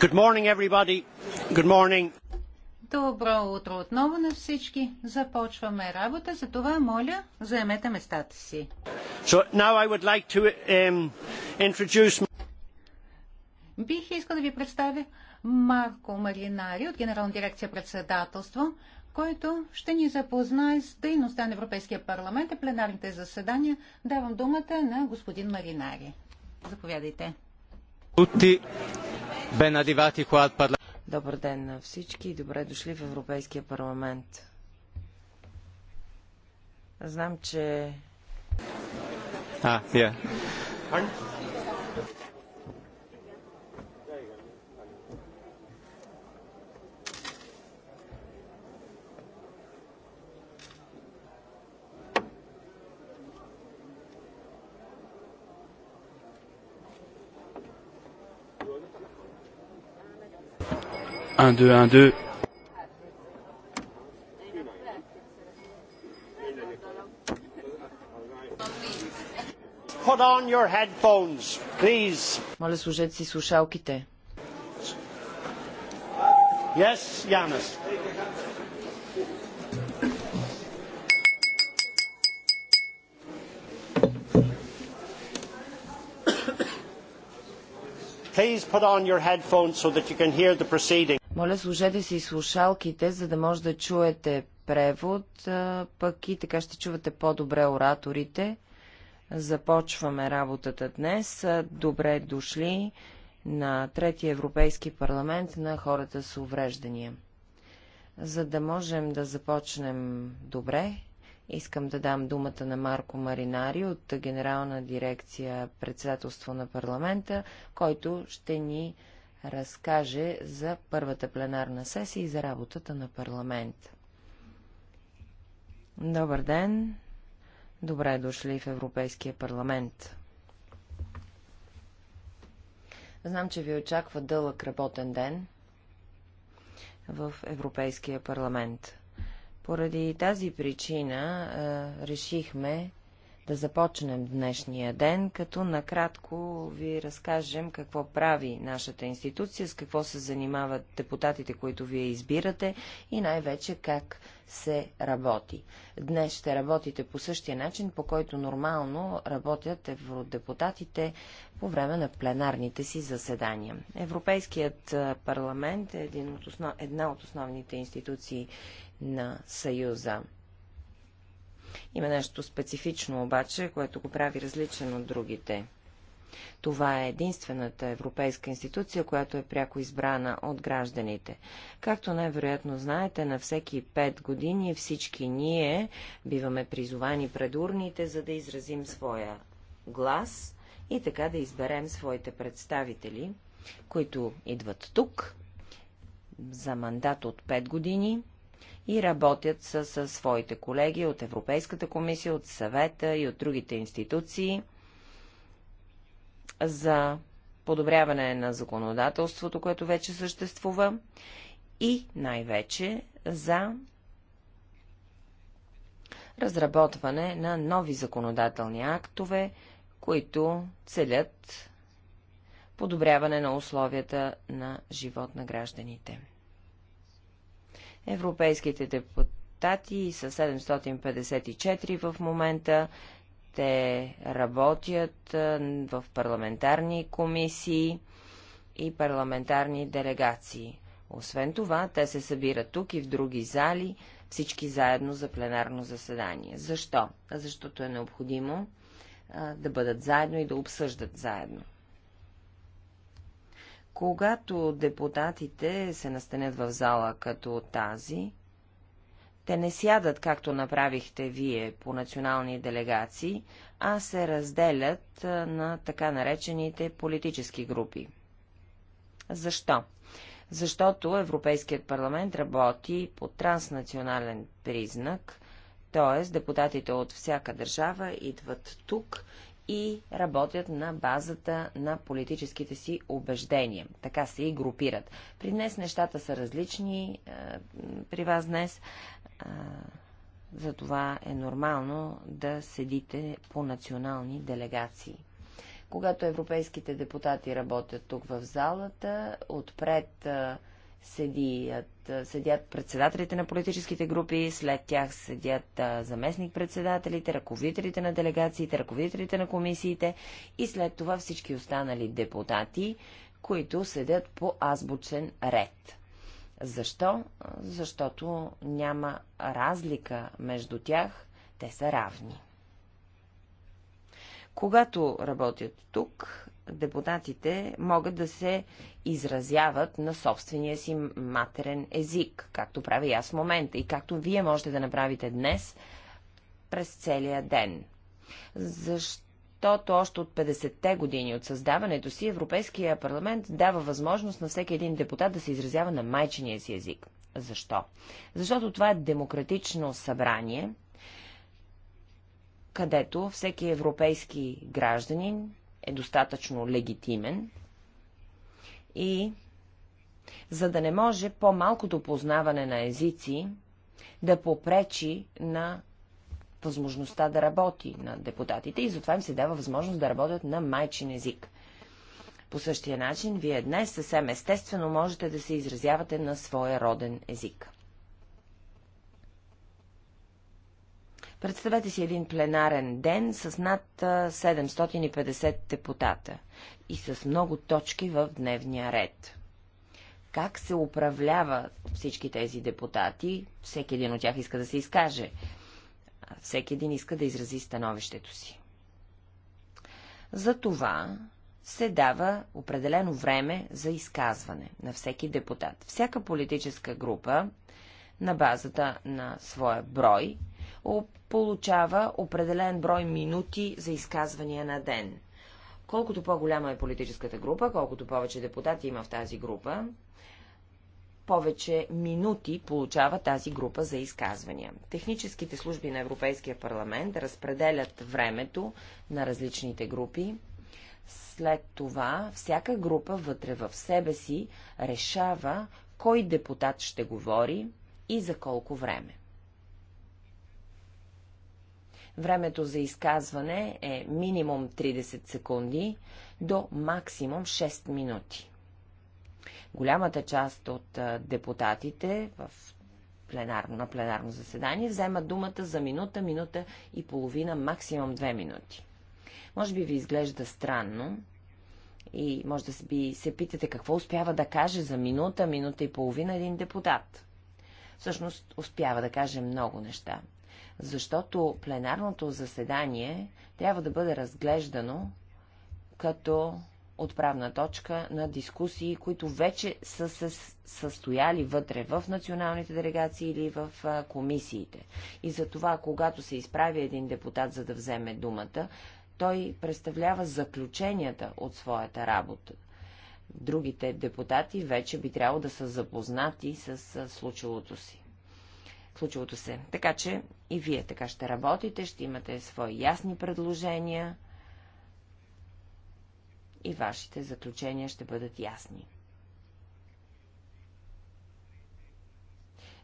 Good morning, everybody. Good morning. Добро утро отново на всички. Започваме работа, за това моля, заемете местата си. So now I would like to, um, introduce... Бих искал да ви представя Марко Маринари от Генерална дирекция председателство, който ще ни запознае с дейността на Европейския парламент и пленарните заседания. Давам думата на господин Маринари. Заповядайте. Добър ден на всички и добре дошли в Европейския парламент. Знам, че... А, yeah. 1, 2, 1, 2. Put on your headphones, please. Моля, служете си слушалките. Yes, Janus. Please put on your headphones so that you can hear the proceeding. Моля, служете си слушалките, за да може да чуете превод, пък и така ще чувате по-добре ораторите. Започваме работата днес. Добре дошли на Третия Европейски парламент на хората с увреждания. За да можем да започнем добре, искам да дам думата на Марко Маринари от Генерална дирекция Председателство на парламента, който ще ни разкаже за първата пленарна сесия и за работата на парламент. Добър ден! Добре дошли в Европейския парламент! Знам, че ви очаква дълъг работен ден в Европейския парламент. Поради тази причина е, решихме да започнем днешния ден, като накратко ви разкажем какво прави нашата институция, с какво се занимават депутатите, които вие избирате и най-вече как се работи. Днес ще работите по същия начин, по който нормално работят евродепутатите по време на пленарните си заседания. Европейският парламент е един от основ... една от основните институции на Съюза. Има нещо специфично обаче, което го прави различен от другите. Това е единствената европейска институция, която е пряко избрана от гражданите. Както най-вероятно знаете, на всеки пет години всички ние биваме призовани пред урните, за да изразим своя глас и така да изберем своите представители, които идват тук за мандат от 5 години и работят с своите колеги от Европейската комисия, от съвета и от другите институции за подобряване на законодателството, което вече съществува и най-вече за разработване на нови законодателни актове, които целят подобряване на условията на живот на гражданите. Европейските депутати са 754 в момента. Те работят в парламентарни комисии и парламентарни делегации. Освен това, те се събират тук и в други зали, всички заедно за пленарно заседание. Защо? Защото е необходимо да бъдат заедно и да обсъждат заедно. Когато депутатите се настанят в зала като тази, те не сядат, както направихте вие, по национални делегации, а се разделят на така наречените политически групи. Защо? Защото Европейският парламент работи по транснационален признак, т.е. депутатите от всяка държава идват тук и работят на базата на политическите си убеждения. Така се и групират. При днес нещата са различни. Е, при вас днес е, затова е нормално да седите по национални делегации. Когато европейските депутати работят тук в залата, отпред е, седият, седят председателите на политическите групи, след тях седят заместник-председателите, ръководителите на делегациите, ръководителите на комисиите и след това всички останали депутати, които седят по азбучен ред. Защо? Защото няма разлика между тях, те са равни. Когато работят тук, депутатите могат да се изразяват на собствения си матерен език, както правя и аз в момента и както вие можете да направите днес през целия ден. Защото още от 50-те години от създаването си Европейския парламент дава възможност на всеки един депутат да се изразява на майчиния си език. Защо? Защото това е демократично събрание, където всеки европейски гражданин е достатъчно легитимен и за да не може по-малкото познаване на езици да попречи на възможността да работи на депутатите и затова им се дава възможност да работят на майчин език. По същия начин, вие днес съвсем естествено можете да се изразявате на своя роден език. Представете си един пленарен ден с над 750 депутата и с много точки в дневния ред. Как се управлява всички тези депутати? Всеки един от тях иска да се изкаже. Всеки един иска да изрази становището си. За това се дава определено време за изказване на всеки депутат. Всяка политическа група на базата на своя брой получава определен брой минути за изказвания на ден. Колкото по-голяма е политическата група, колкото повече депутати има в тази група, повече минути получава тази група за изказвания. Техническите служби на Европейския парламент разпределят времето на различните групи. След това всяка група вътре в себе си решава кой депутат ще говори и за колко време. Времето за изказване е минимум 30 секунди до максимум 6 минути. Голямата част от депутатите в пленарно, на пленарно заседание вземат думата за минута, минута и половина, максимум 2 минути. Може би ви изглежда странно, и може да би се питате какво успява да каже за минута, минута и половина един депутат. Всъщност успява да каже много неща защото пленарното заседание трябва да бъде разглеждано като отправна точка на дискусии, които вече са се състояли вътре в националните делегации или в комисиите. И за това, когато се изправи един депутат, за да вземе думата, той представлява заключенията от своята работа. Другите депутати вече би трябвало да са запознати с случилото си случилото се. Така че и вие така ще работите, ще имате свои ясни предложения и вашите заключения ще бъдат ясни.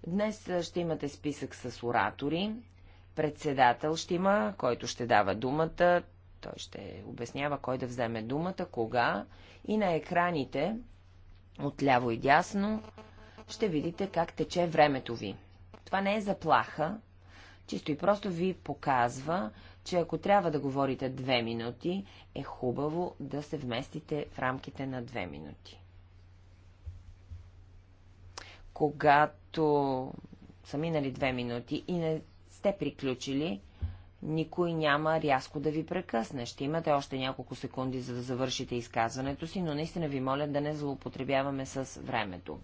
Днес ще имате списък с оратори. Председател ще има, който ще дава думата. Той ще обяснява кой да вземе думата, кога. И на екраните, от ляво и дясно, ще видите как тече времето ви. Това не е заплаха, чисто и просто ви показва, че ако трябва да говорите две минути, е хубаво да се вместите в рамките на две минути. Когато са минали две минути и не сте приключили, никой няма рязко да ви прекъсне. Ще имате още няколко секунди, за да завършите изказването си, но наистина ви моля да не злоупотребяваме с времето.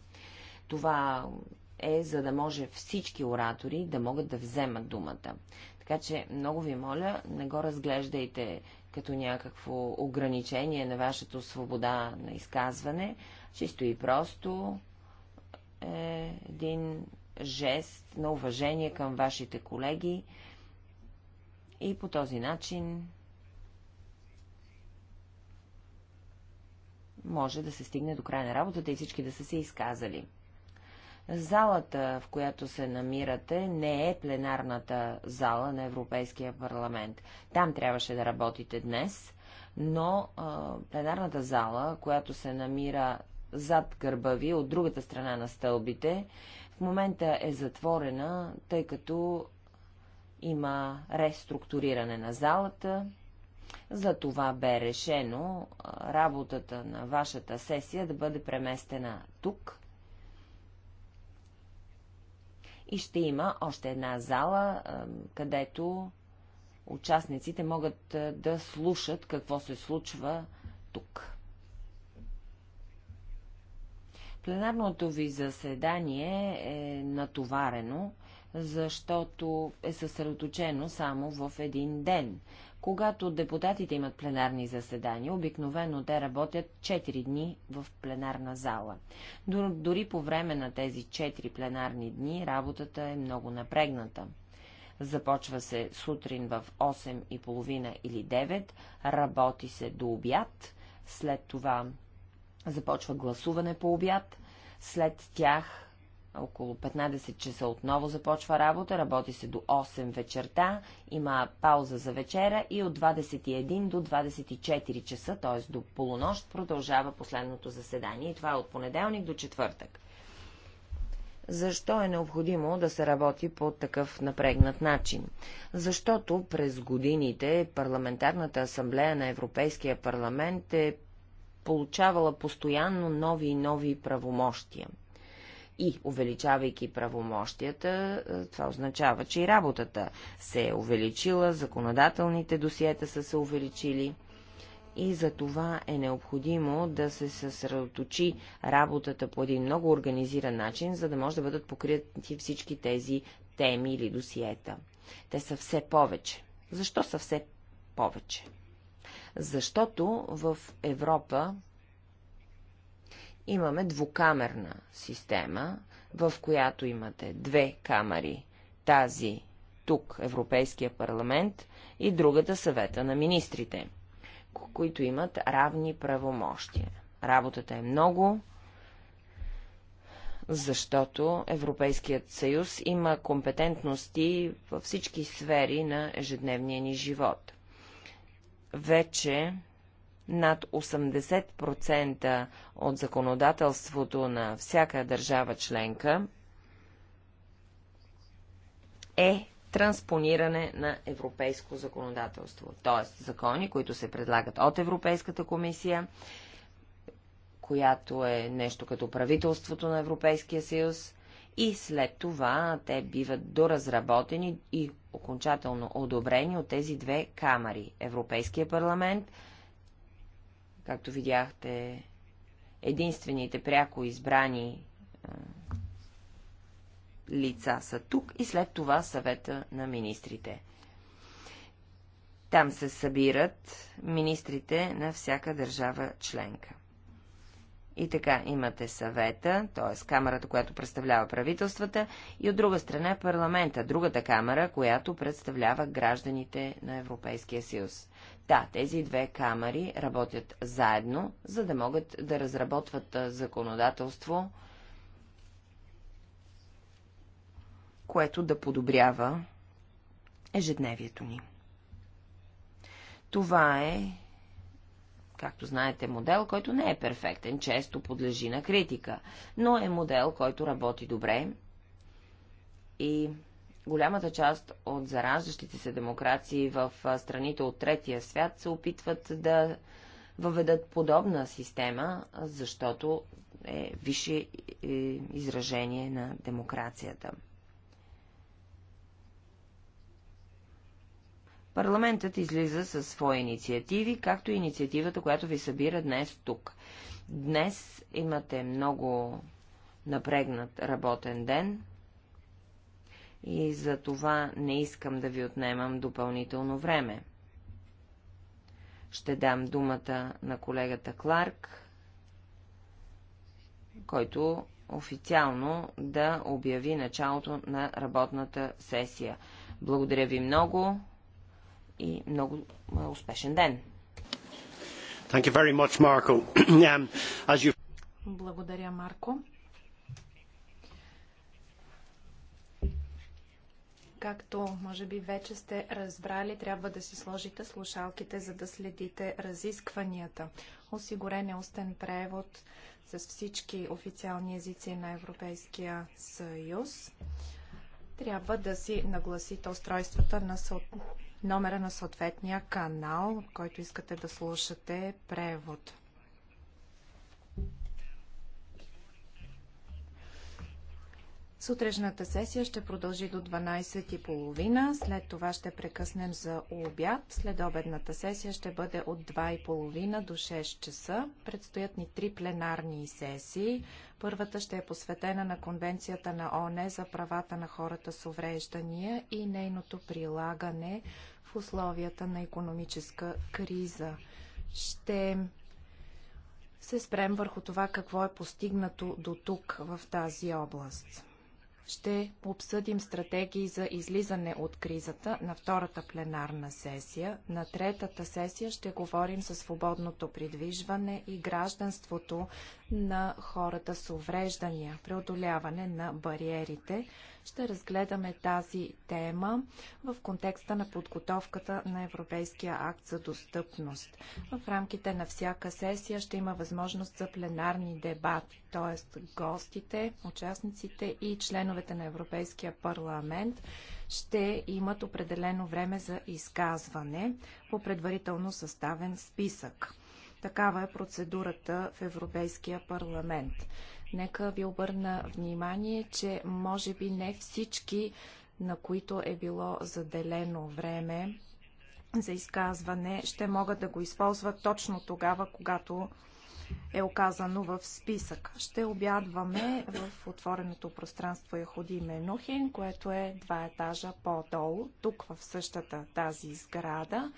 Това е за да може всички оратори да могат да вземат думата. Така че много ви моля, не го разглеждайте като някакво ограничение на вашата свобода на изказване. Чисто и просто е един жест на уважение към вашите колеги и по този начин може да се стигне до края на работата и всички да са се изказали. Залата, в която се намирате, не е пленарната зала на Европейския парламент. Там трябваше да работите днес, но а, пленарната зала, която се намира зад гърба ви, от другата страна на стълбите, в момента е затворена, тъй като има реструктуриране на залата. За това бе решено работата на вашата сесия да бъде преместена тук, И ще има още една зала, където участниците могат да слушат какво се случва тук. Пленарното ви заседание е натоварено, защото е съсредоточено само в един ден. Когато депутатите имат пленарни заседания, обикновено те работят 4 дни в пленарна зала. Дори по време на тези 4 пленарни дни работата е много напрегната. Започва се сутрин в 8.30 или 9, работи се до обяд, след това започва гласуване по обяд, след тях около 15 часа отново започва работа, работи се до 8 вечерта, има пауза за вечера и от 21 до 24 часа, т.е. до полунощ, продължава последното заседание. И това е от понеделник до четвъртък. Защо е необходимо да се работи по такъв напрегнат начин? Защото през годините Парламентарната асамблея на Европейския парламент е получавала постоянно нови и нови правомощия – и увеличавайки правомощията, е, това означава, че и работата се е увеличила, законодателните досиета са се увеличили и за това е необходимо да се съсредоточи работата по един много организиран начин, за да може да бъдат покрити всички тези теми или досиета. Те са все повече. Защо са все повече? Защото в Европа Имаме двукамерна система, в която имате две камери. Тази тук, Европейския парламент, и другата съвета на министрите, които имат равни правомощия. Работата е много, защото Европейският съюз има компетентности във всички сфери на ежедневния ни живот. Вече над 80% от законодателството на всяка държава членка е транспониране на европейско законодателство, т.е. закони, които се предлагат от Европейската комисия, която е нещо като правителството на Европейския съюз, и след това те биват доразработени и окончателно одобрени от тези две камери – Европейския парламент – Както видяхте, единствените пряко избрани лица са тук и след това съвета на министрите. Там се събират министрите на всяка държава членка. И така имате съвета, т.е. камерата, която представлява правителствата, и от друга страна парламента, другата камера, която представлява гражданите на Европейския съюз. Да, тези две камери работят заедно, за да могат да разработват законодателство, което да подобрява ежедневието ни. Това е както знаете, модел, който не е перфектен, често подлежи на критика, но е модел, който работи добре и голямата част от зараждащите се демокрации в страните от третия свят се опитват да въведат подобна система, защото е висше е, изражение на демокрацията. Парламентът излиза със свои инициативи, както и инициативата, която ви събира днес тук. Днес имате много напрегнат работен ден и за това не искам да ви отнемам допълнително време. Ще дам думата на колегата Кларк, който официално да обяви началото на работната сесия. Благодаря ви много и много успешен ден! Um, Благодаря, Марко. Както може би вече сте разбрали, трябва да си сложите слушалките, за да следите разискванията. Осигурен е устен превод с всички официални езици на Европейския съюз. Трябва да си нагласите устройствата на номера на съответния канал, който искате да слушате превод. Сутрешната сесия ще продължи до 12.30, след това ще прекъснем за обяд. Следобедната сесия ще бъде от 2.30 до 6 часа. Предстоят ни три пленарни сесии. Първата ще е посветена на Конвенцията на ОНЕ за правата на хората с увреждания и нейното прилагане в условията на економическа криза. Ще се спрем върху това какво е постигнато до тук в тази област ще обсъдим стратегии за излизане от кризата на втората пленарна сесия. На третата сесия ще говорим за свободното придвижване и гражданството на хората с увреждания, преодоляване на бариерите. Ще разгледаме тази тема в контекста на подготовката на Европейския акт за достъпност. В рамките на всяка сесия ще има възможност за пленарни дебати, т.е. гостите, участниците и членовете на Европейския парламент ще имат определено време за изказване по предварително съставен списък. Такава е процедурата в Европейския парламент. Нека ви обърна внимание, че може би не всички, на които е било заделено време за изказване, ще могат да го използват точно тогава, когато е оказано в списък. Ще обядваме в отвореното пространство Яходи Менухин, което е два етажа по-долу, тук в същата тази сграда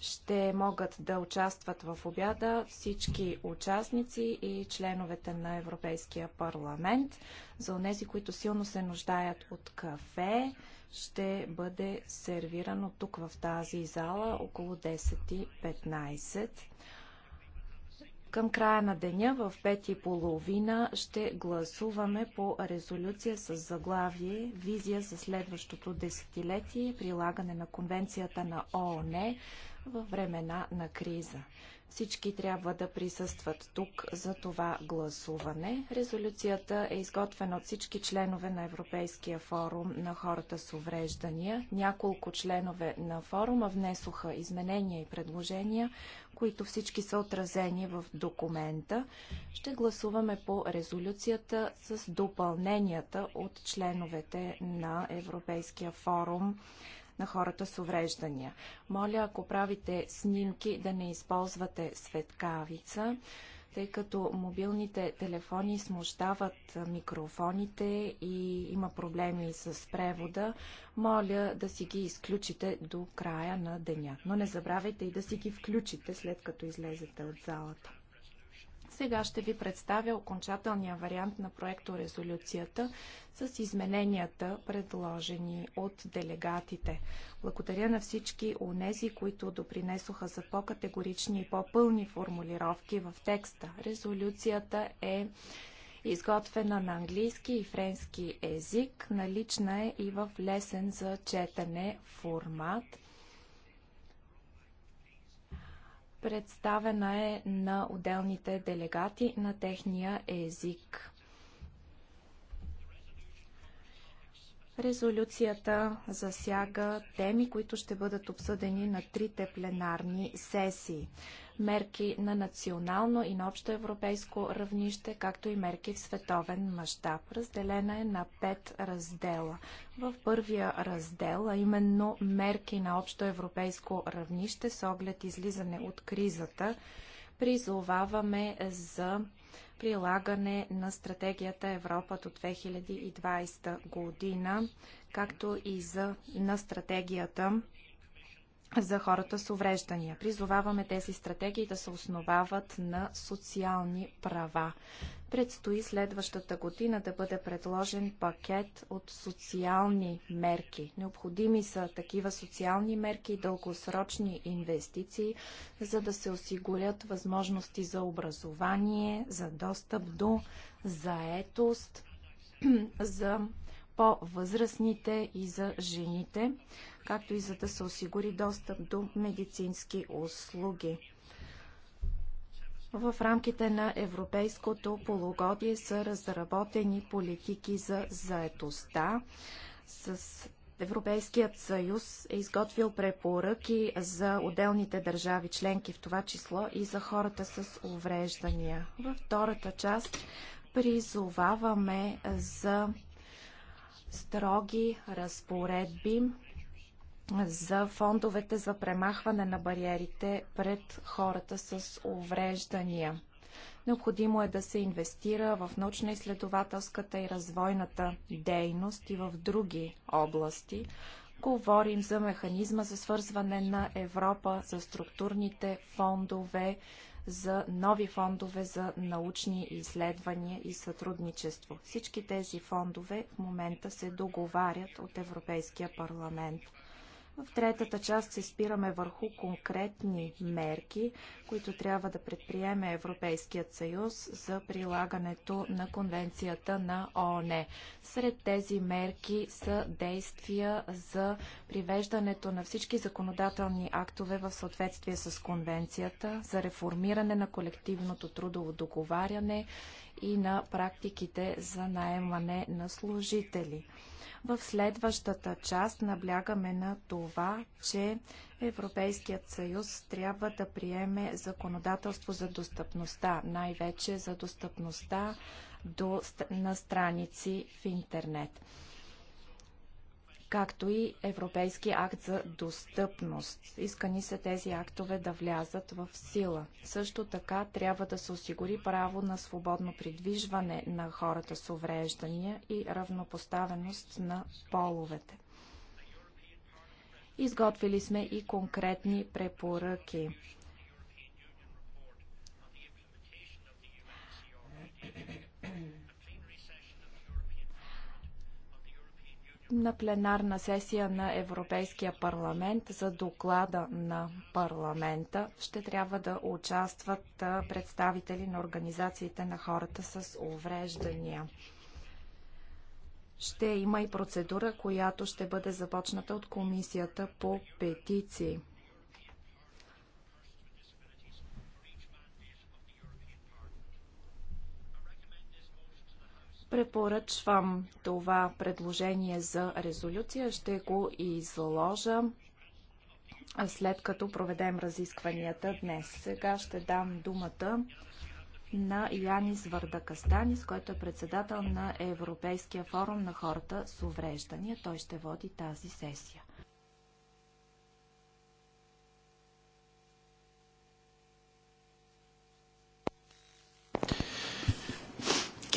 ще могат да участват в обяда всички участници и членовете на Европейския парламент. За онези, които силно се нуждаят от кафе, ще бъде сервирано тук в тази зала около 10.15. Към края на деня в 5.30 ще гласуваме по резолюция с заглавие Визия за следващото десетилетие, прилагане на Конвенцията на ООН във времена на криза. Всички трябва да присъстват тук за това гласуване. Резолюцията е изготвена от всички членове на Европейския форум на хората с увреждания. Няколко членове на форума внесоха изменения и предложения, които всички са отразени в документа. Ще гласуваме по резолюцията с допълненията от членовете на Европейския форум на хората с увреждания. Моля, ако правите снимки, да не използвате светкавица, тъй като мобилните телефони смущават микрофоните и има проблеми с превода, моля да си ги изключите до края на деня. Но не забравяйте и да си ги включите след като излезете от залата. Сега ще ви представя окончателния вариант на проекторезолюцията с измененията, предложени от делегатите. Благодаря на всички онези, които допринесоха за по-категорични и по-пълни формулировки в текста. Резолюцията е изготвена на английски и френски език, налична е и в лесен за четене формат – Представена е на отделните делегати на техния език. Резолюцията засяга теми, които ще бъдат обсъдени на трите пленарни сесии. Мерки на национално и на общо европейско равнище, както и мерки в световен мащаб. Разделена е на пет раздела. В първия раздел, а именно мерки на общо европейско равнище с оглед излизане от кризата, призоваваме за прилагане на стратегията Европа до 2020 година, както и за, на стратегията за хората с увреждания. Призоваваме тези стратегии да се основават на социални права. Предстои следващата година да бъде предложен пакет от социални мерки. Необходими са такива социални мерки и дългосрочни инвестиции, за да се осигурят възможности за образование, за достъп до заетост, за по-възрастните и за жените както и за да се осигури достъп до медицински услуги. В рамките на европейското полугодие са разработени политики за заетостта. С Европейският съюз е изготвил препоръки за отделните държави членки, в това число и за хората с увреждания. Във втората част призоваваме за строги разпоредби за фондовете за премахване на бариерите пред хората с увреждания. Необходимо е да се инвестира в научно-изследователската и развойната дейност и в други области. Говорим за механизма за свързване на Европа, за структурните фондове, за нови фондове за научни изследвания и сътрудничество. Всички тези фондове в момента се договарят от Европейския парламент. В третата част се спираме върху конкретни мерки, които трябва да предприеме Европейският съюз за прилагането на конвенцията на ООН. Сред тези мерки са действия за привеждането на всички законодателни актове в съответствие с конвенцията, за реформиране на колективното трудово договаряне и на практиките за наемане на служители. В следващата част наблягаме на това, че Европейският съюз трябва да приеме законодателство за достъпността, най-вече за достъпността до, на страници в интернет както и Европейски акт за достъпност. Искани се тези актове да влязат в сила. Също така трябва да се осигури право на свободно придвижване на хората с увреждания и равнопоставеност на половете. Изготвили сме и конкретни препоръки. на пленарна сесия на Европейския парламент за доклада на парламента ще трябва да участват представители на организациите на хората с увреждания. Ще има и процедура, която ще бъде започната от Комисията по петиции. препоръчвам това предложение за резолюция. Ще го изложа след като проведем разискванията днес. Сега ще дам думата на Янис Вардакастанис, който е председател на Европейския форум на хората с увреждания. Той ще води тази сесия.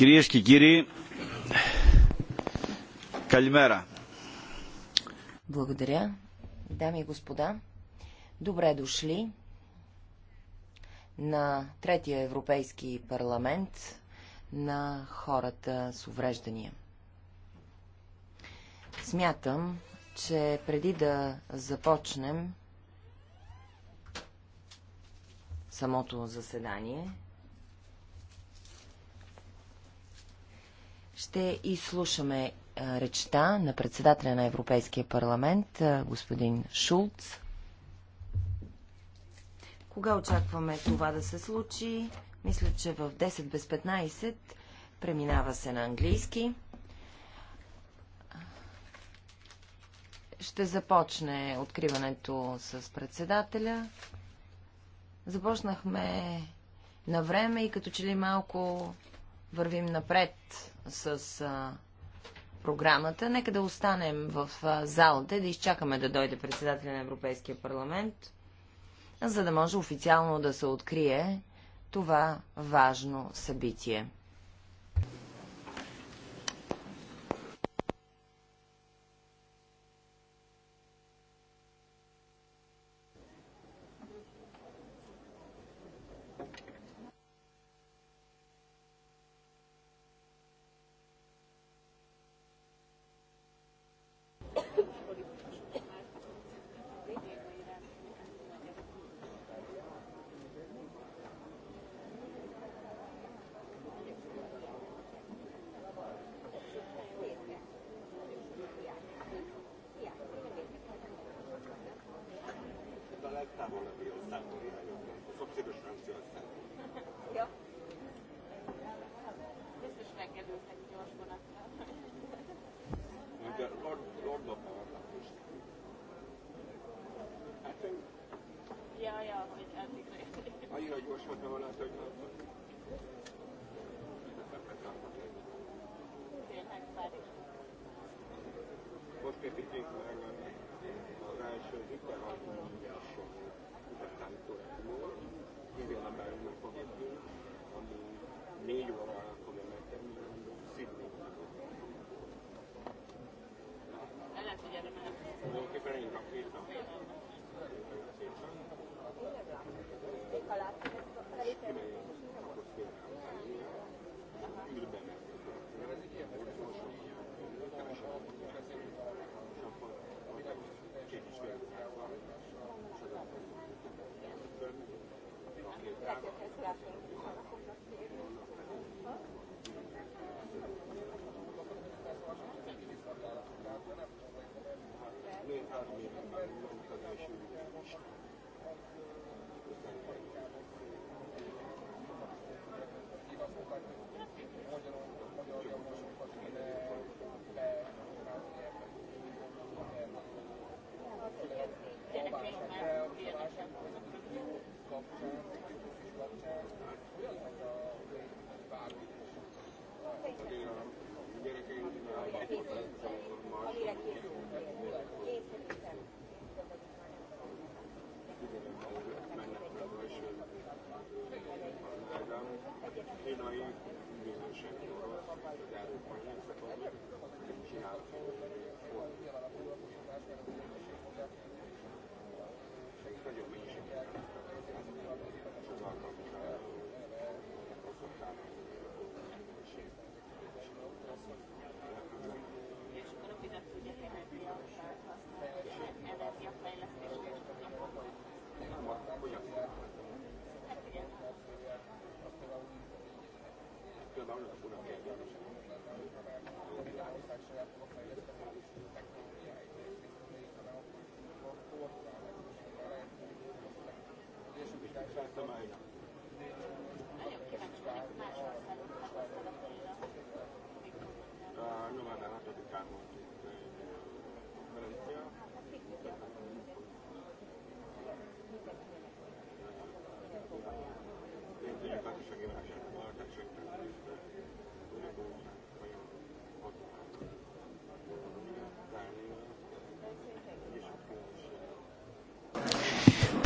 Κυρίες και κύριοι, καλημέρα. Благодаря. Дами и господа, добре дошли на Третия Европейски парламент на хората с увреждания. Смятам, че преди да започнем самото заседание, Ще изслушаме речта на председателя на Европейския парламент, господин Шулц. Кога очакваме това да се случи? Мисля, че в 10 без 15 преминава се на английски. Ще започне откриването с председателя. Започнахме на време и като че ли малко вървим напред с а, програмата. Нека да останем в а, залата да изчакаме да дойде председателя на Европейския парламент, за да може официално да се открие това важно събитие.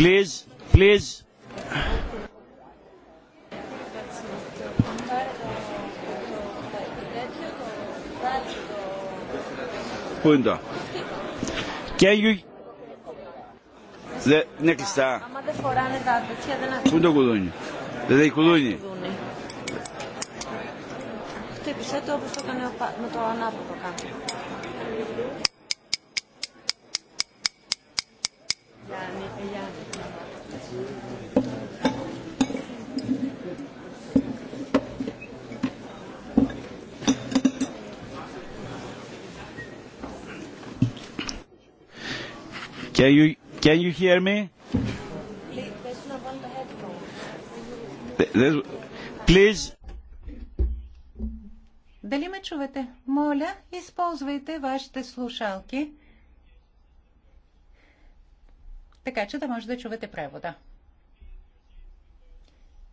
Please, please. Πού είναι το. Can you... Δε, είναι κλειστά. Άμα δεν φοράνε τα τέτοια δεν αφήνουν. Πού είναι το κουδούνι. Δεν έχει κουδούνι. Χτύπησε το όπως το έκανε με το ανάποδο κάτω. Can you can you hear me? Please. Дали ме чувате? Моля, използвайте вашите слушалки, така че да може да чувате превода.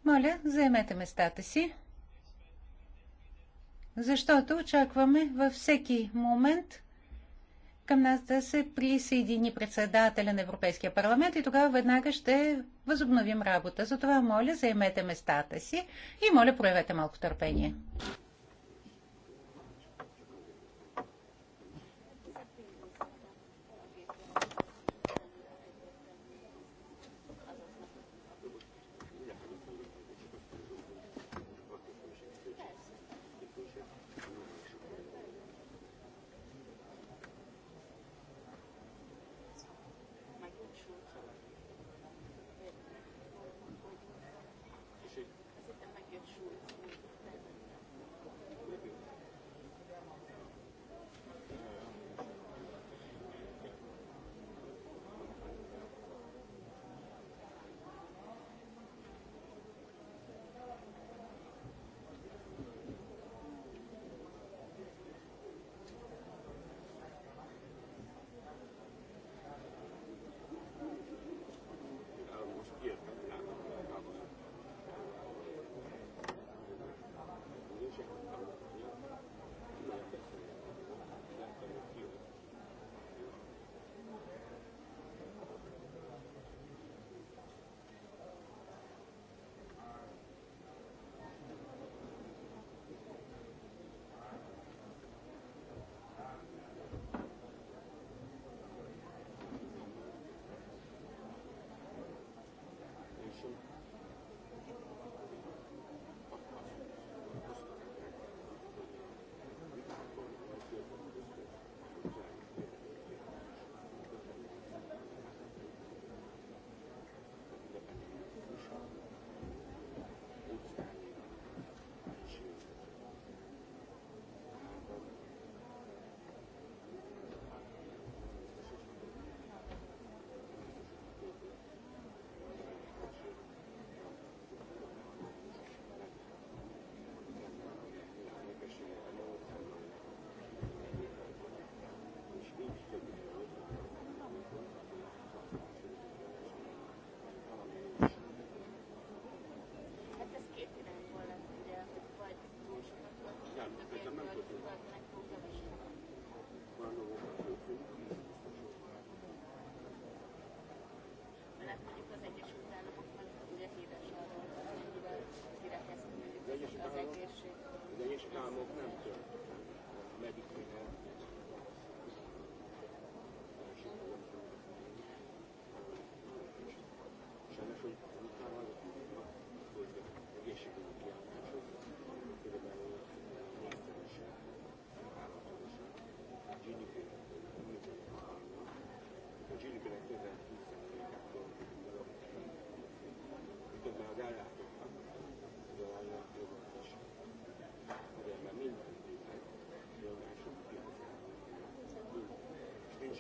Моля, заемете местата си, защото очакваме във всеки момент към нас да се присъедини председателя на Европейския парламент и тогава веднага ще възобновим работа. Затова моля, заемете местата си и моля, проявете малко търпение. Az egészség. Az egyes államok nem töltik. Medikvédelmi. Sajnos, hogy utána az hogy egészségügyi kiállások, körülbelül népszerűség, állatosság, GDP, a GDP-nek 20%-át miközben az ellátás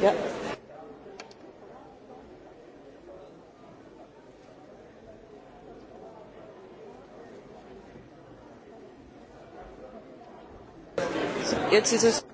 Ja. Jetzt ist es.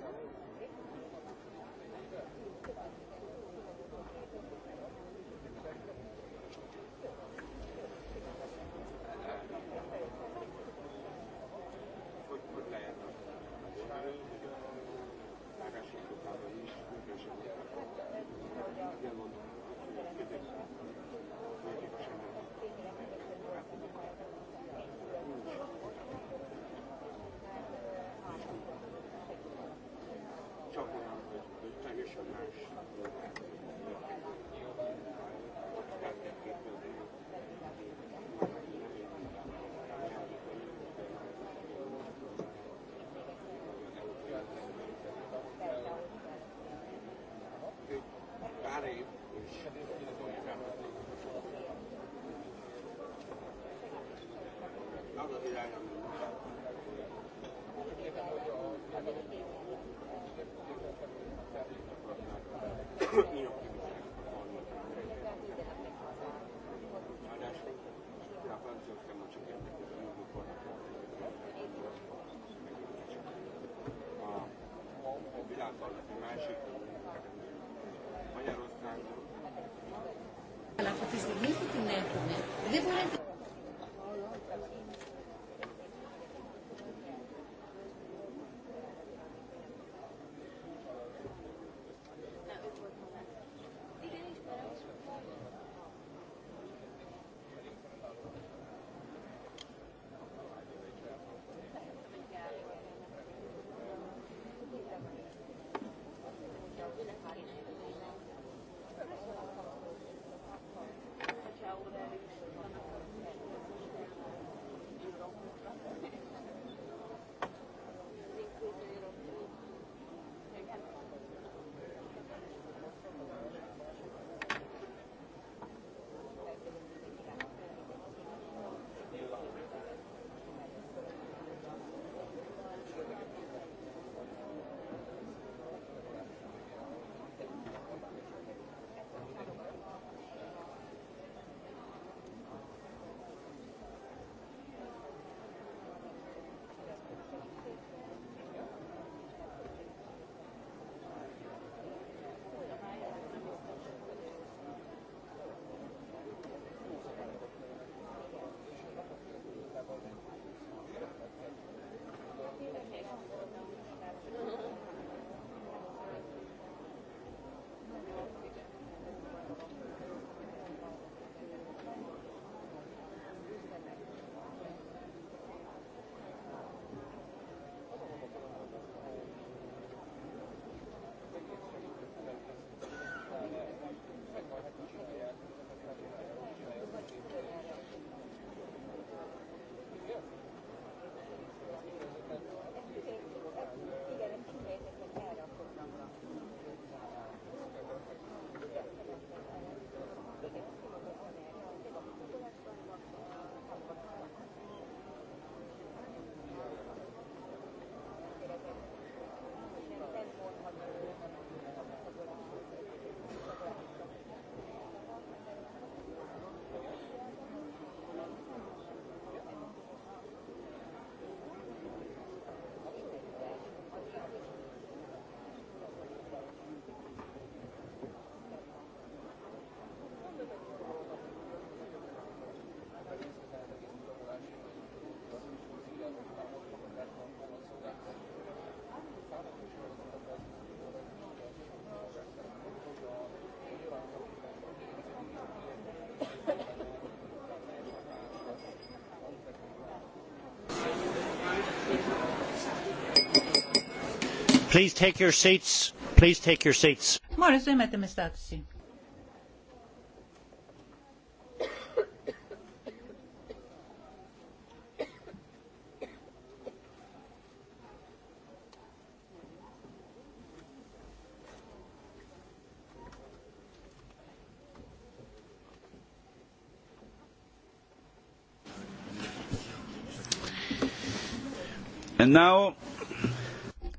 Please take your seats. Please take your seats. Моля, заемете местата си.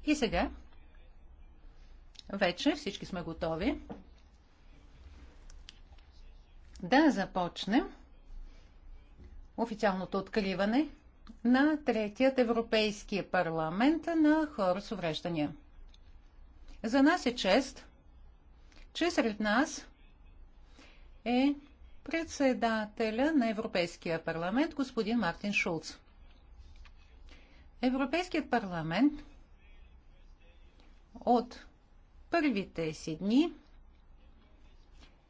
И сега вече всички сме готови. Да започнем официалното откриване на третият Европейския парламент на хора с увреждания. За нас е чест, че сред нас е председателя на Европейския парламент господин Мартин Шулц. Европейският парламент от първите си дни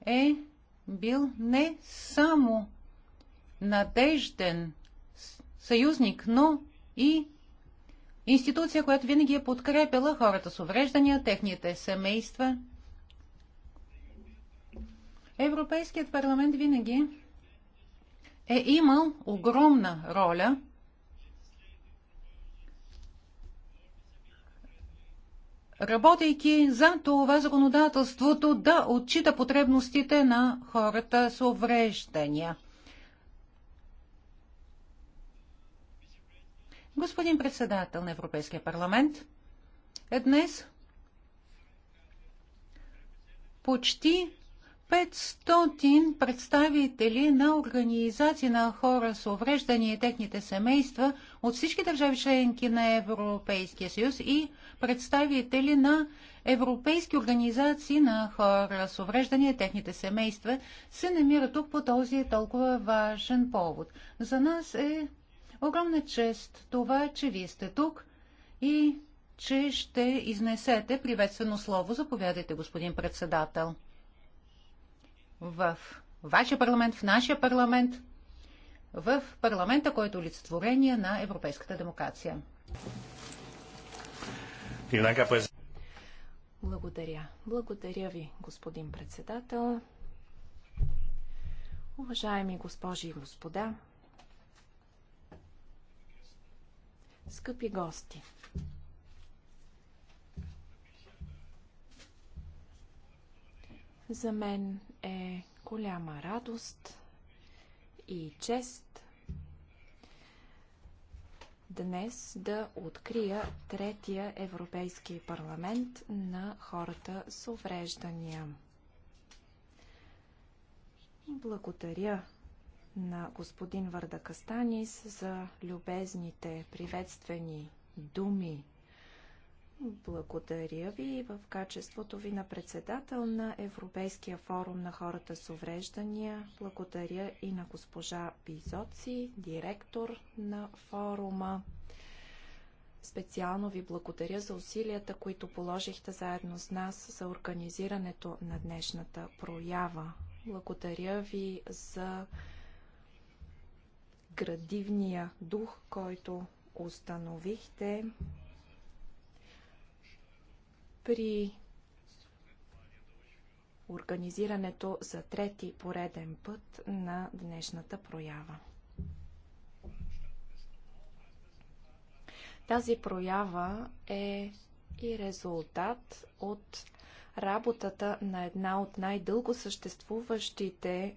е бил не само надежден съюзник, но и институция, която винаги е подкрепила хората с увреждания, техните семейства. Европейският парламент винаги е имал огромна роля – работейки за това законодателството да отчита потребностите на хората с увреждания. Господин председател на Европейския парламент, е днес почти 500 представители на организации на хора с увреждания и техните семейства от всички държави членки на Европейския съюз и представители на европейски организации на хора с увреждания, техните семейства, се намира тук по този толкова важен повод. За нас е огромна чест това, че вие сте тук и че ще изнесете приветствено слово. Заповядайте, господин председател. В вашия парламент, в нашия парламент, в парламента, който е олицетворение на европейската демокрация. Благодаря. Благодаря ви, господин председател. Уважаеми госпожи и господа, скъпи гости, за мен е голяма радост и чест днес да открия третия Европейски парламент на хората с увреждания. Благодаря на господин Варда Кастанис за любезните приветствени думи благодаря ви в качеството ви на председател на Европейския форум на хората с увреждания. Благодаря и на госпожа Бизоци, директор на форума. Специално ви благодаря за усилията, които положихте заедно с нас за организирането на днешната проява. Благодаря ви за градивния дух, който установихте при организирането за трети пореден път на днешната проява. Тази проява е и резултат от работата на една от най-дълго съществуващите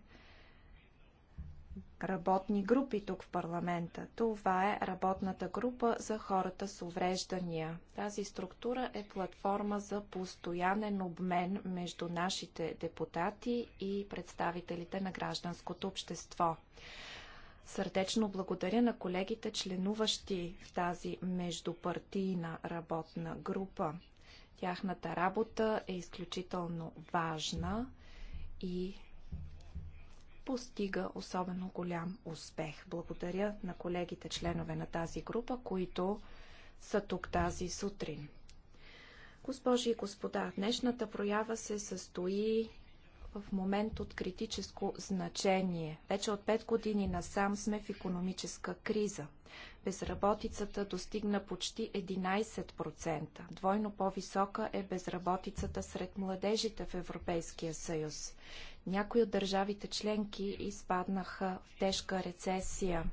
работни групи тук в парламента. Това е работната група за хората с увреждания. Тази структура е платформа за постоянен обмен между нашите депутати и представителите на гражданското общество. Сърдечно благодаря на колегите, членуващи в тази междупартийна работна група. Тяхната работа е изключително важна и постига особено голям успех. Благодаря на колегите членове на тази група, които са тук тази сутрин. Госпожи и господа, днешната проява се състои в момент от критическо значение. Вече от 5 години насам сме в економическа криза. Безработицата достигна почти 11%. Двойно по-висока е безработицата сред младежите в Европейския съюз. Някои от държавите членки изпаднаха в тежка рецесия.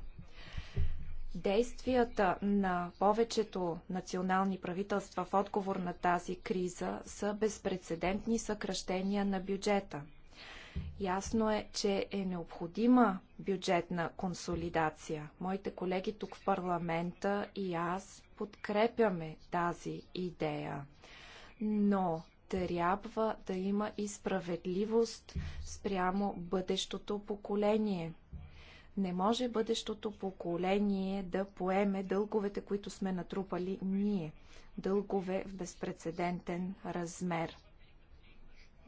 Действията на повечето национални правителства в отговор на тази криза са безпредседентни съкръщения на бюджета. Ясно е, че е необходима бюджетна консолидация. Моите колеги тук в парламента и аз подкрепяме тази идея. Но трябва да има и справедливост спрямо бъдещото поколение. Не може бъдещото поколение да поеме дълговете, които сме натрупали ние. Дългове в безпредседентен размер.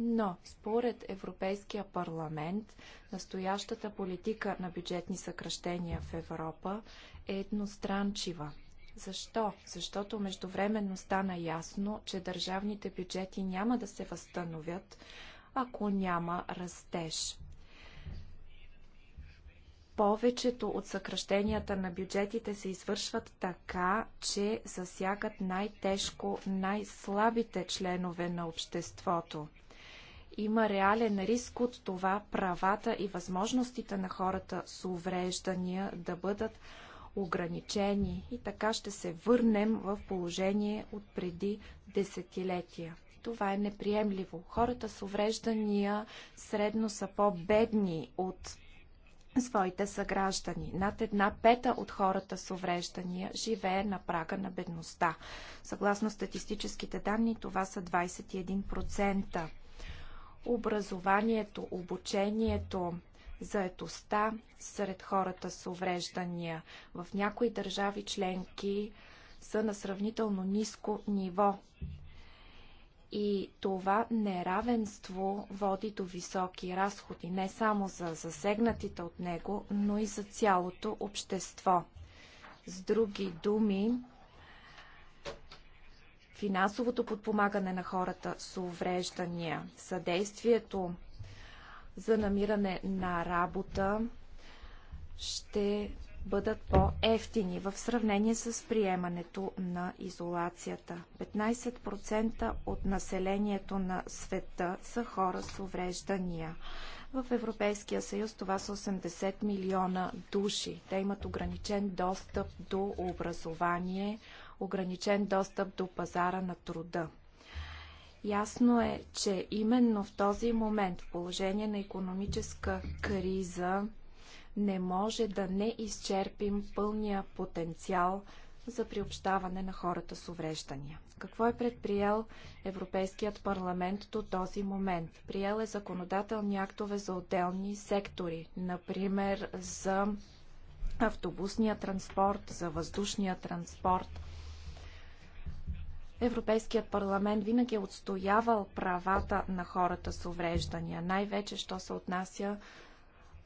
Но, според Европейския парламент, настоящата политика на бюджетни съкръщения в Европа е едностранчива. Защо? Защото междувременно стана ясно, че държавните бюджети няма да се възстановят, ако няма растеж. Повечето от съкръщенията на бюджетите се извършват така, че засягат най-тежко най-слабите членове на обществото има реален риск от това правата и възможностите на хората с увреждания да бъдат ограничени и така ще се върнем в положение от преди десетилетия. Това е неприемливо. Хората с увреждания средно са по-бедни от своите съграждани. Над една пета от хората с увреждания живее на прага на бедността. Съгласно статистическите данни, това са 21%. Образованието, обучението, заетостта сред хората с увреждания. В някои държави членки са на сравнително ниско ниво. И това неравенство води до високи разходи не само за засегнатите от него, но и за цялото общество. С други думи, финансовото подпомагане на хората с увреждания, съдействието за намиране на работа ще бъдат по-ефтини в сравнение с приемането на изолацията. 15% от населението на света са хора с увреждания. В Европейския съюз това са 80 милиона души. Те имат ограничен достъп до образование, ограничен достъп до пазара на труда. Ясно е, че именно в този момент, в положение на економическа криза, не може да не изчерпим пълния потенциал за приобщаване на хората с увреждания. Какво е предприел Европейският парламент до този момент? Приел е законодателни актове за отделни сектори, например за автобусния транспорт, за въздушния транспорт – Европейският парламент винаги е отстоявал правата на хората с увреждания, най-вече, що се отнася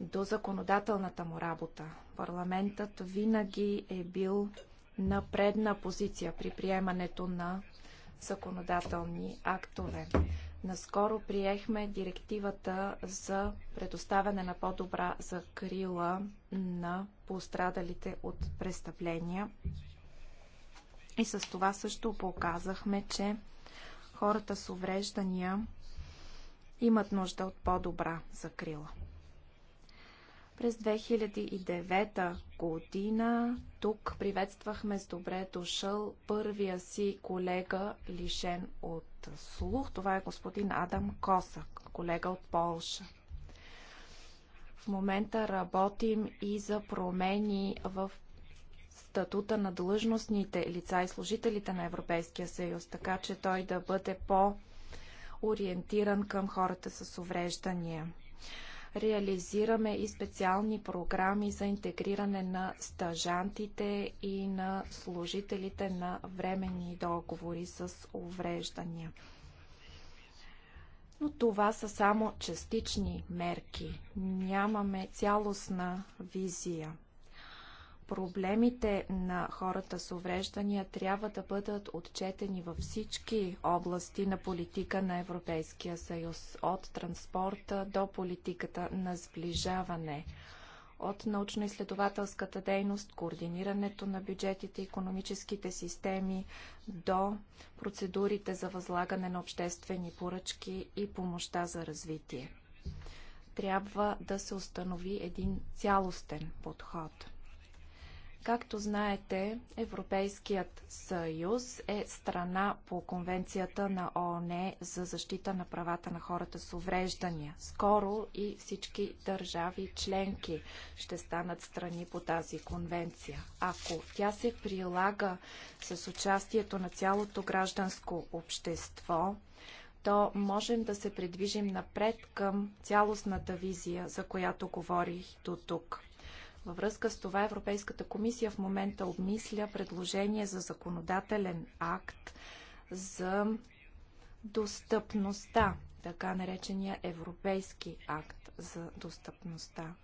до законодателната му работа. Парламентът винаги е бил на предна позиция при приемането на законодателни актове. Наскоро приехме директивата за предоставяне на по-добра закрила на пострадалите от престъпления и с това също показахме, че хората с увреждания имат нужда от по-добра закрила. През 2009 година тук приветствахме с добре дошъл първия си колега, лишен от слух. Това е господин Адам Косак, колега от Полша. В момента работим и за промени в статута на длъжностните лица и служителите на Европейския съюз, така че той да бъде по-ориентиран към хората с увреждания. Реализираме и специални програми за интегриране на стажантите и на служителите на временни договори с увреждания. Но това са само частични мерки. Нямаме цялостна визия проблемите на хората с увреждания трябва да бъдат отчетени във всички области на политика на Европейския съюз, от транспорта до политиката на сближаване, от научно-изследователската дейност, координирането на бюджетите, економическите системи до процедурите за възлагане на обществени поръчки и помощта за развитие. Трябва да се установи един цялостен подход – Както знаете, Европейският съюз е страна по Конвенцията на ООН за защита на правата на хората с увреждания. Скоро и всички държави членки ще станат страни по тази конвенция. Ако тя се прилага с участието на цялото гражданско общество, то можем да се придвижим напред към цялостната визия, за която говорих до тук. Във връзка с това Европейската комисия в момента обмисля предложение за законодателен акт за достъпността, така наречения Европейски акт за достъпността,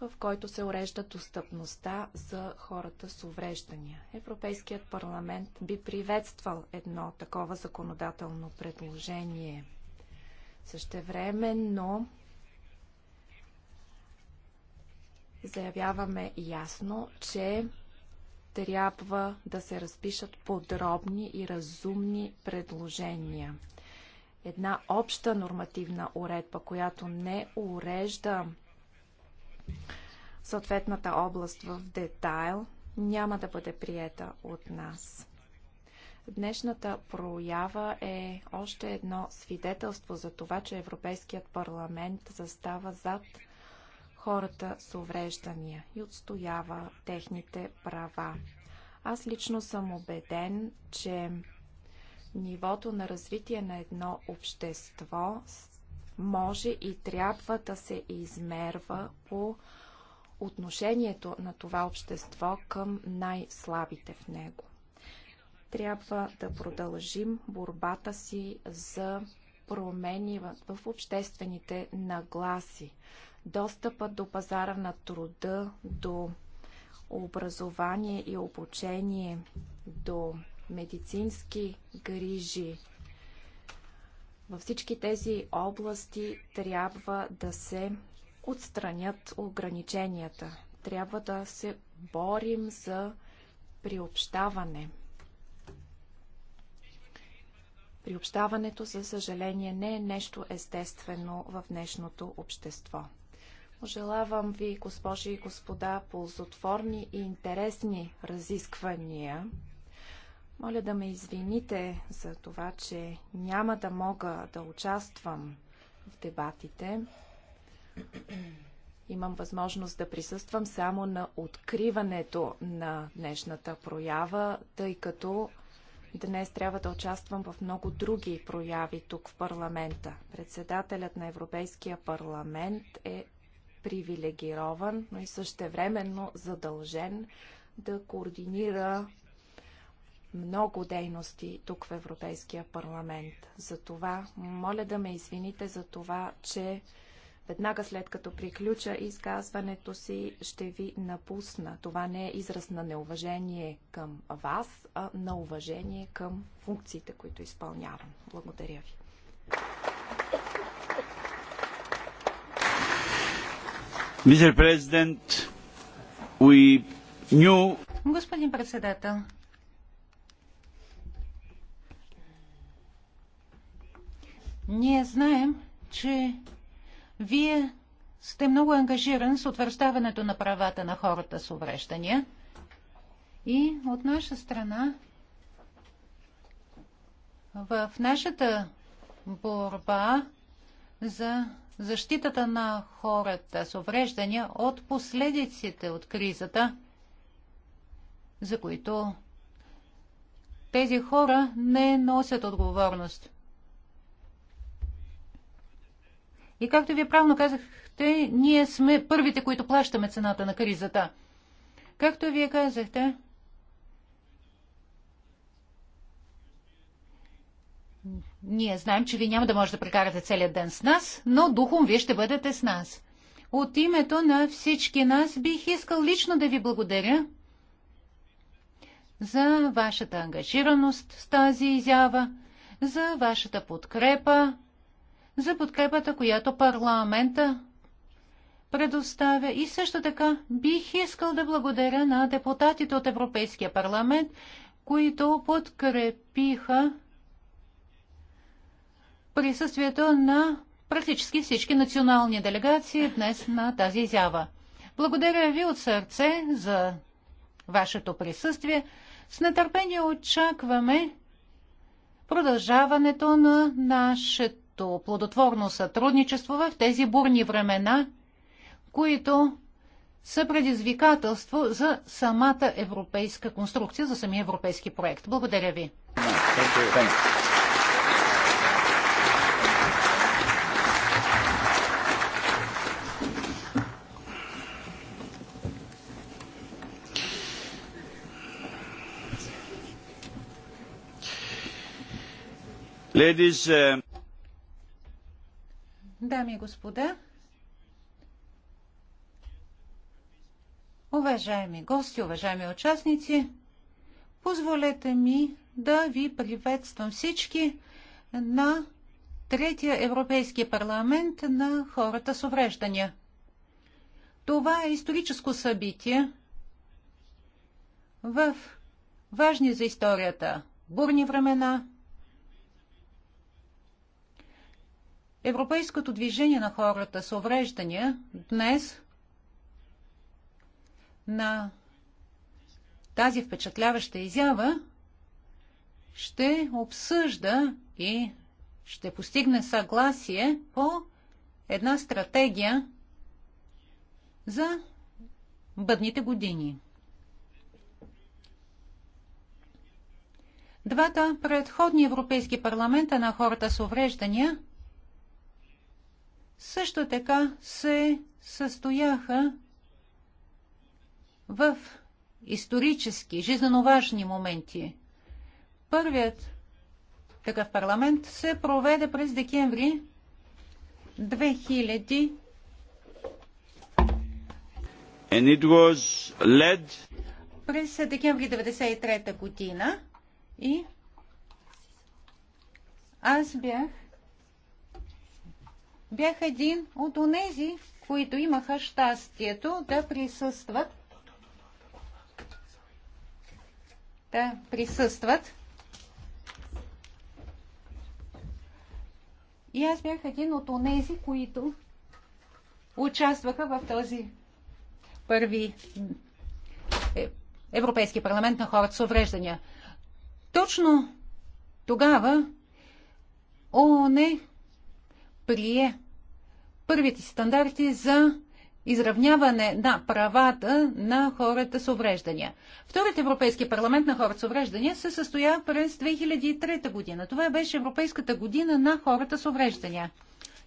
в който се урежда достъпността за хората с увреждания. Европейският парламент би приветствал едно такова законодателно предложение. Същевременно заявяваме ясно, че трябва да се разпишат подробни и разумни предложения. Една обща нормативна уредба, която не урежда съответната област в детайл, няма да бъде приета от нас. Днешната проява е още едно свидетелство за това, че Европейският парламент застава зад хората с увреждания и отстоява техните права. Аз лично съм убеден, че нивото на развитие на едно общество може и трябва да се измерва по отношението на това общество към най-слабите в него. Трябва да продължим борбата си за промени в обществените нагласи. Достъпът до пазара на труда, до образование и обучение, до медицински грижи. Във всички тези области трябва да се отстранят ограниченията. Трябва да се борим за приобщаване. Приобщаването, за съжаление, не е нещо естествено в днешното общество. Желавам ви, госпожи и господа, ползотворни и интересни разисквания. Моля да ме извините за това, че няма да мога да участвам в дебатите. Имам възможност да присъствам само на откриването на днешната проява, тъй като Днес трябва да участвам в много други прояви тук в парламента. Председателят на Европейския парламент е привилегирован, но и същевременно задължен да координира много дейности тук в Европейския парламент. Затова моля да ме извините за това, че веднага след като приключа изказването си, ще ви напусна. Това не е израз на неуважение към вас, а на уважение към функциите, които изпълнявам. Благодаря ви. Господин председател, ние знаем, че вие сте много ангажиран с утвърждаването на правата на хората с увреждания. И от наша страна, в нашата борба за защитата на хората с увреждания от последиците от кризата, за които тези хора не носят отговорност. И както ви правилно казахте, ние сме първите, които плащаме цената на кризата. Както вие казахте, Ние знаем, че вие няма да можете да прекарате целият ден с нас, но духом вие ще бъдете с нас. От името на всички нас бих искал лично да ви благодаря за вашата ангажираност с тази изява, за вашата подкрепа, за подкрепата, която парламента предоставя. И също така бих искал да благодаря на депутатите от Европейския парламент, които подкрепиха присъствието на практически всички национални делегации днес на тази изява. Благодаря ви от сърце за вашето присъствие. С нетърпение очакваме продължаването на нашето плодотворно сътрудничество в тези бурни времена, които са предизвикателство за самата европейска конструкция, за самия европейски проект. Благодаря ви. Thank you. Thank you. Uh, Дами и господа, уважаеми гости, уважаеми участници, позволете ми да ви приветствам всички на Третия Европейски парламент на хората с увреждания. Това е историческо събитие в важни за историята бурни времена – Европейското движение на хората с увреждания днес на тази впечатляваща изява ще обсъжда и ще постигне съгласие по една стратегия за бъдните години. Двата предходни европейски парламента на хората с увреждания – също така се състояха в исторически, жизненоважни важни моменти. Първият такъв парламент се проведе през декември 2000 And it was led... през декември 1993 година и аз бях бях един от онези, които имаха щастието да присъстват да присъстват. И аз бях един от онези, които участваха в този първи е, Европейски парламент на хората с увреждания. Точно тогава ООН прие първите стандарти за изравняване на правата на хората с увреждания. Вторият Европейски парламент на хората с увреждания се състоя през 2003 година. Това беше Европейската година на хората с увреждания.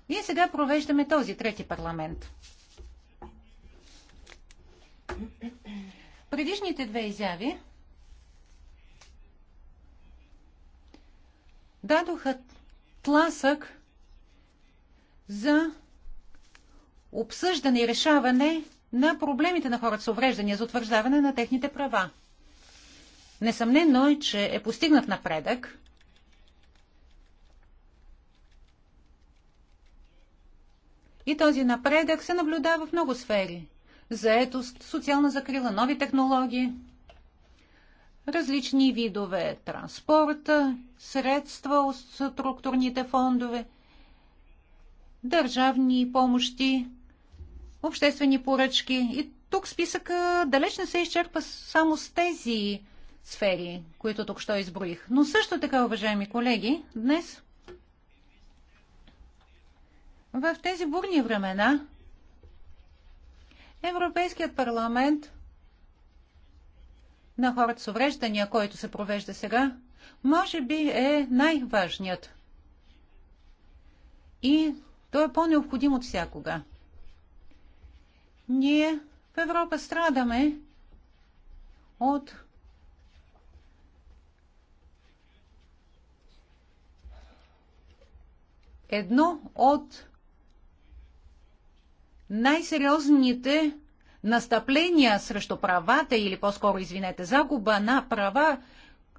И сега провеждаме този трети парламент. Предишните две изяви дадоха тласък за обсъждане и решаване на проблемите на хората с увреждания за утвърждаване на техните права. Несъмнено е, че е постигнат напредък. И този напредък се наблюдава в много сфери. Заетост, социална закрила, нови технологии, различни видове транспорта, средства от структурните фондове, държавни помощи, обществени поръчки. И тук списъка далеч не се изчерпа само с тези сфери, които тук що изброих. Но също така, уважаеми колеги, днес в тези бурни времена Европейският парламент на хората с увреждания, който се провежда сега, може би е най-важният. И той е по-необходим от всякога. Ние в Европа страдаме от едно от най-сериозните настъпления срещу правата или по-скоро, извинете, загуба на права,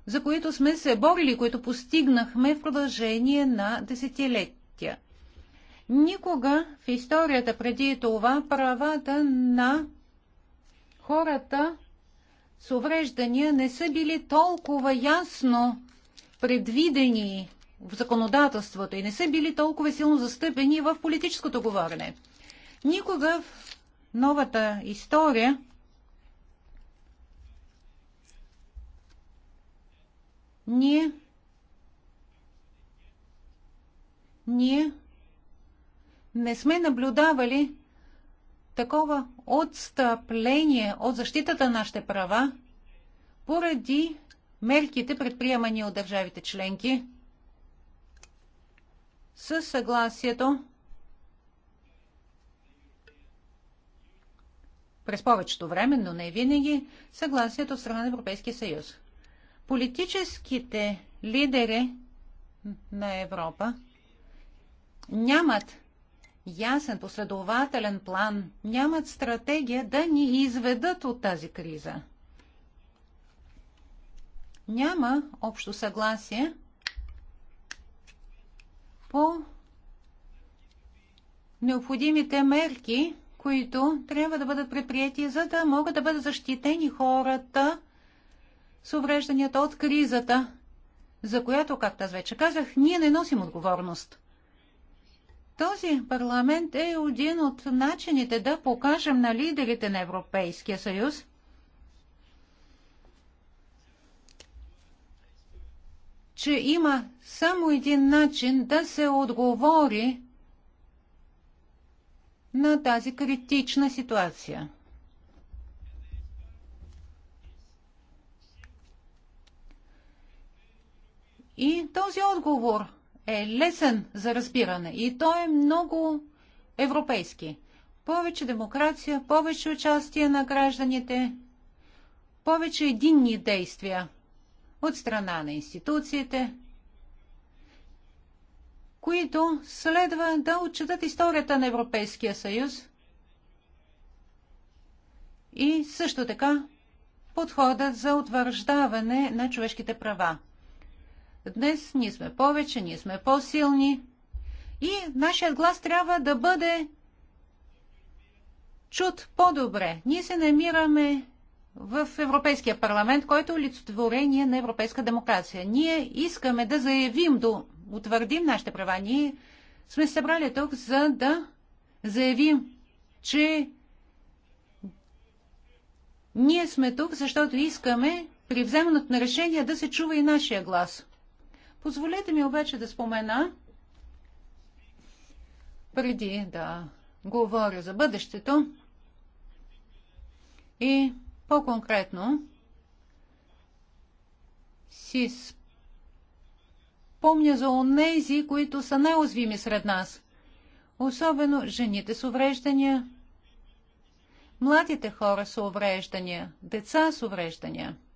за които сме се борили, които постигнахме в продължение на десетилетия. Никога в историята преди това правата на хората с увреждания не са били толкова ясно предвидени в законодателството и не са били толкова силно застъпени в политическото говорене. Никога в новата история ние ние не сме наблюдавали такова отстъпление от защитата на нашите права поради мерките, предприемани от държавите членки, със съгласието през повечето време, но не винаги, съгласието от страна на Европейския съюз. Политическите лидери на Европа нямат ясен, последователен план, нямат стратегия да ни изведат от тази криза. Няма общо съгласие по необходимите мерки, които трябва да бъдат предприяти, за да могат да бъдат защитени хората с уврежданията от кризата, за която, както аз вече казах, ние не носим отговорност. Този парламент е един от начините да покажем на лидерите на Европейския съюз, че има само един начин да се отговори на тази критична ситуация. И този отговор – е лесен за разбиране и той е много европейски. Повече демокрация, повече участие на гражданите, повече единни действия от страна на институциите, които следва да отчитат историята на Европейския съюз и също така подходът за утвърждаване на човешките права. Днес ние сме повече, ние сме по-силни и нашият глас трябва да бъде чут по-добре. Ние се намираме в Европейския парламент, който е олицетворение на европейска демокрация. Ние искаме да заявим, да утвърдим нашите права. Ние сме събрали тук, за да заявим, че ние сме тук, защото искаме при вземането на решение да се чува и нашия глас. Позволете ми обаче да спомена, преди да говоря за бъдещето и по-конкретно си спомня за онези, които са най озвими сред нас, особено жените с увреждания, младите хора с увреждания, деца с увреждания –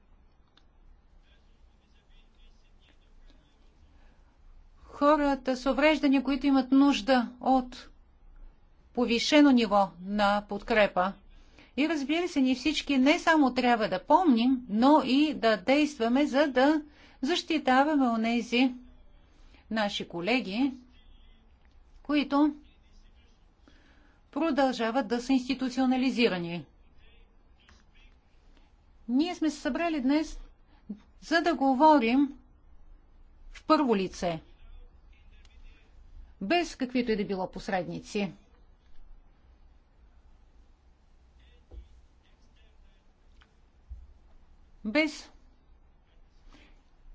хората с увреждания, които имат нужда от повишено ниво на подкрепа. И разбира се, ние всички не само трябва да помним, но и да действаме, за да защитаваме онези наши колеги, които продължават да са институционализирани. Ние сме се събрали днес, за да говорим в първо лице – без каквито и да било посредници. Без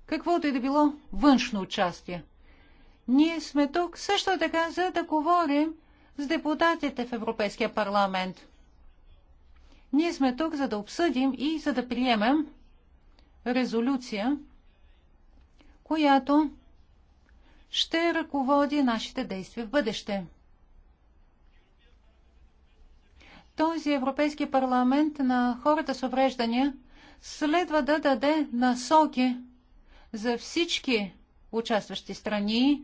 каквото и да било външно участие. Ние сме тук също така, за да говорим с депутатите в Европейския парламент. Ние сме тук, за да обсъдим и за да приемем резолюция, която ще ръководи нашите действия в бъдеще. Този Европейски парламент на хората с увреждания следва да даде насоки за всички участващи страни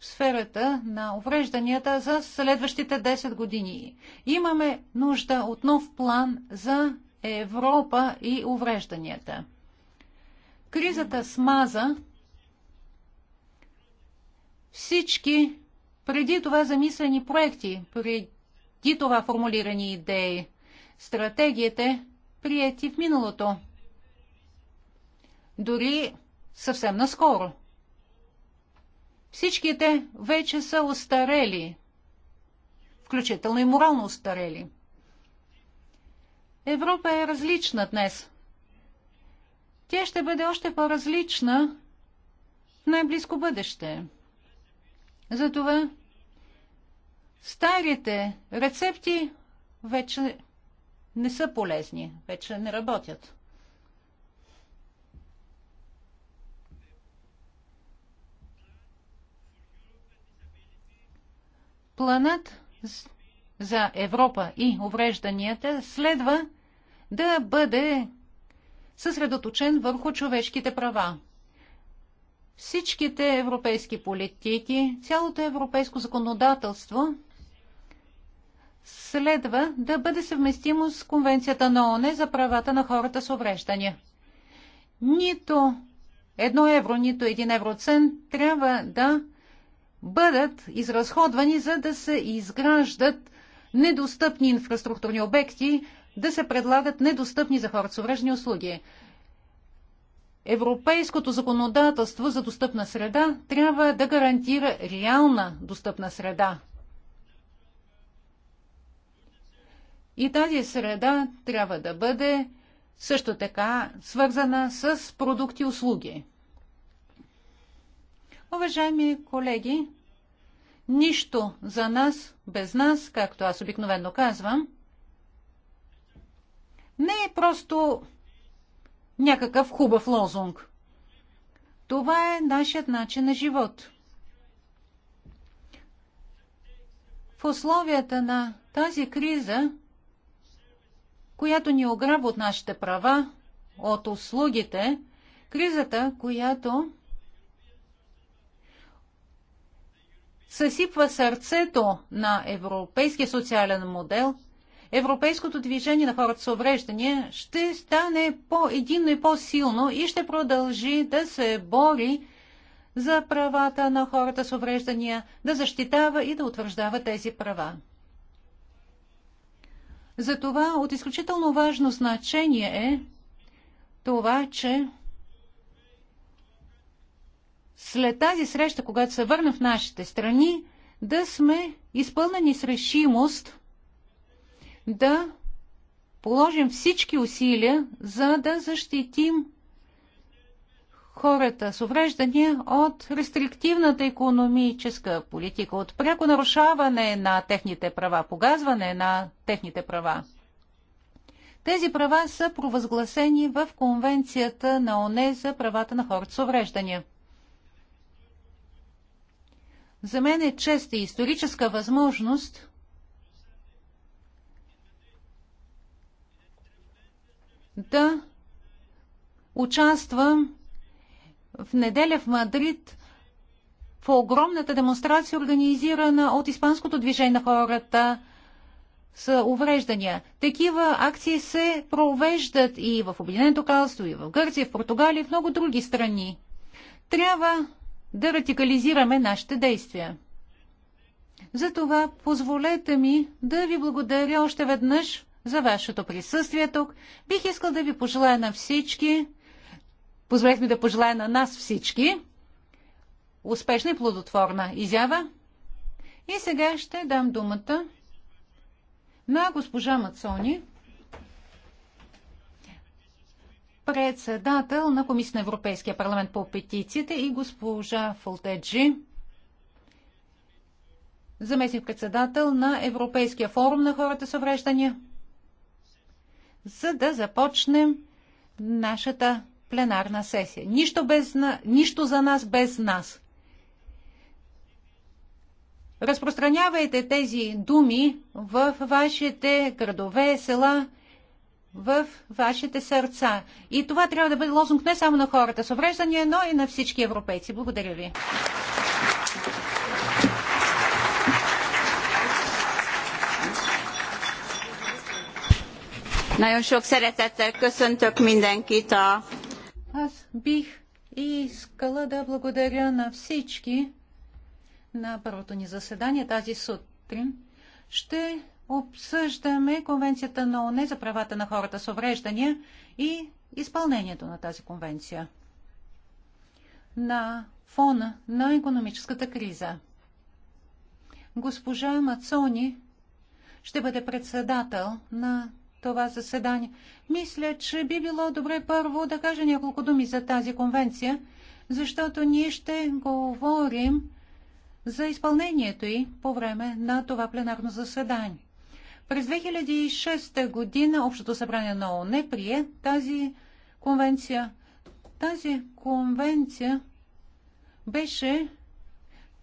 в сферата на уврежданията за следващите 10 години. Имаме нужда от нов план за Европа и уврежданията. Кризата смаза всички преди това замислени проекти, преди това формулирани идеи, стратегиите, прияти в миналото. Дори съвсем наскоро. Всичките вече са устарели, включително и морално устарели. Европа е различна днес. Тя ще бъде още по-различна в най-близко бъдеще. Затова старите рецепти вече не са полезни, вече не работят. Планът за Европа и уврежданията следва да бъде съсредоточен върху човешките права всичките европейски политики, цялото европейско законодателство следва да бъде съвместимо с Конвенцията на ООН за правата на хората с увреждания. Нито едно евро, нито един евроцент трябва да бъдат изразходвани, за да се изграждат недостъпни инфраструктурни обекти, да се предлагат недостъпни за хората с увреждани услуги. Европейското законодателство за достъпна среда трябва да гарантира реална достъпна среда. И тази среда трябва да бъде също така свързана с продукти и услуги. Уважаеми колеги, нищо за нас без нас, както аз обикновено казвам, не е просто някакъв хубав лозунг. Това е нашият начин на живот. В условията на тази криза, която ни е ограбва от нашите права, от услугите, кризата, която съсипва сърцето на европейския социален модел – европейското движение на хората с увреждания ще стане по-единно и по-силно и ще продължи да се бори за правата на хората с увреждания, да защитава и да утвърждава тези права. Затова от изключително важно значение е това, че след тази среща, когато се върна в нашите страни, да сме изпълнени с решимост да положим всички усилия, за да защитим хората с увреждания от рестриктивната економическа политика, от пряко нарушаване на техните права, погазване на техните права. Тези права са провъзгласени в Конвенцията на ОНЕ за правата на хората с увреждания. За мен е чест и историческа възможност да участвам в неделя в Мадрид в огромната демонстрация, организирана от Испанското движение на хората с увреждания. Такива акции се провеждат и в Обединеното кралство, и в Гърция, и в Португалия, и в много други страни. Трябва да радикализираме нашите действия. Затова позволете ми да ви благодаря още веднъж за вашето присъствие тук. Бих искал да ви пожелая на всички, позволих ми да пожелая на нас всички, успешна и плодотворна изява. И сега ще дам думата на госпожа Мацони, председател на Комисия на Европейския парламент по петициите и госпожа Фолтеджи, заместник-председател на Европейския форум на хората с увреждания за да започнем нашата пленарна сесия. Нищо, без, нищо за нас без нас. Разпространявайте тези думи в вашите градове, села, в вашите сърца. И това трябва да бъде лозунг не само на хората с увреждания, но и на всички европейци. Благодаря ви. Nagyon sok szeretettel köszöntök mindenkit a... Аз бих искала да благодаря на всички на първото ни заседание тази сутрин. Ще обсъждаме Конвенцията на ОНЕ за правата на хората с увреждания и изпълнението на тази конвенция на фона на економическата криза. Госпожа Мацони ще бъде председател на това заседание. Мисля, че би било добре първо да кажа няколко думи за тази конвенция, защото ние ще говорим за изпълнението й по време на това пленарно заседание. През 2006 година Общото събрание на ООН прие тази конвенция. Тази конвенция беше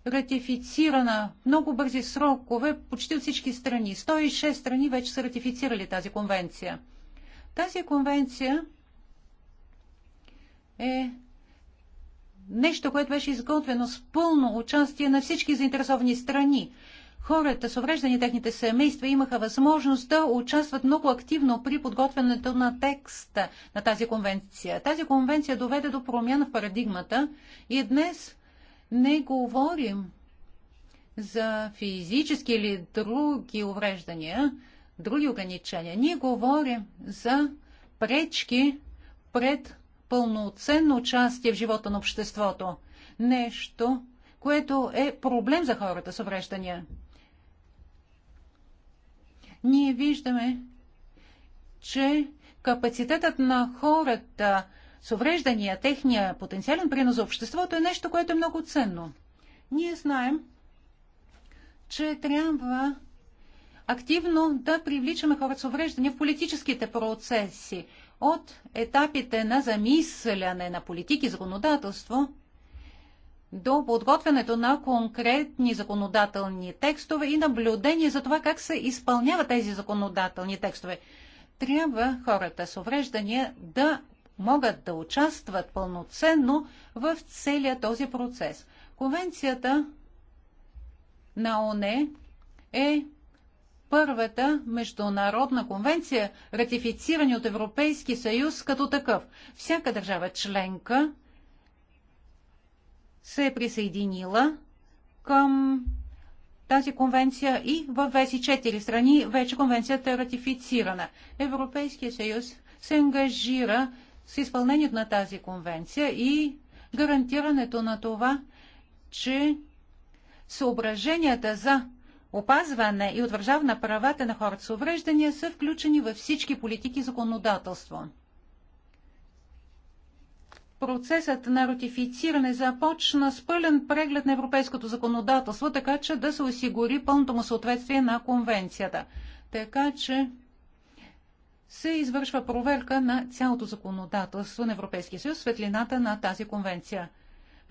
ратифицирана много бързи срокове почти от всички страни. 106 страни вече са ратифицирали тази конвенция. Тази конвенция е нещо, което беше изготвено с пълно участие на всички заинтересовани страни. Хората с увреждани техните семейства имаха възможност да участват много активно при подготвянето на текста на тази конвенция. Тази конвенция доведе до промяна в парадигмата и днес не говорим за физически или други увреждания, други ограничения. Ние говорим за пречки пред пълноценно участие в живота на обществото. Нещо, което е проблем за хората с увреждания. Ние виждаме, че капацитетът на хората с увреждания, техния потенциален принос за обществото е нещо, което е много ценно. Ние знаем, че трябва активно да привличаме хората с увреждания в политическите процеси. От етапите на замисляне на политики и законодателство до подготвянето на конкретни законодателни текстове и наблюдение за това как се изпълняват тези законодателни текстове. Трябва хората с увреждания да могат да участват пълноценно в целия този процес. Конвенцията на ОНЕ е първата международна конвенция, ратифицирана от Европейски съюз като такъв. Всяка държава членка се е присъединила към тази конвенция и в 24 страни вече конвенцията е ратифицирана. Европейския съюз се ангажира с изпълнението на тази конвенция и гарантирането на това, че съображенията за опазване и отвържаване на правата на хората с увреждания са включени във всички политики и законодателство. Процесът на ратифициране започна с пълен преглед на европейското законодателство, така че да се осигури пълното му съответствие на конвенцията. Така че се извършва проверка на цялото законодателство на Европейския съюз светлината на тази конвенция.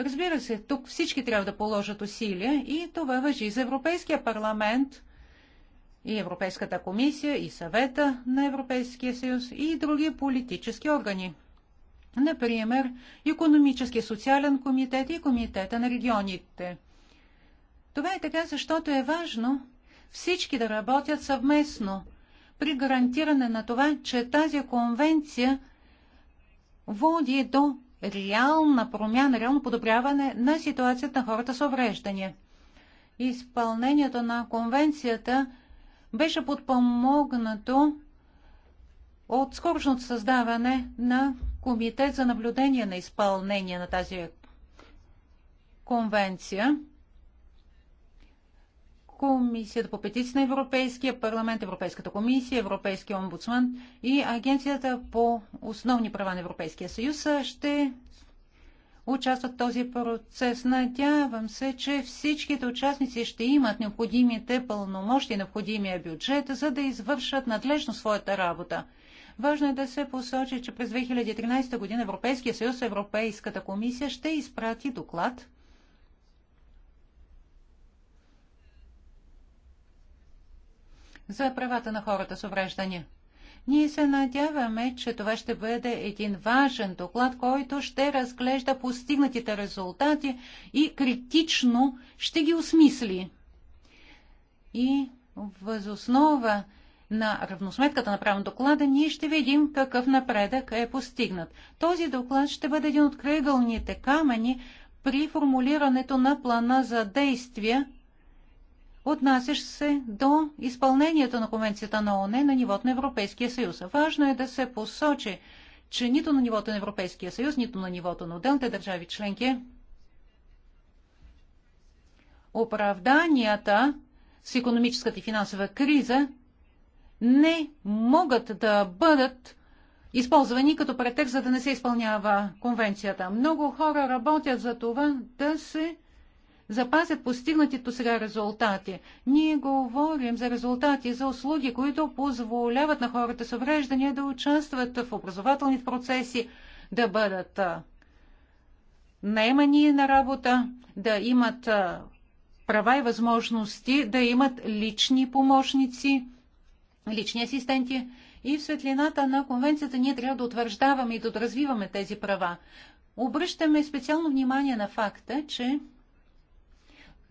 Разбира се, тук всички трябва да положат усилия и това въжи за Европейския парламент и Европейската комисия и съвета на Европейския съюз и други политически органи. Например, економически социален комитет и комитета на регионите. Това е така, защото е важно всички да работят съвместно – при гарантиране на това, че тази конвенция води до реална промяна, реално подобряване на ситуацията на хората с увреждания. Изпълнението на конвенцията беше подпомогнато от скорошното създаване на Комитет за наблюдение на изпълнение на тази конвенция. Комисията по петиции на Европейския парламент, Европейската комисия, Европейския омбудсман и Агенцията по основни права на Европейския съюз ще участват в този процес. Надявам се, че всичките участници ще имат необходимите пълномощи, необходимия бюджет, за да извършат надлежно своята работа. Важно е да се посочи, че през 2013 година Европейския съюз, Европейската комисия ще изпрати доклад – за правата на хората с увреждания. Ние се надяваме, че това ще бъде един важен доклад, който ще разглежда постигнатите резултати и критично ще ги осмисли. И възоснова на равносметката на правен доклада ние ще видим какъв напредък е постигнат. Този доклад ще бъде един от кръгълните камъни при формулирането на плана за действия отнасящ се до изпълнението на Конвенцията на ООН на нивото на Европейския съюз. Важно е да се посочи, че нито на нивото на Европейския съюз, нито на нивото на отделните държави членки оправданията с економическата и финансова криза не могат да бъдат използвани като претекст, за да не се изпълнява конвенцията. Много хора работят за това да се запазят постигнатите сега резултати. Ние говорим за резултати, за услуги, които позволяват на хората с увреждания да участват в образователните процеси, да бъдат наймани на работа, да имат права и възможности, да имат лични помощници, лични асистенти. И в светлината на конвенцията ние трябва да утвърждаваме и да развиваме тези права. Обръщаме специално внимание на факта, че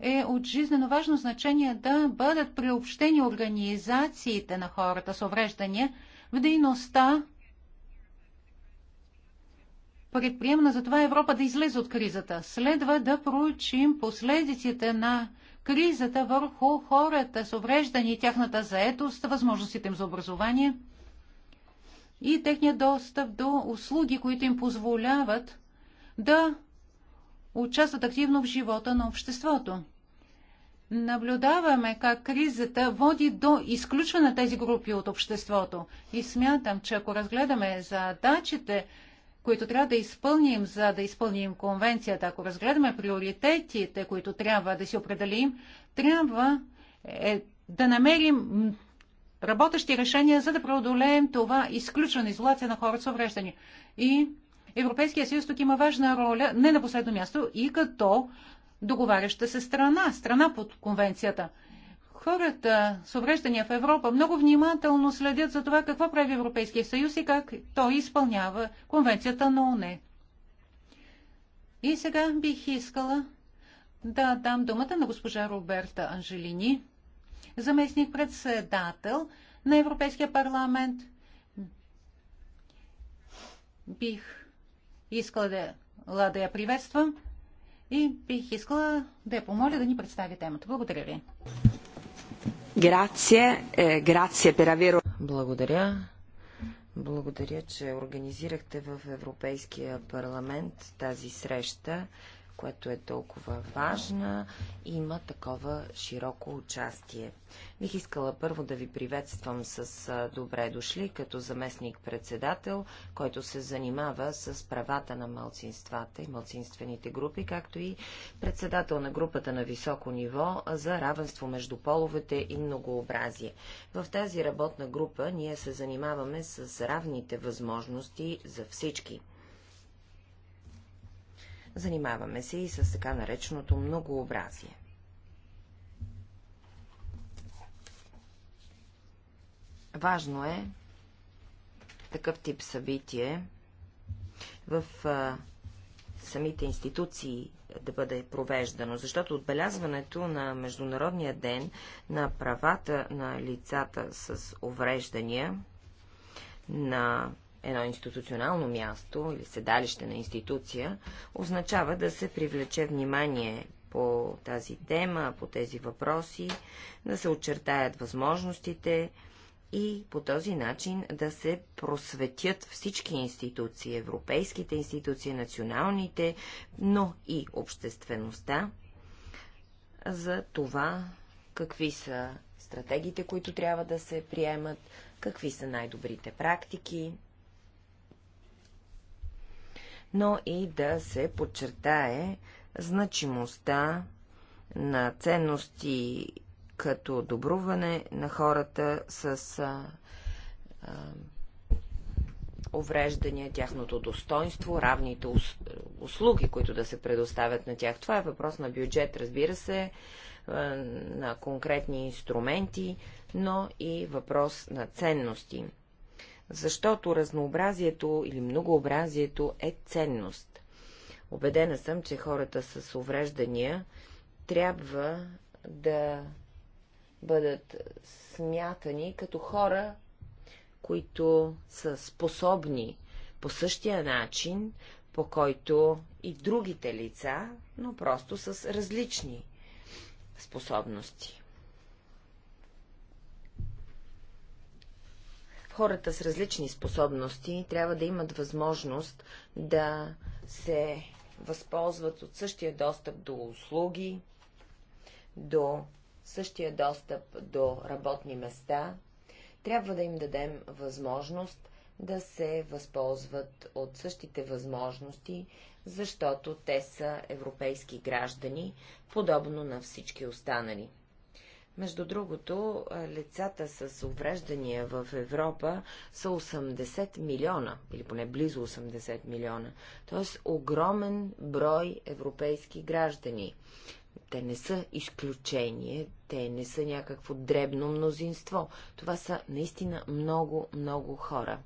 е от жизнено важно значение да бъдат приобщени организациите на хората с увреждания в дейността, предприемна за това Европа да излезе от кризата. Следва да проучим последиците на кризата върху хората с увреждания, тяхната заетост, възможностите им за образование и техния достъп до услуги, които им позволяват да участват активно в живота на обществото наблюдаваме как кризата води до изключване на тези групи от обществото. И смятам, че ако разгледаме задачите, които трябва да изпълним, за да изпълним конвенцията, ако разгледаме приоритетите, които трябва да си определим, трябва е, да намерим работещи решения, за да преодолеем това изключване, изолация на хората с увреждания. И Европейския съюз тук има важна роля, не на последно място, и като договаряща се страна, страна под конвенцията. Хората с увреждания в Европа много внимателно следят за това какво прави Европейския съюз и как той изпълнява конвенцията на ОНЕ. И сега бих искала да дам думата на госпожа Роберта Анжелини, заместник-председател на Европейския парламент. Бих искала да, да я приветствам и бих искала да я помоля да ни представи темата. Благодаря ви. Е, Благодаря. Благодаря, че организирахте в Европейския парламент тази среща което е толкова важна, има такова широко участие. Бих искала първо да ви приветствам с добре дошли като заместник-председател, който се занимава с правата на малцинствата и малцинствените групи, както и председател на групата на високо ниво за равенство между половете и многообразие. В тази работна група ние се занимаваме с равните възможности за всички. Занимаваме се и с така нареченото многообразие. Важно е такъв тип събитие в а, самите институции да бъде провеждано, защото отбелязването на Международния ден на правата на лицата с увреждания, на едно институционално място или седалище на институция, означава да се привлече внимание по тази тема, по тези въпроси, да се очертаят възможностите и по този начин да се просветят всички институции, европейските институции, националните, но и обществеността за това какви са стратегиите, които трябва да се приемат, какви са най-добрите практики, но и да се подчертае значимостта на ценности като добруване на хората с а, а, увреждания, тяхното достоинство, равните услуги, които да се предоставят на тях. Това е въпрос на бюджет, разбира се, на конкретни инструменти, но и въпрос на ценности защото разнообразието или многообразието е ценност. Обедена съм, че хората с увреждания трябва да бъдат смятани като хора, които са способни по същия начин, по който и другите лица, но просто с различни способности. хората с различни способности трябва да имат възможност да се възползват от същия достъп до услуги, до същия достъп до работни места, трябва да им дадем възможност да се възползват от същите възможности, защото те са европейски граждани, подобно на всички останали. Между другото, лицата с увреждания в Европа са 80 милиона, или поне близо 80 милиона, т.е. огромен брой европейски граждани. Те не са изключение, те не са някакво дребно мнозинство. Това са наистина много, много хора.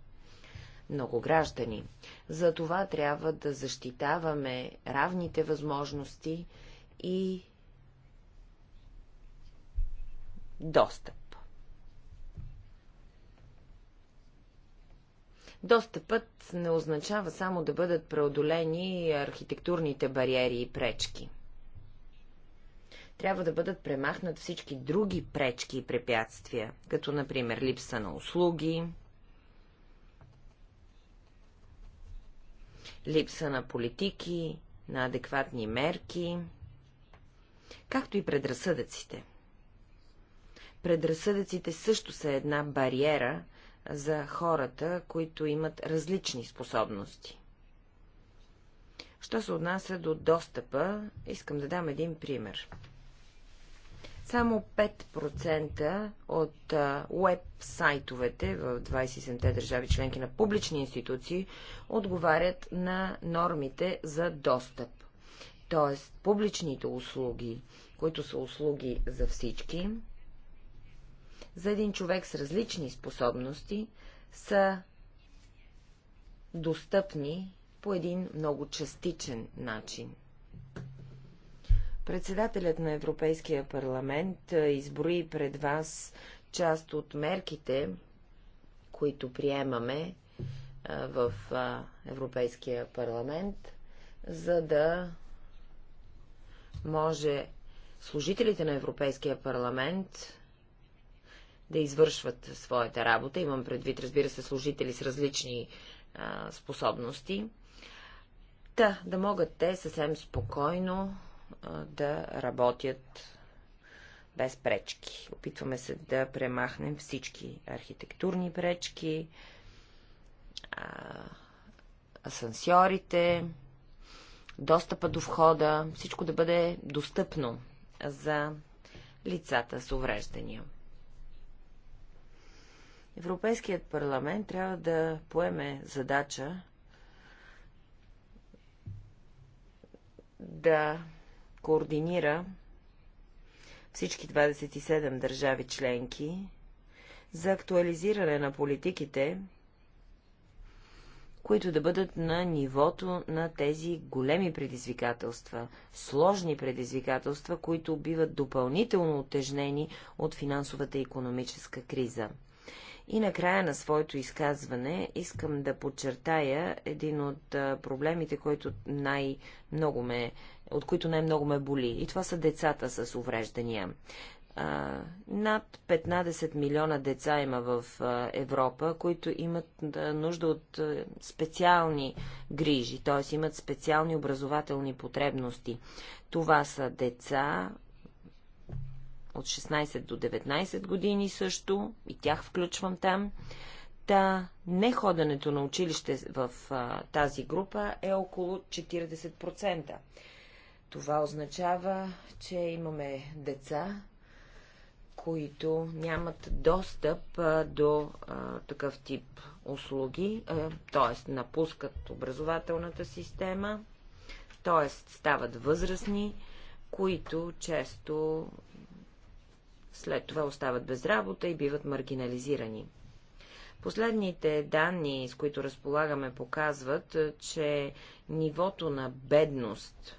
Много граждани. За това трябва да защитаваме равните възможности и достъп. Достъпът не означава само да бъдат преодолени архитектурните бариери и пречки. Трябва да бъдат премахнат всички други пречки и препятствия, като например липса на услуги, липса на политики, на адекватни мерки, както и предразсъдъците – Предразсъдъците също са една бариера за хората, които имат различни способности. Що се отнася до достъпа, искам да дам един пример. Само 5% от веб-сайтовете в 27-те държави членки на публични институции отговарят на нормите за достъп. Тоест, публичните услуги, които са услуги за всички, за един човек с различни способности са достъпни по един много частичен начин. Председателят на Европейския парламент изброи пред вас част от мерките, които приемаме в Европейския парламент, за да може служителите на Европейския парламент да извършват своята работа. Имам предвид, разбира се, служители с различни а, способности. Та, да, да могат те съвсем спокойно а, да работят без пречки. Опитваме се да премахнем всички архитектурни пречки, а, асансьорите, достъпа до входа, всичко да бъде достъпно за лицата с увреждания. Европейският парламент трябва да поеме задача да координира всички 27 държави членки за актуализиране на политиките, които да бъдат на нивото на тези големи предизвикателства, сложни предизвикателства, които биват допълнително отежнени от финансовата и економическа криза. И накрая на своето изказване искам да подчертая един от проблемите, който най-много ме, от които най-много ме боли. И това са децата с увреждания. над 15 милиона деца има в Европа, които имат нужда от специални грижи, т.е. имат специални образователни потребности. Това са деца, от 16 до 19 години също, и тях включвам там. Та не ходенето на училище в а, тази група е около 40%. Това означава, че имаме деца, които нямат достъп а, до а, такъв тип услуги, т.е. напускат образователната система, т.е. стават възрастни, които често след това остават без работа и биват маргинализирани. Последните данни, с които разполагаме, показват, е, че нивото на бедност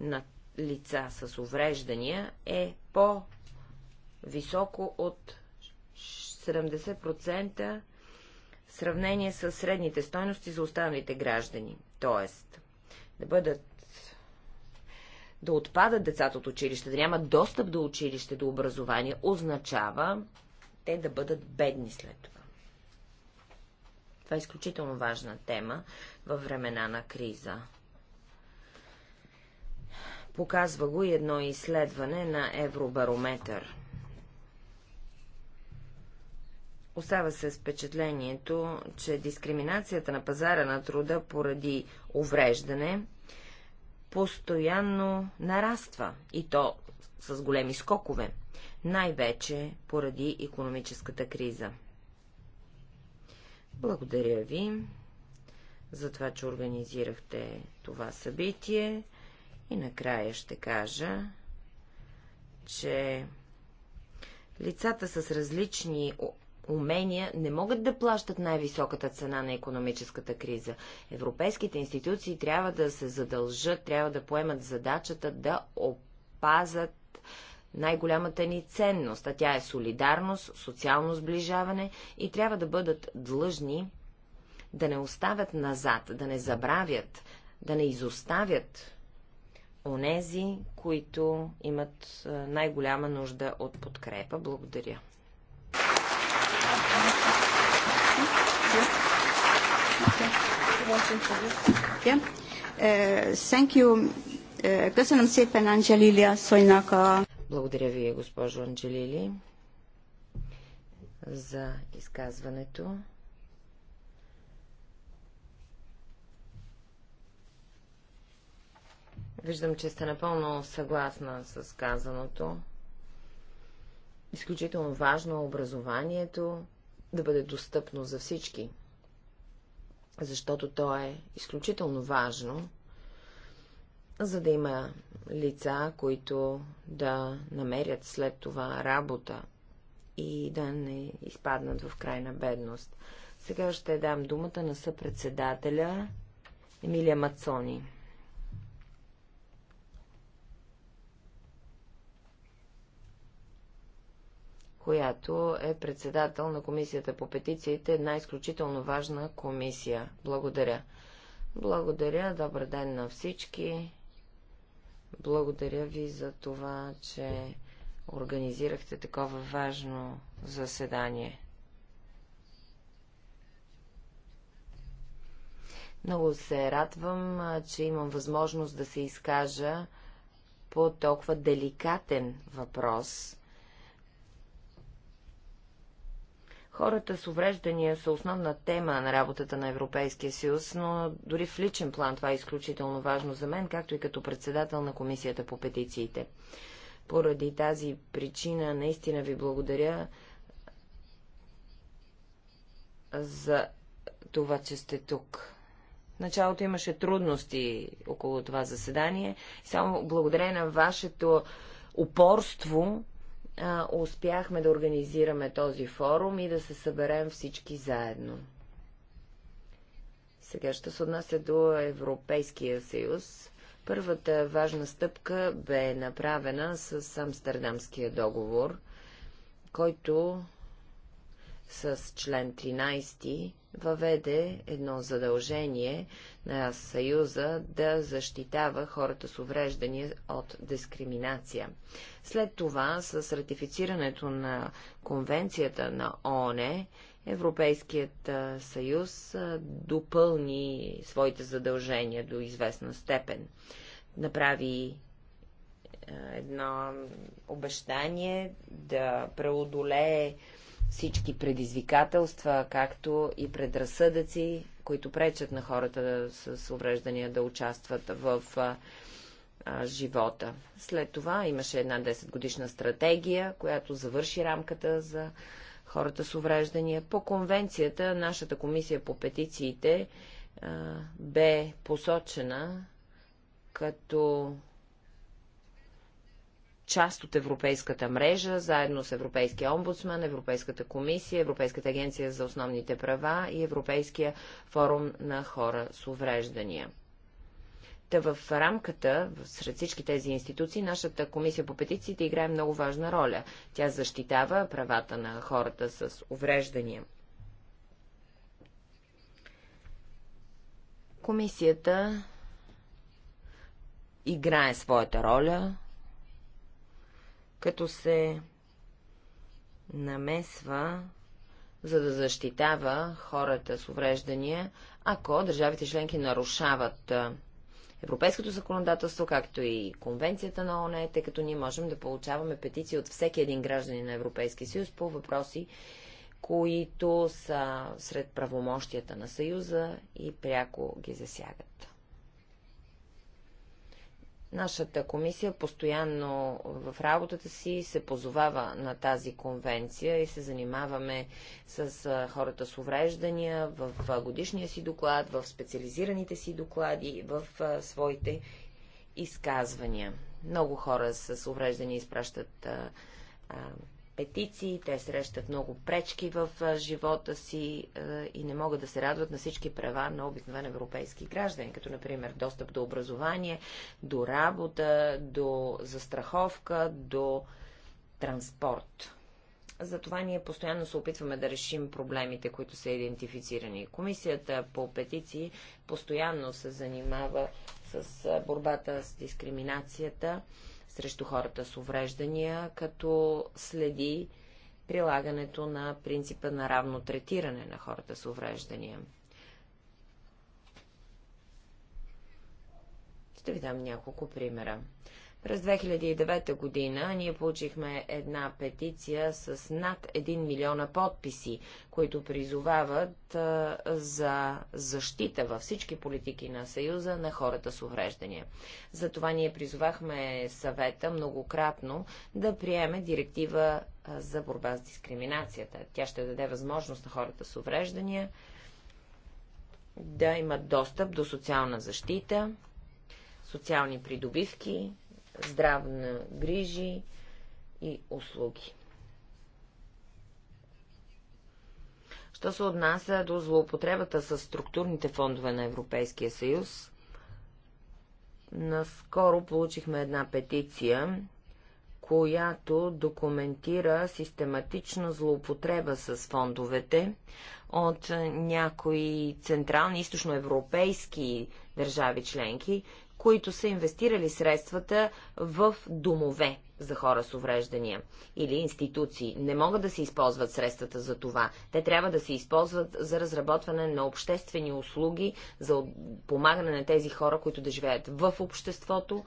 на лица с увреждания е по-високо от 70% в сравнение с средните стойности за останалите граждани. Тоест, да бъдат да отпадат децата от училище, да нямат достъп до училище, до образование, означава те да бъдат бедни след това. Това е изключително важна тема във времена на криза. Показва го и едно изследване на Евробарометър. Остава се с впечатлението, че дискриминацията на пазара на труда поради увреждане постоянно нараства и то с големи скокове, най-вече поради економическата криза. Благодаря ви за това, че организирахте това събитие и накрая ще кажа, че лицата с различни умения не могат да плащат най-високата цена на економическата криза. Европейските институции трябва да се задължат, трябва да поемат задачата да опазат най-голямата ни ценност, а тя е солидарност, социално сближаване и трябва да бъдат длъжни да не оставят назад, да не забравят, да не изоставят онези, които имат най-голяма нужда от подкрепа. Благодаря. Е, е, Благодаря ви, госпожо Анджелили, за изказването. Виждам, че сте напълно съгласна с казаното. Изключително важно е образованието, да бъде достъпно за всички, защото то е изключително важно, за да има лица, които да намерят след това работа и да не изпаднат в крайна бедност. Сега ще дам думата на съпредседателя Емилия Мацони. която е председател на Комисията по петициите, една изключително важна комисия. Благодаря. Благодаря, добър ден на всички. Благодаря ви за това, че организирахте такова важно заседание. Много се радвам, че имам възможност да се изкажа по толкова деликатен въпрос Хората с увреждания са основна тема на работата на Европейския съюз, но дори в личен план това е изключително важно за мен, както и като председател на Комисията по петициите. Поради тази причина наистина ви благодаря за това, че сте тук. В началото имаше трудности около това заседание. Само благодарение на вашето упорство а, успяхме да организираме този форум и да се съберем всички заедно. Сега ще се отнася до Европейския съюз. Първата важна стъпка бе направена с Амстердамския договор, който с член 13 въведе едно задължение на Съюза да защитава хората с увреждания от дискриминация. След това, с ратифицирането на Конвенцията на ООН, Европейският съюз допълни своите задължения до известна степен. Направи едно обещание да преодолее всички предизвикателства, както и предразсъдъци, които пречат на хората с увреждания да участват в живота. След това имаше една 10 годишна стратегия, която завърши рамката за хората с увреждания. По конвенцията, нашата комисия по петициите а, бе посочена като част от европейската мрежа, заедно с Европейския омбудсман, Европейската комисия, Европейската агенция за основните права и Европейския форум на хора с увреждания. Та в рамката, сред всички тези институции, нашата комисия по петициите играе много важна роля. Тя защитава правата на хората с увреждания. Комисията играе своята роля, като се намесва, за да защитава хората с увреждания, ако държавите членки нарушават европейското законодателство, както и конвенцията на ОНЕ, тъй като ние можем да получаваме петиции от всеки един гражданин на Европейския съюз по въпроси, които са сред правомощията на Съюза и пряко ги засягат. Нашата комисия постоянно в работата си се позовава на тази конвенция и се занимаваме с хората с увреждания в годишния си доклад, в специализираните си доклади, в своите изказвания. Много хора с увреждания изпращат петиции, те срещат много пречки в живота си и не могат да се радват на всички права на обикновен европейски граждани, като например достъп до образование, до работа, до застраховка, до транспорт. Затова ние постоянно се опитваме да решим проблемите, които са идентифицирани. Комисията по петиции постоянно се занимава с борбата с дискриминацията срещу хората с увреждания, като следи прилагането на принципа на равно третиране на хората с увреждания. Ще ви дам няколко примера. През 2009 година ние получихме една петиция с над 1 милиона подписи, които призовават а, за защита във всички политики на Съюза на хората с увреждания. Затова ние призовахме съвета многократно да приеме директива за борба с дискриминацията. Тя ще даде възможност на хората с увреждания да имат достъп до социална защита, социални придобивки, здравна грижи и услуги. Що се отнася до злоупотребата с структурните фондове на Европейския съюз, наскоро получихме една петиция, която документира систематична злоупотреба с фондовете от някои централни източноевропейски държави членки, които са инвестирали средствата в домове за хора с увреждания или институции. Не могат да се използват средствата за това. Те трябва да се използват за разработване на обществени услуги, за помагане на тези хора, които да живеят в обществото,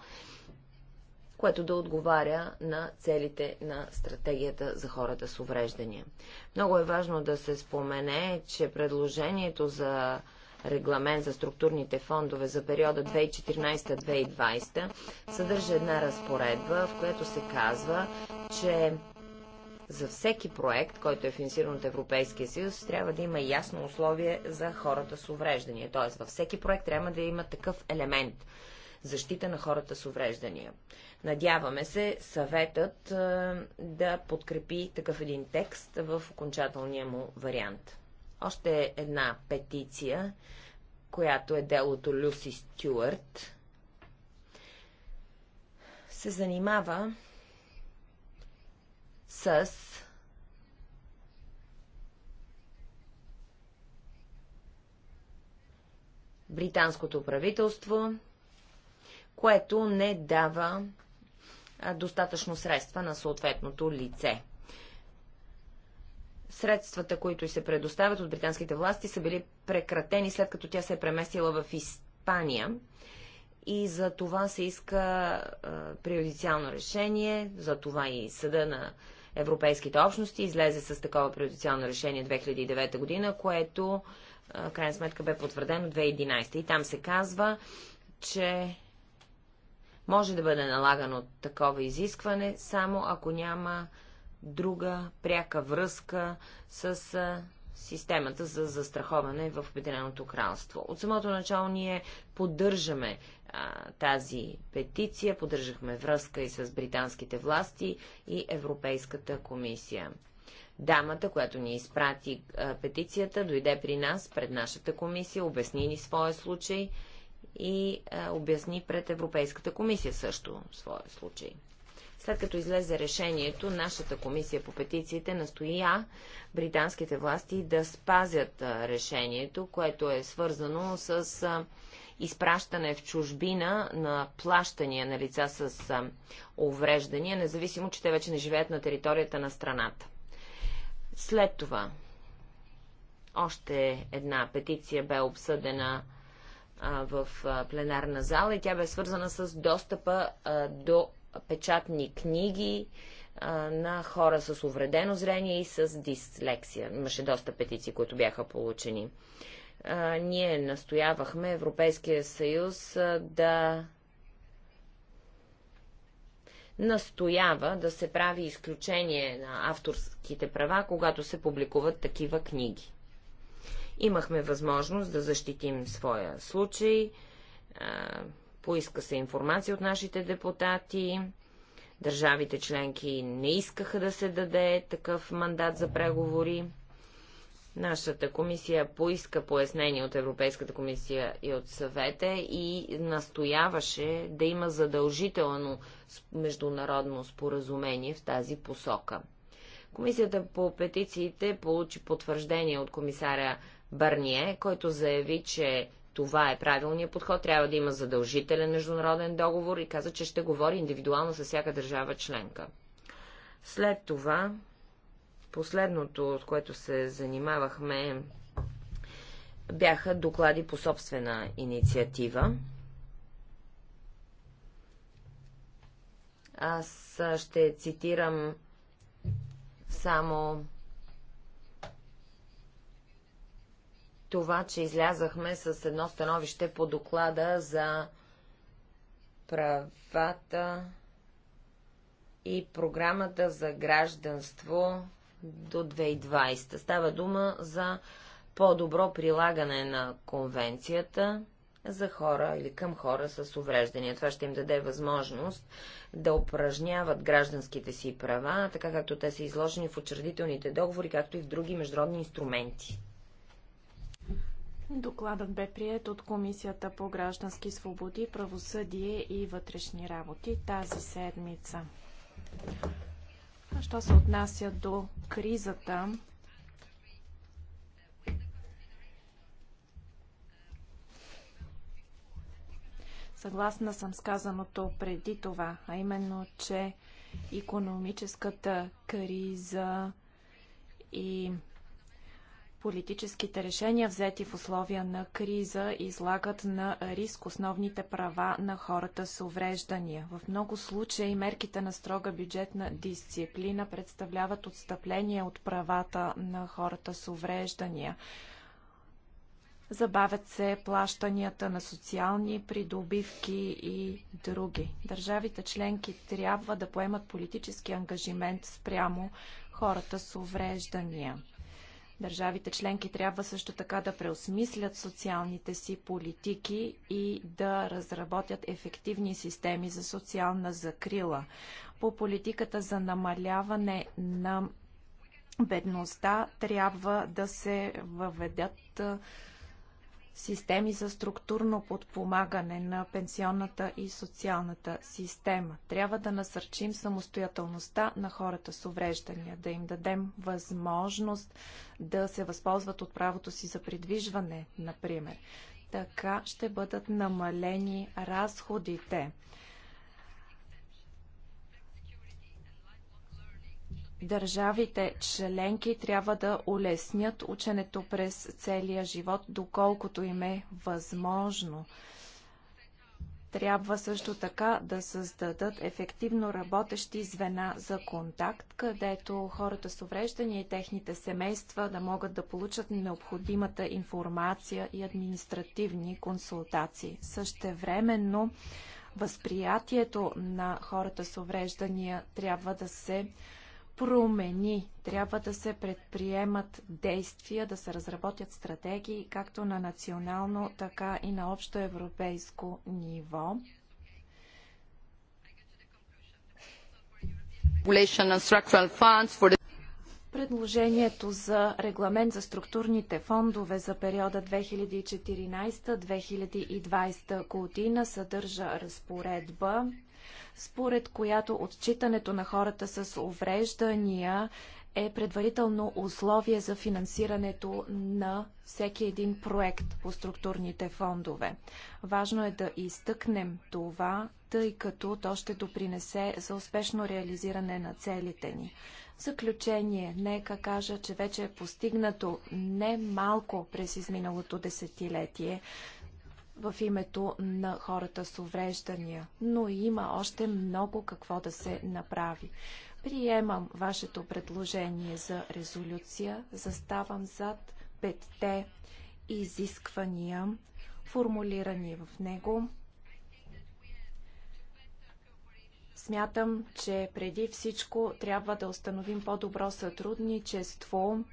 което да отговаря на целите на стратегията за хората с увреждания. Много е важно да се спомене, че предложението за регламент за структурните фондове за периода 2014-2020 съдържа една разпоредба, в която се казва, че за всеки проект, който е финансиран от Европейския съюз, трябва да има ясно условие за хората с увреждания. Тоест, във всеки проект трябва да има такъв елемент защита на хората с увреждания. Надяваме се съветът е, да подкрепи такъв един текст в окончателния му вариант. Още една петиция, която е делото Люси Стюарт, се занимава с британското правителство, което не дава достатъчно средства на съответното лице. Средствата, които се предоставят от британските власти, са били прекратени след като тя се е преместила в Испания. И за това се иска а, приодициално решение, за това и съда на европейските общности излезе с такова приодициално решение 2009 година, което а, крайна сметка бе потвърдено 2011. И там се казва, че може да бъде налагано такова изискване, само ако няма друга пряка връзка с системата за застраховане в Обединеното кралство. От самото начало ние поддържаме а, тази петиция, поддържахме връзка и с британските власти и Европейската комисия. Дамата, която ни изпрати а, петицията, дойде при нас, пред нашата комисия, обясни ни своя случай и а, обясни пред Европейската комисия също своя случай. След като излезе решението, нашата комисия по петициите настоя британските власти да спазят решението, което е свързано с изпращане в чужбина на плащания на лица с увреждания, независимо, че те вече не живеят на територията на страната. След това още една петиция бе обсъдена в пленарна зала и тя бе свързана с достъпа до печатни книги на хора с увредено зрение и с дислексия. Имаше доста петиции, които бяха получени. ние настоявахме Европейския съюз да настоява да се прави изключение на авторските права, когато се публикуват такива книги. Имахме възможност да защитим своя случай. Поиска се информация от нашите депутати. Държавите членки не искаха да се даде такъв мандат за преговори. Нашата комисия поиска пояснение от Европейската комисия и от съвета и настояваше да има задължително международно споразумение в тази посока. Комисията по петициите получи потвърждение от комисаря Бърние, който заяви, че това е правилният подход. Трябва да има задължителен международен договор и каза, че ще говори индивидуално с всяка държава членка. След това, последното, от което се занимавахме, бяха доклади по собствена инициатива. Аз ще цитирам само това, че излязахме с едно становище по доклада за правата и програмата за гражданство до 2020. Става дума за по-добро прилагане на конвенцията за хора или към хора с увреждания. Това ще им даде възможност да упражняват гражданските си права, така както те са изложени в учредителните договори, както и в други международни инструменти. Докладът бе прият от Комисията по граждански свободи, правосъдие и вътрешни работи тази седмица. що се отнася до кризата, съгласна съм сказаното преди това, а именно, че економическата криза и Политическите решения, взети в условия на криза, излагат на риск основните права на хората с увреждания. В много случаи мерките на строга бюджетна дисциплина представляват отстъпление от правата на хората с увреждания. Забавят се плащанията на социални придобивки и други. Държавите членки трябва да поемат политически ангажимент спрямо хората с увреждания Държавите членки трябва също така да преосмислят социалните си политики и да разработят ефективни системи за социална закрила. По политиката за намаляване на бедността трябва да се въведат системи за структурно подпомагане на пенсионната и социалната система. Трябва да насърчим самостоятелността на хората с увреждания, да им дадем възможност да се възползват от правото си за придвижване, например. Така ще бъдат намалени разходите Държавите членки трябва да улеснят ученето през целия живот, доколкото им е възможно. Трябва също така да създадат ефективно работещи звена за контакт, където хората с увреждания и техните семейства да могат да получат необходимата информация и административни консултации. Същевременно възприятието на хората с увреждания трябва да се промени. Трябва да се предприемат действия, да се разработят стратегии, както на национално, така и на общо европейско ниво. Предложението за регламент за структурните фондове за периода 2014-2020 година съдържа разпоредба, според която отчитането на хората с увреждания е предварително условие за финансирането на всеки един проект по структурните фондове. Важно е да изтъкнем това, тъй като то ще допринесе за успешно реализиране на целите ни. заключение, нека кажа, че вече е постигнато не малко през изминалото десетилетие в името на хората с увреждания, но има още много какво да се направи. Приемам вашето предложение за резолюция, заставам зад петте изисквания, формулирани в него. Смятам, че преди всичко трябва да установим по-добро сътрудничество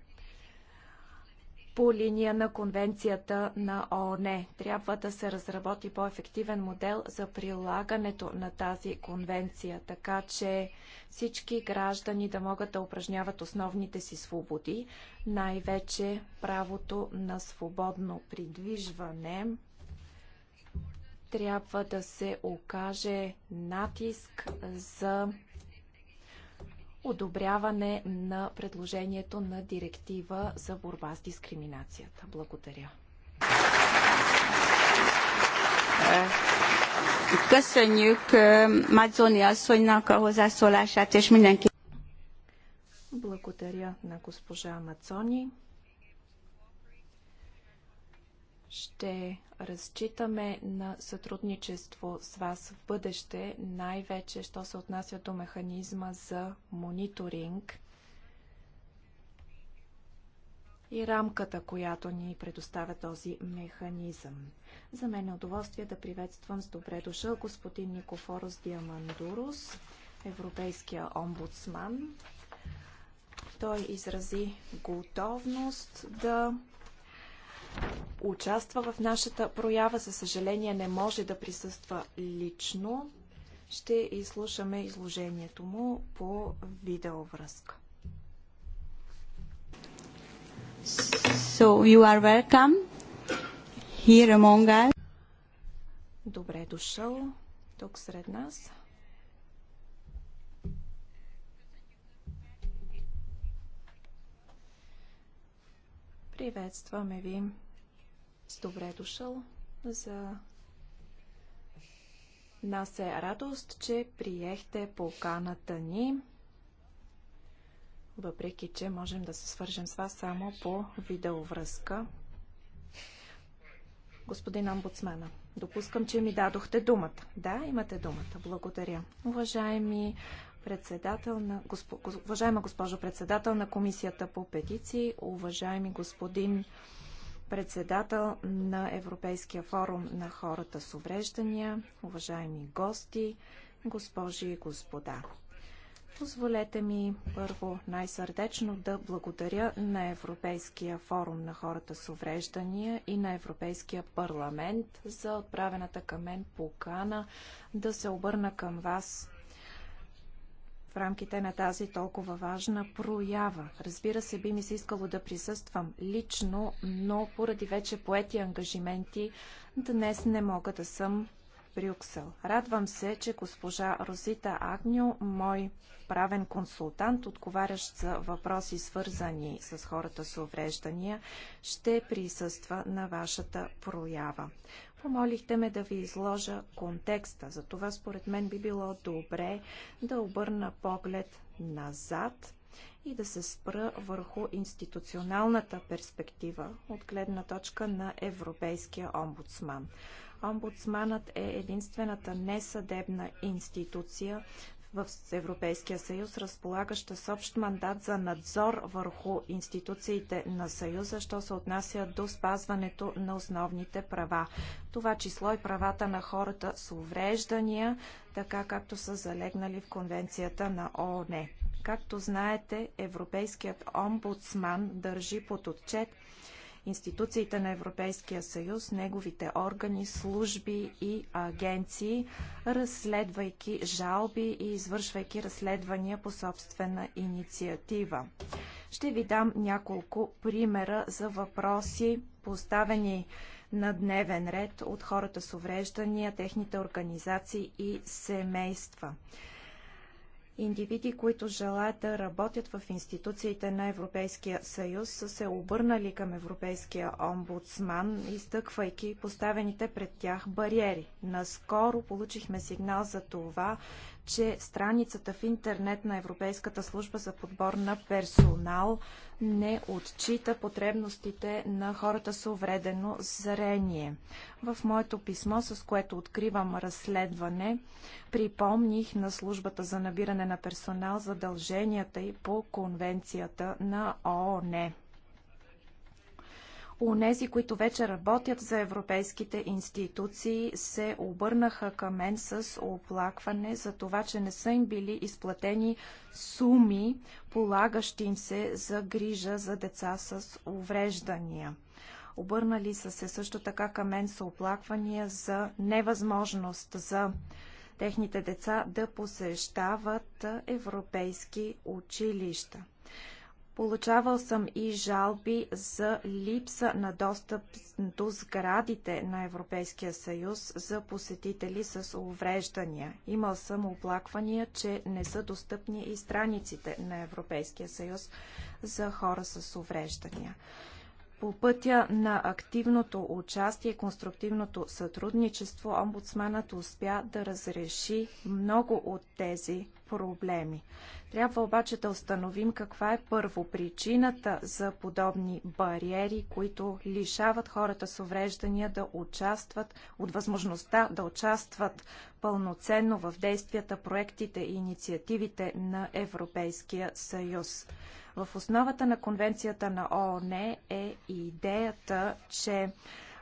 по линия на конвенцията на ООН. Трябва да се разработи по-ефективен модел за прилагането на тази конвенция, така че всички граждани да могат да упражняват основните си свободи, най-вече правото на свободно придвижване. Трябва да се окаже натиск за одобряване на предложението на директива за борба с дискриминацията. Благодаря. Köszönjük э, asszonynak a hozzászólását, és mindenki. Благодаря на госпожа Мацони. Ще разчитаме на сътрудничество с вас в бъдеще, най-вече, що се отнася до механизма за мониторинг и рамката, която ни предоставя този механизъм. За мен е удоволствие да приветствам с добре дошъл господин Никофорос Диамандурус, европейския омбудсман. Той изрази готовност да участва в нашата проява. За съжаление не може да присъства лично. Ще изслушаме изложението му по видеовръзка. So you are welcome here among us. Добре дошъл тук сред нас. Приветстваме ви! С добре е дошъл. За нас е радост, че приехте поканата ни, въпреки че можем да се свържем с вас само по видеовръзка. Господин омбудсмена, допускам, че ми дадохте думата. Да, имате думата. Благодаря. Уважаеми председател на, госп... уважаема госпожо председател на Комисията по петиции, уважаеми господин председател на Европейския форум на хората с увреждания, уважаеми гости, госпожи и господа. Позволете ми първо най-сърдечно да благодаря на Европейския форум на хората с увреждания и на Европейския парламент за отправената към мен покана да се обърна към вас рамките на тази толкова важна проява. Разбира се, би ми се искало да присъствам лично, но поради вече поети ангажименти днес не мога да съм Брюксел. Радвам се, че госпожа Розита Агню, мой правен консултант, отговарящ за въпроси свързани с хората с увреждания, ще присъства на вашата проява. Помолихте ме да ви изложа контекста. За това според мен би било добре да обърна поглед назад и да се спра върху институционалната перспектива от гледна точка на Европейския омбудсман. Омбудсманът е единствената несъдебна институция, в Европейския съюз, разполагаща с общ мандат за надзор върху институциите на съюза, що се отнася до спазването на основните права. Това число и правата на хората с увреждания, така както са залегнали в конвенцията на ООН. Както знаете, Европейският омбудсман държи под отчет институциите на Европейския съюз, неговите органи, служби и агенции, разследвайки жалби и извършвайки разследвания по собствена инициатива. Ще ви дам няколко примера за въпроси, поставени на дневен ред от хората с увреждания, техните организации и семейства. Индивиди, които желаят да работят в институциите на Европейския съюз, са се обърнали към Европейския омбудсман, изтъквайки поставените пред тях бариери. Наскоро получихме сигнал за това, че страницата в интернет на Европейската служба за подбор на персонал не отчита потребностите на хората с увредено зрение. В моето писмо, с което откривам разследване, припомних на службата за набиране на персонал задълженията й по конвенцията на ООН. Унези, които вече работят за европейските институции, се обърнаха към мен с оплакване за това, че не са им били изплатени суми, полагащи им се за грижа за деца с увреждания. Обърнали са се също така към мен с оплаквания за невъзможност за техните деца да посещават европейски училища. Получавал съм и жалби за липса на достъп до сградите на Европейския съюз за посетители с увреждания. Имал съм оплаквания, че не са достъпни и страниците на Европейския съюз за хора с увреждания. По пътя на активното участие и конструктивното сътрудничество, омбудсманът успя да разреши много от тези проблеми. Трябва обаче да установим каква е първопричината за подобни бариери, които лишават хората с увреждания да участват от възможността да участват пълноценно в действията, проектите и инициативите на Европейския съюз. В основата на Конвенцията на ООН е идеята, че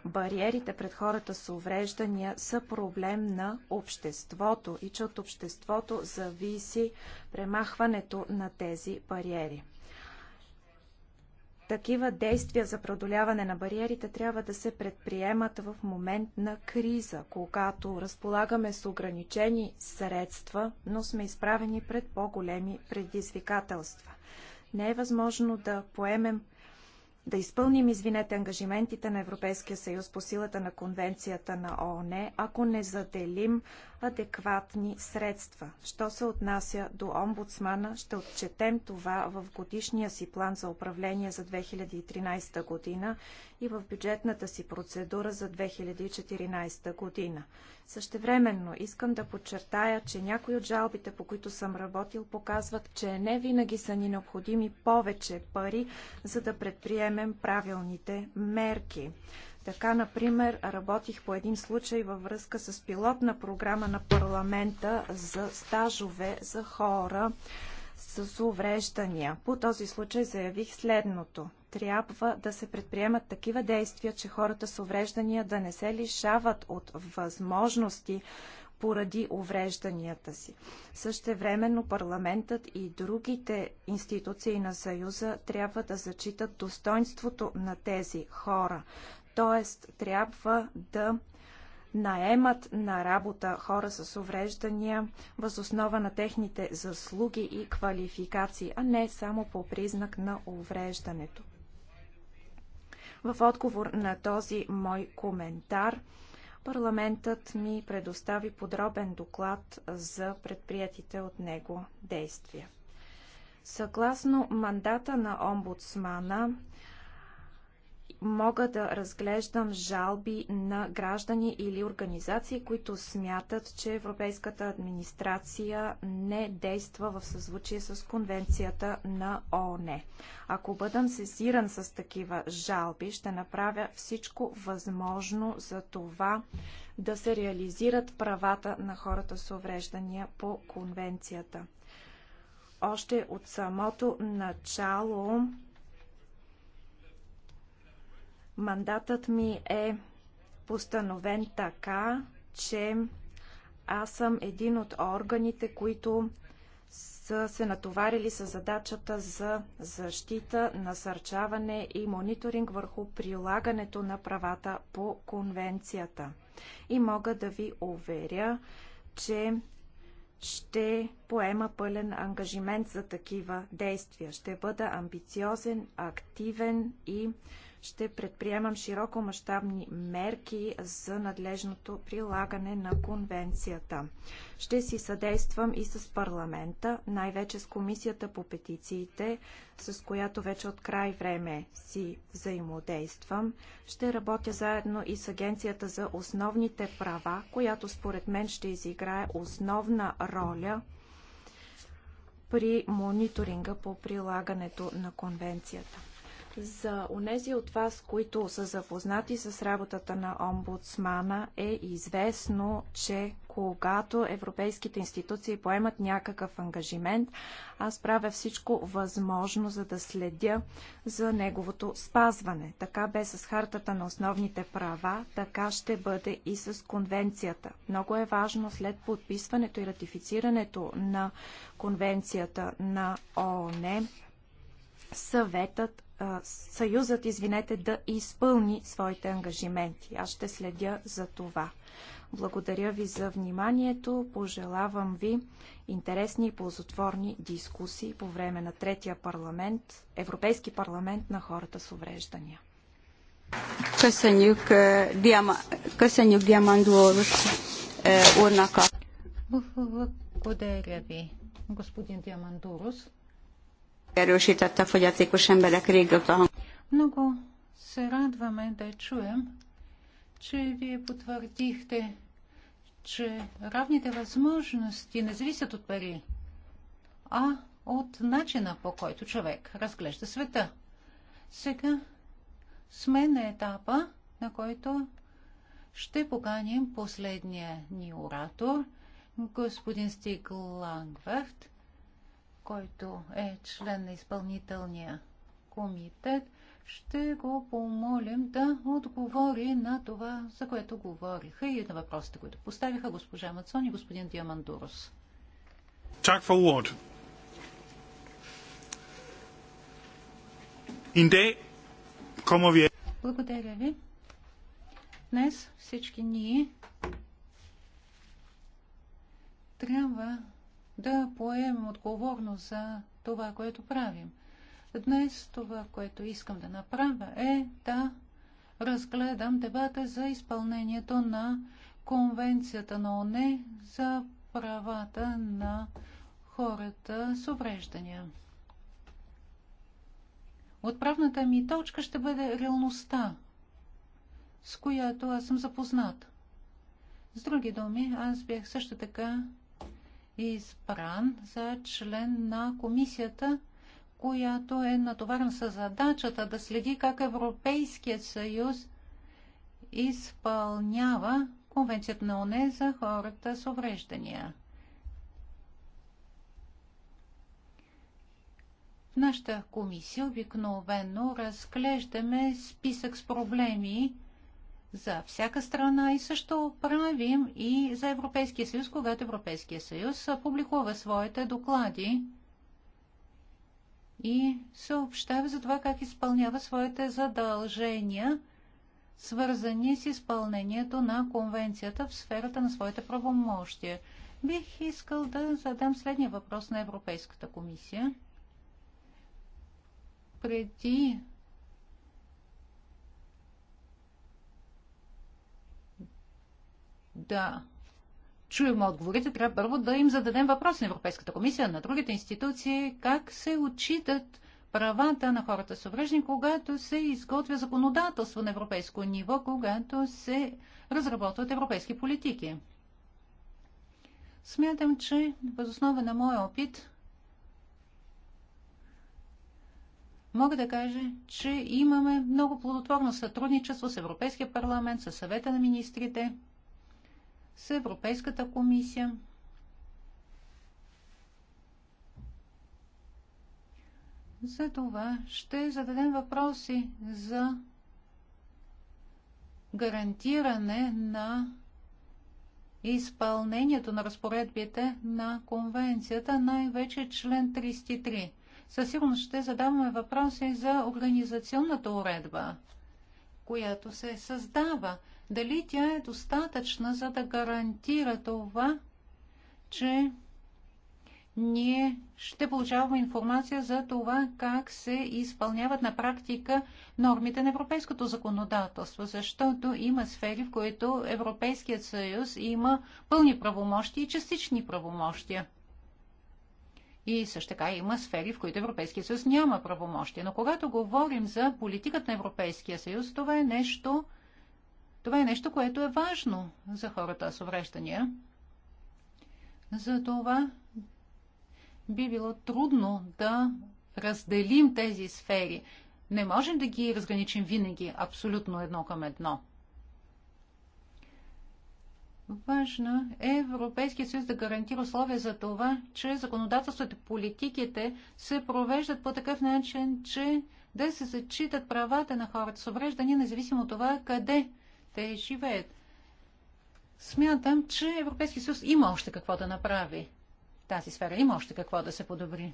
бариерите пред хората с увреждания са проблем на обществото и че от обществото зависи премахването на тези бариери. Такива действия за преодоляване на бариерите трябва да се предприемат в момент на криза, когато разполагаме с ограничени средства, но сме изправени пред по-големи предизвикателства. Не е възможно да поемем да изпълним, извинете, ангажиментите на Европейския съюз по силата на конвенцията на ООН, ако не заделим адекватни средства. Що се отнася до омбудсмана, ще отчетем това в годишния си план за управление за 2013 година и в бюджетната си процедура за 2014 година. Същевременно искам да подчертая, че някои от жалбите, по които съм работил, показват, че не винаги са ни необходими повече пари, за да предприемем правилните мерки. Така, например, работих по един случай във връзка с пилотна програма на парламента за стажове за хора с увреждания. По този случай заявих следното. Трябва да се предприемат такива действия, че хората с увреждания да не се лишават от възможности, поради уврежданията си. Същевременно парламентът и другите институции на Съюза трябва да зачитат достоинството на тези хора. Тоест, трябва да наемат на работа хора с увреждания въз основа на техните заслуги и квалификации, а не само по признак на увреждането. В отговор на този мой коментар, парламентът ми предостави подробен доклад за предприятите от него действия. Съгласно мандата на омбудсмана, мога да разглеждам жалби на граждани или организации, които смятат, че Европейската администрация не действа в съзвучие с конвенцията на ООН. Ако бъдам сезиран с такива жалби, ще направя всичко възможно за това да се реализират правата на хората с увреждания по конвенцията. Още от самото начало Мандатът ми е постановен така, че аз съм един от органите, които са се натоварили с задачата за защита, насърчаване и мониторинг върху прилагането на правата по конвенцията. И мога да ви уверя, че ще поема пълен ангажимент за такива действия. Ще бъда амбициозен, активен и ще предприемам широко мащабни мерки за надлежното прилагане на конвенцията. Ще си съдействам и с парламента, най-вече с комисията по петициите, с която вече от край време си взаимодействам. Ще работя заедно и с Агенцията за основните права, която според мен ще изиграе основна роля при мониторинга по прилагането на конвенцията. За онези от вас, които са запознати с работата на омбудсмана, е известно, че когато европейските институции поемат някакъв ангажимент, аз правя всичко възможно, за да следя за неговото спазване. Така бе с хартата на основните права, така ще бъде и с конвенцията. Много е важно след подписването и ратифицирането на конвенцията на ООН съветът, съюзът, извинете, да изпълни своите ангажименти. Аз ще следя за това. Благодаря ви за вниманието. Пожелавам ви интересни и ползотворни дискусии по време на третия парламент, Европейски парламент на хората с увреждания. Е, е, благодаря ви, господин Диамандурус. Много се радваме да чуем, че вие потвърдихте, че равните възможности не зависят от пари, а от начина по който човек разглежда света. Сега сме на етапа, на който ще поканим последния ни оратор, господин Стиг Лангверт, който е член на изпълнителния комитет, ще го помолим да отговори на това, за което говориха и на въпросите, които поставиха госпожа Мацон и господин Диамандурос. Tak for ordet. En dag kommer vi... Благодаря ви. Днес всички ние трябва да поемем отговорност за това, което правим. Днес това, което искам да направя е да разгледам дебата за изпълнението на Конвенцията на ОНЕ за правата на хората с увреждания. Отправната ми точка ще бъде реалността, с която аз съм запознат. С други думи, аз бях също така избран за член на комисията, която е натоварена с задачата да следи как Европейският съюз изпълнява Конвенцията на ОНЕ за хората с увреждания. В нашата комисия обикновено разглеждаме списък с проблеми, за всяка страна и също правим и за Европейския съюз, когато Европейския съюз публикува своите доклади и съобщава за това как изпълнява своите задължения, свързани с изпълнението на конвенцията в сферата на своите правомощия. Бих искал да задам следния въпрос на Европейската комисия. Преди да чуем отговорите, трябва първо да им зададем въпрос на Европейската комисия, на другите институции, как се отчитат правата на хората с увреждане, когато се изготвя законодателство на европейско ниво, когато се разработват европейски политики. Смятам, че основа на моя опит мога да кажа, че имаме много плодотворно сътрудничество с Европейския парламент, с съвета на министрите – с Европейската комисия. За това ще зададем въпроси за гарантиране на изпълнението на разпоредбите на конвенцията, най-вече член 33. Със сигурност ще задаваме въпроси за организационната уредба която се създава. Дали тя е достатъчна, за да гарантира това, че ние ще получаваме информация за това как се изпълняват на практика нормите на европейското законодателство, защото има сфери, в които Европейският съюз има пълни правомощи и частични правомощия. И също така има сфери, в които Европейския съюз няма правомощия. Но когато говорим за политиката на Европейския съюз, това е нещо, това е нещо, което е важно за хората с увреждания. За това би било трудно да разделим тези сфери. Не можем да ги разграничим винаги абсолютно едно към едно. Важно е Европейския съюз да гарантира условия за това, че законодателството и политиките се провеждат по такъв начин, че да се зачитат правата на хората с увреждания, независимо от това къде те живеят. Смятам, че Европейския съюз има още какво да направи. Тази сфера има още какво да се подобри.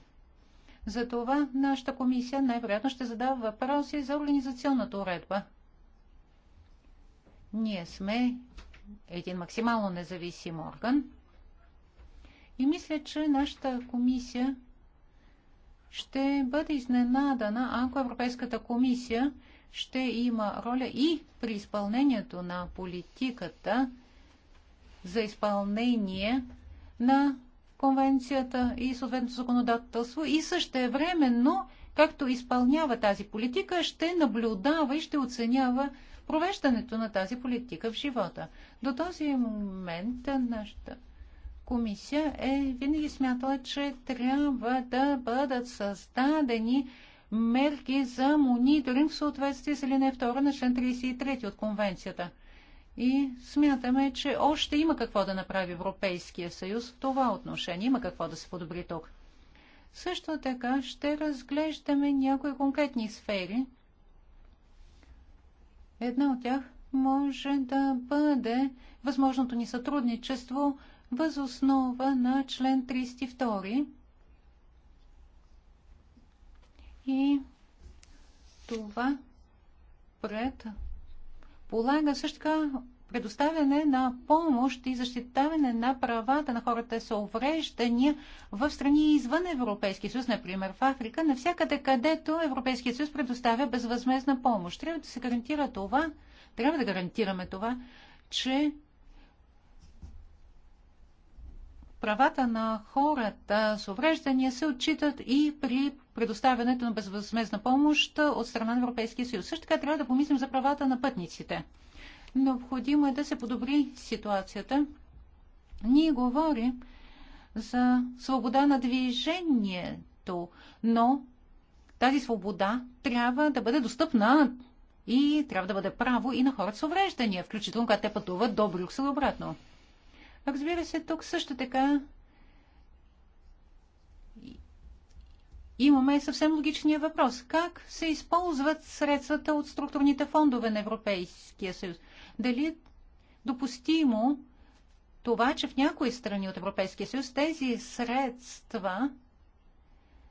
Затова нашата комисия най-вероятно ще задава въпроси за организационната уредба. Ние сме един максимално независим орган. И мисля, че нашата комисия ще бъде изненадана, ако Европейската комисия ще има роля и при изпълнението на политиката за изпълнение на конвенцията и съответното законодателство и също временно, както изпълнява тази политика, ще наблюдава и ще оценява провеждането на тази политика в живота. До този момент нашата комисия е винаги смятала, че трябва да бъдат създадени мерки за мониторинг в съответствие с линия 2 на член 33 от конвенцията. И смятаме, че още има какво да направи Европейския съюз в това отношение. Има какво да се подобри тук. Също така ще разглеждаме някои конкретни сфери – Една от тях може да бъде възможното ни сътрудничество въз основа на член 32. И това пред полага също така предоставяне на помощ и защитаване на правата на хората с увреждания в страни извън Европейския съюз, например в Африка, навсякъде където Европейския съюз предоставя безвъзмезна помощ. Трябва да се гарантира това, трябва да гарантираме това, че правата на хората с увреждания се отчитат и при предоставянето на безвъзмезна помощ от страна на Европейския съюз. Също така трябва да помислим за правата на пътниците – Необходимо е да се подобри ситуацията. Ние говорим за свобода на движението, но тази свобода трябва да бъде достъпна и трябва да бъде право и на хората с увреждания, включително когато те пътуват до Брюксел обратно. Разбира се, тук също така имаме съвсем логичния въпрос. Как се използват средствата от структурните фондове на Европейския съюз? дали е допустимо това, че в някои страни от Европейския съюз тези средства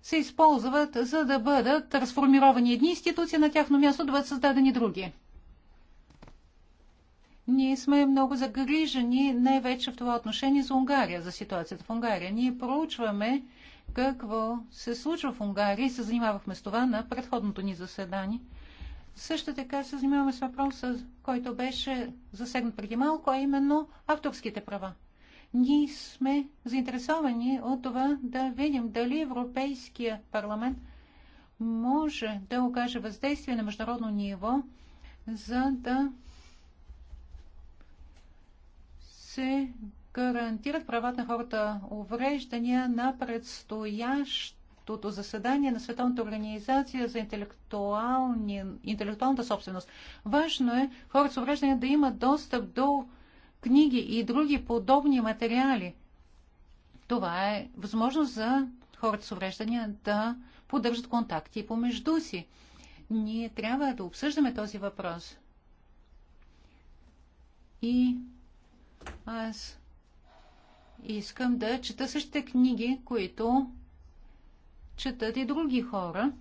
се използват, за да бъдат трансформировани едни институции, на тяхно място да бъдат създадени други. Ние сме много загрижени най-вече в това отношение за Унгария, за ситуацията в Унгария. Ние проучваме какво се случва в Унгария и се занимавахме с това на предходното ни заседание – също така се занимаваме с въпроса, който беше засегнат преди малко, а именно авторските права. Ние сме заинтересовани от това да видим дали Европейския парламент може да окаже въздействие на международно ниво, за да се гарантират правата на хората увреждания на предстоящ следващото заседание на Световната организация за интелектуалната собственост. Важно е хората с увреждания да имат достъп до книги и други подобни материали. Това е възможност за хората с увреждания да поддържат контакти помежду си. Ние трябва да обсъждаме този въпрос. И аз искам да чета същите книги, които четат и други хора.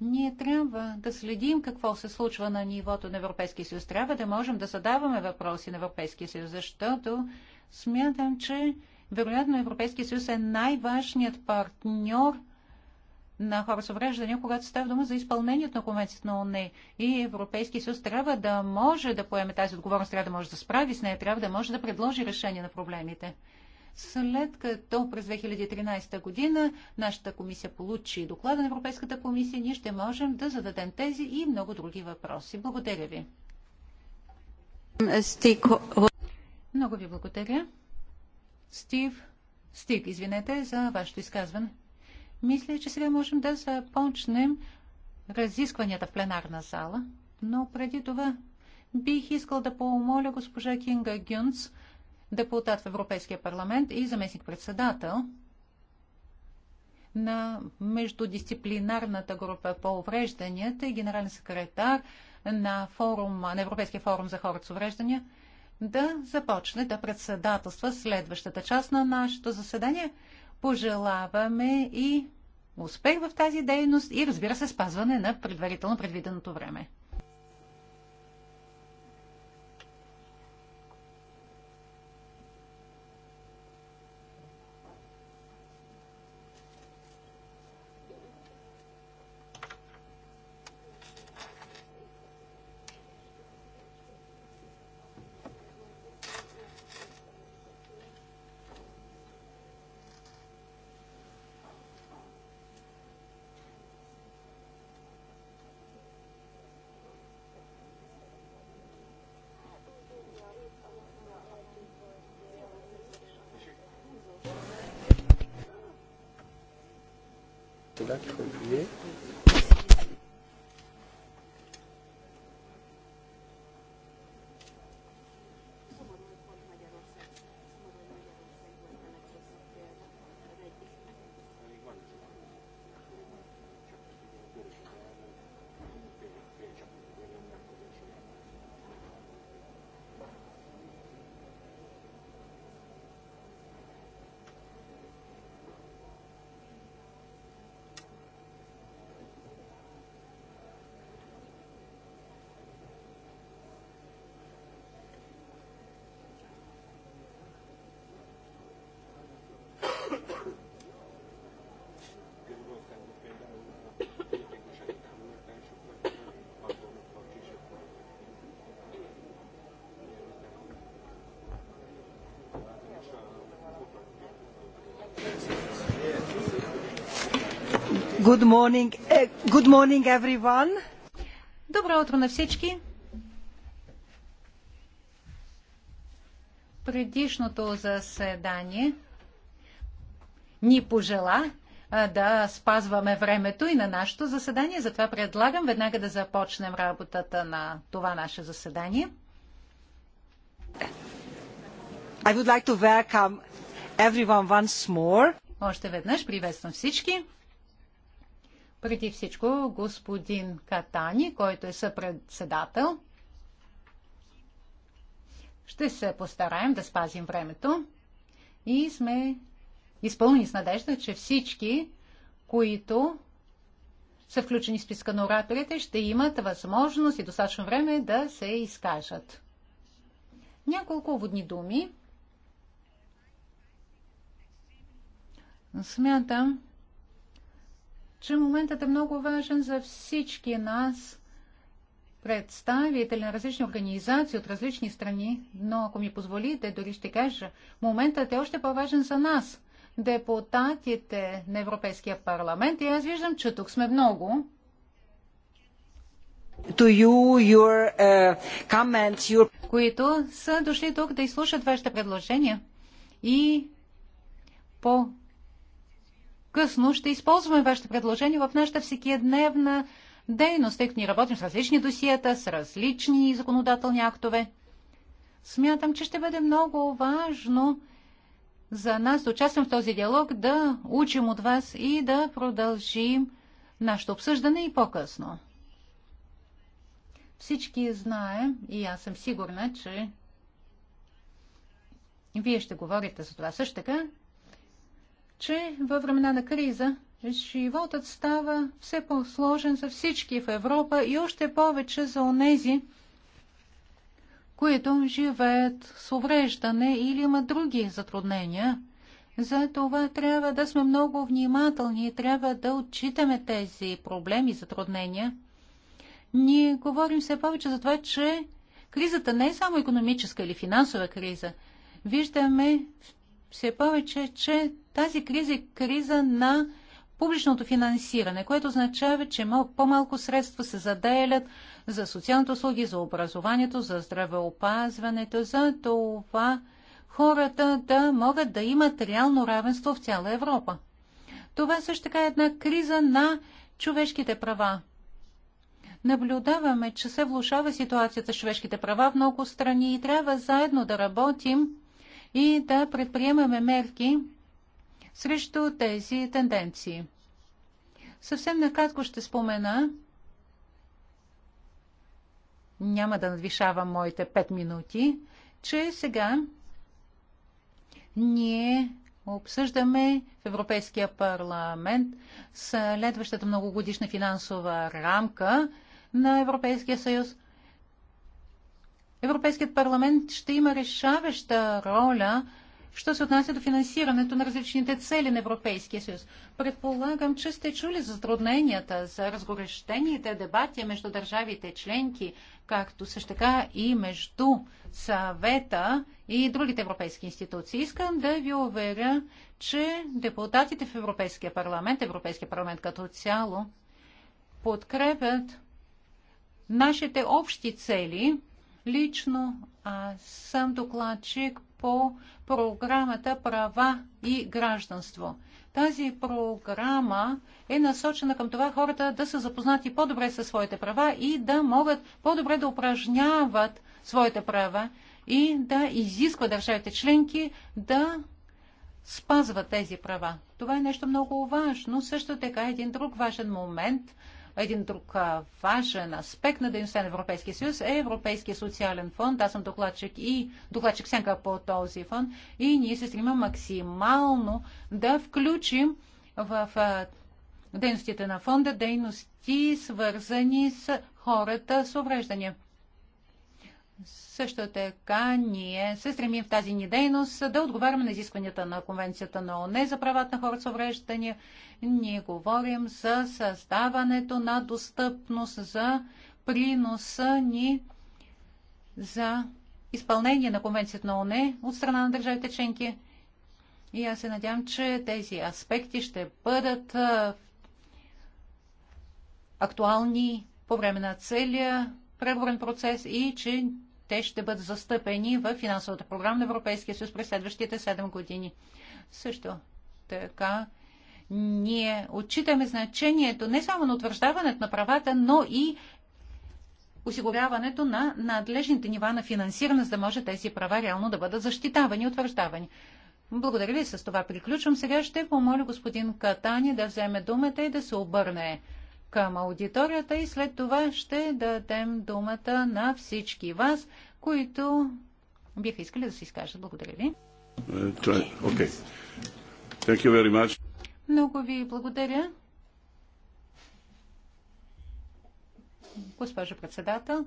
Ние трябва да следим какво се случва на нивото на Европейския съюз. Трябва да можем да задаваме въпроси на Европейския съюз, защото смятам, че вероятно Европейския съюз е най-важният партньор на хора с увреждания, когато става дума за изпълнението на конвенцията на ОНЕ. И Европейския съюз трябва да може да поеме тази отговорност, трябва да може да справи с нея, трябва да може да предложи решение на проблемите. След като през 2013 година нашата комисия получи доклада на Европейската комисия, ние ще можем да зададем тези и много други въпроси. Благодаря ви. Много ви благодаря. Стив, Стив, извинете за вашето изказване. Мисля, че сега можем да започнем разискванията в пленарна зала, но преди това бих искал да помоля госпожа Кинга Гюнц депутат в Европейския парламент и заместник-председател на междудисциплинарната група по уврежданията и генерален секретар на, форум, на Европейския форум за хората с увреждания да започне да председателства следващата част на нашето заседание. Пожелаваме и успех в тази дейност и разбира се спазване на предварително предвиденото време. là qu'il faut appuyer. Good morning, eh, good morning everyone. Добро утро на всички. Предишното заседание ни пожела да спазваме времето и на нашето заседание, затова предлагам веднага да започнем работата на това наше заседание. I would like to welcome everyone once more. Още веднъж приветствам всички преди всичко господин Катани, който е съпредседател. Ще се постараем да спазим времето и сме изпълнени с надежда, че всички, които са включени в списка на ораторите, ще имат възможност и достатъчно време да се изкажат. Няколко водни думи. Смятам, че моментът е много важен за всички нас, представители на различни организации от различни страни, но ако ми позволите, дори ще кажа, моментът е още по-важен за нас, депутатите на Европейския парламент. И аз виждам, че тук сме много. To you, your, uh, comments, your... които са дошли тук да изслушат вашите предложения и по късно ще използваме вашите предложения в нашата всекидневна дейност, тъй като ни работим с различни досиета, с различни законодателни актове. Смятам, че ще бъде много важно за нас да участвам в този диалог, да учим от вас и да продължим нашето обсъждане и по-късно. Всички знаем и аз съм сигурна, че вие ще говорите за това също така, че във времена на криза животът става все по-сложен за всички в Европа и още повече за онези, които живеят с увреждане или имат други затруднения. За това трябва да сме много внимателни и трябва да отчитаме тези проблеми и затруднения. Ние говорим все повече за това, че кризата не е само економическа или финансова криза. Виждаме все повече, че тази криза е криза на публичното финансиране, което означава, че по-малко средства се заделят за социалните услуги, за образованието, за здравеопазването, за това хората да могат да имат реално равенство в цяла Европа. Това също така е една криза на човешките права. Наблюдаваме, че се влушава ситуацията с човешките права в много страни и трябва заедно да работим – и да предприемаме мерки срещу тези тенденции. Съвсем накратко ще спомена, няма да надвишавам моите 5 минути, че сега ние обсъждаме в Европейския парламент следващата многогодишна финансова рамка на Европейския съюз. Европейският парламент ще има решаваща роля, що се отнася до финансирането на различните цели на Европейския съюз. Предполагам, че сте чули за затрудненията, за разгорещените дебати между държавите членки, както също така и между съвета и другите европейски институции. Искам да ви уверя, че депутатите в Европейския парламент, Европейския парламент като цяло, подкрепят нашите общи цели – Лично аз съм докладчик по програмата Права и гражданство. Тази програма е насочена към това хората да са запознати по-добре със своите права и да могат по-добре да упражняват своите права и да изисква държавите членки да спазват тези права. Това е нещо много важно. Също така е един друг важен момент – един друг важен аспект на дейността на Европейския съюз е Европейския социален фонд. Аз съм докладчик и докладчик сянка по този фонд и ние се стремим максимално да включим в дейностите на фонда дейности, свързани с хората с увреждания. Също така ние се стремим в тази ни дейност да отговаряме на изискванията на Конвенцията на ОНЕ за правата на хората с увреждания. Ние говорим за създаването на достъпност, за приноса ни за изпълнение на Конвенцията на ОНЕ от страна на държавите членки. И аз се надявам, че тези аспекти ще бъдат актуални по време на целия преговорен процес и че те ще бъдат застъпени в финансовата програма на Европейския съюз през следващите 7 години. Също така ние отчитаме значението не само на утвърждаването на правата, но и осигуряването на надлежните нива на финансиране, за да може тези права реално да бъдат защитавани и утвърждавани. Благодаря ви, с това приключвам. Сега ще помоля господин Катани да вземе думата и да се обърне към аудиторията и след това ще дадем думата на всички вас, които биха искали да се изкажат. Благодаря ви. Okay. Е, Thank you very much. Много ви благодаря. Госпожо председател,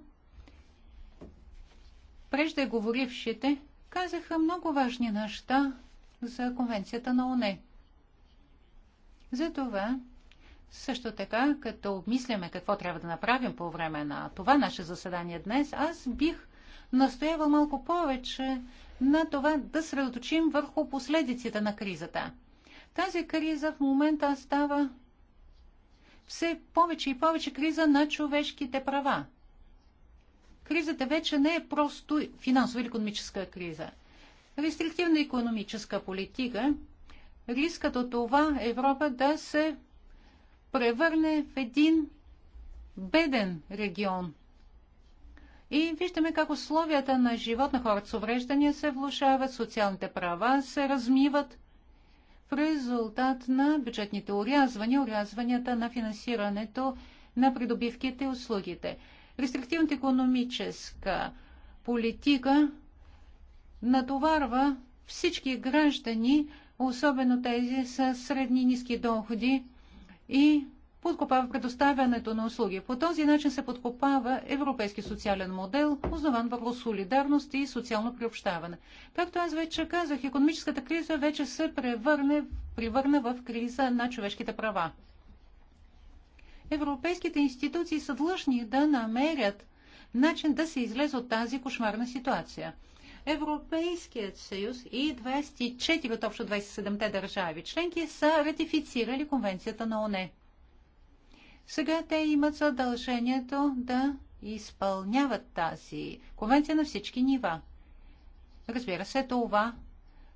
преждеговорившите казаха много важни неща за конвенцията на ОНЕ. Затова също така, като обмисляме какво трябва да направим по време на това наше заседание днес, аз бих настоявал малко повече на това да средоточим върху последиците на кризата. Тази криза в момента става все повече и повече криза на човешките права. Кризата вече не е просто финансова или економическа криза. Рестриктивна економическа политика, рискът от това Европа да се превърне в един беден регион. И виждаме как условията на живот на хората с увреждания се влушават, социалните права се размиват в резултат на бюджетните урязвания, урязванията на финансирането на придобивките и услугите. Рестриктивната економическа политика натоварва всички граждани, особено тези с средни и ниски доходи, и подкопава предоставянето на услуги. По този начин се подкопава европейски социален модел, основан върху солидарност и социално приобщаване. Както аз вече казах, економическата криза вече се превърне, превърна в криза на човешките права. Европейските институции са длъжни да намерят начин да се излезе от тази кошмарна ситуация – Европейският съюз и 24 от общо 27-те държави членки са ратифицирали конвенцията на ОНЕ. Сега те имат задължението да изпълняват тази конвенция на всички нива. Разбира се, това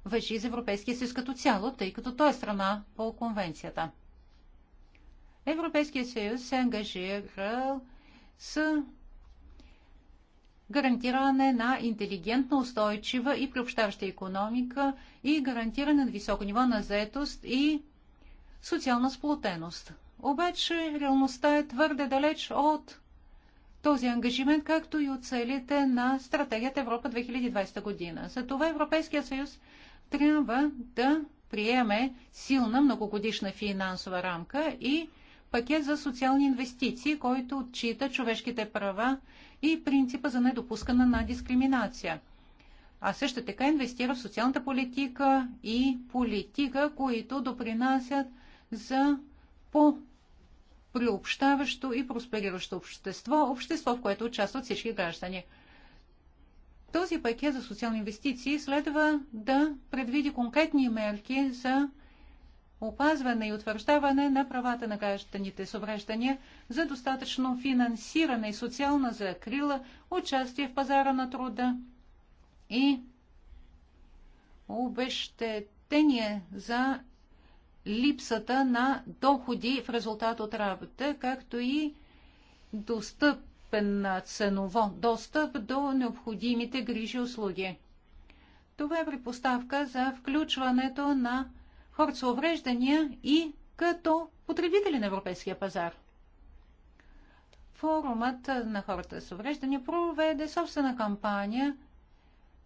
въжи за Европейския съюз като цяло, тъй като той е страна по конвенцията. Европейския съюз се ангажирал с гарантиране на интелигентна, устойчива и приобщаваща економика и гарантиране на високо ниво на заетост и социална сплотеност. Обаче реалността е твърде далеч от този ангажимент, както и от целите на стратегията Европа 2020 година. Затова Европейския съюз трябва да приеме силна многогодишна финансова рамка и пакет за социални инвестиции, който отчита човешките права и принципа за недопускане на дискриминация. А също така инвестира в социалната политика и политика, които допринасят за по приобщаващо и проспериращо общество, общество, в което участват всички граждани. Този пакет за социални инвестиции следва да предвиди конкретни мерки за опазване и утвърждаване на правата на гражданите с увреждания за достатъчно финансиране и социална закрила, участие в пазара на труда и обещетение за липсата на доходи в резултат от работа, както и достъпен ценово достъп до необходимите грижи и услуги. Това е предпоставка за включването на хората с увреждания и като потребители на европейския пазар. Форумът на хората с увреждания проведе собствена кампания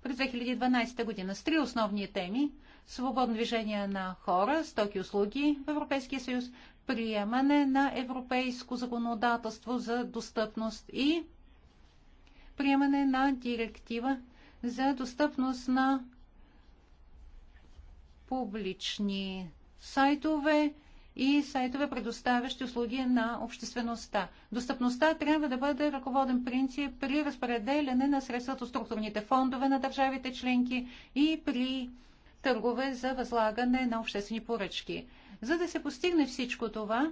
през 2012 година с три основни теми – свободно движение на хора, стоки и услуги в Европейския съюз, приемане на европейско законодателство за достъпност и приемане на директива за достъпност на публични сайтове и сайтове, предоставящи услуги на обществеността. Достъпността трябва да бъде ръководен принцип при разпределяне на средствата от структурните фондове на държавите членки и при търгове за възлагане на обществени поръчки. За да се постигне всичко това,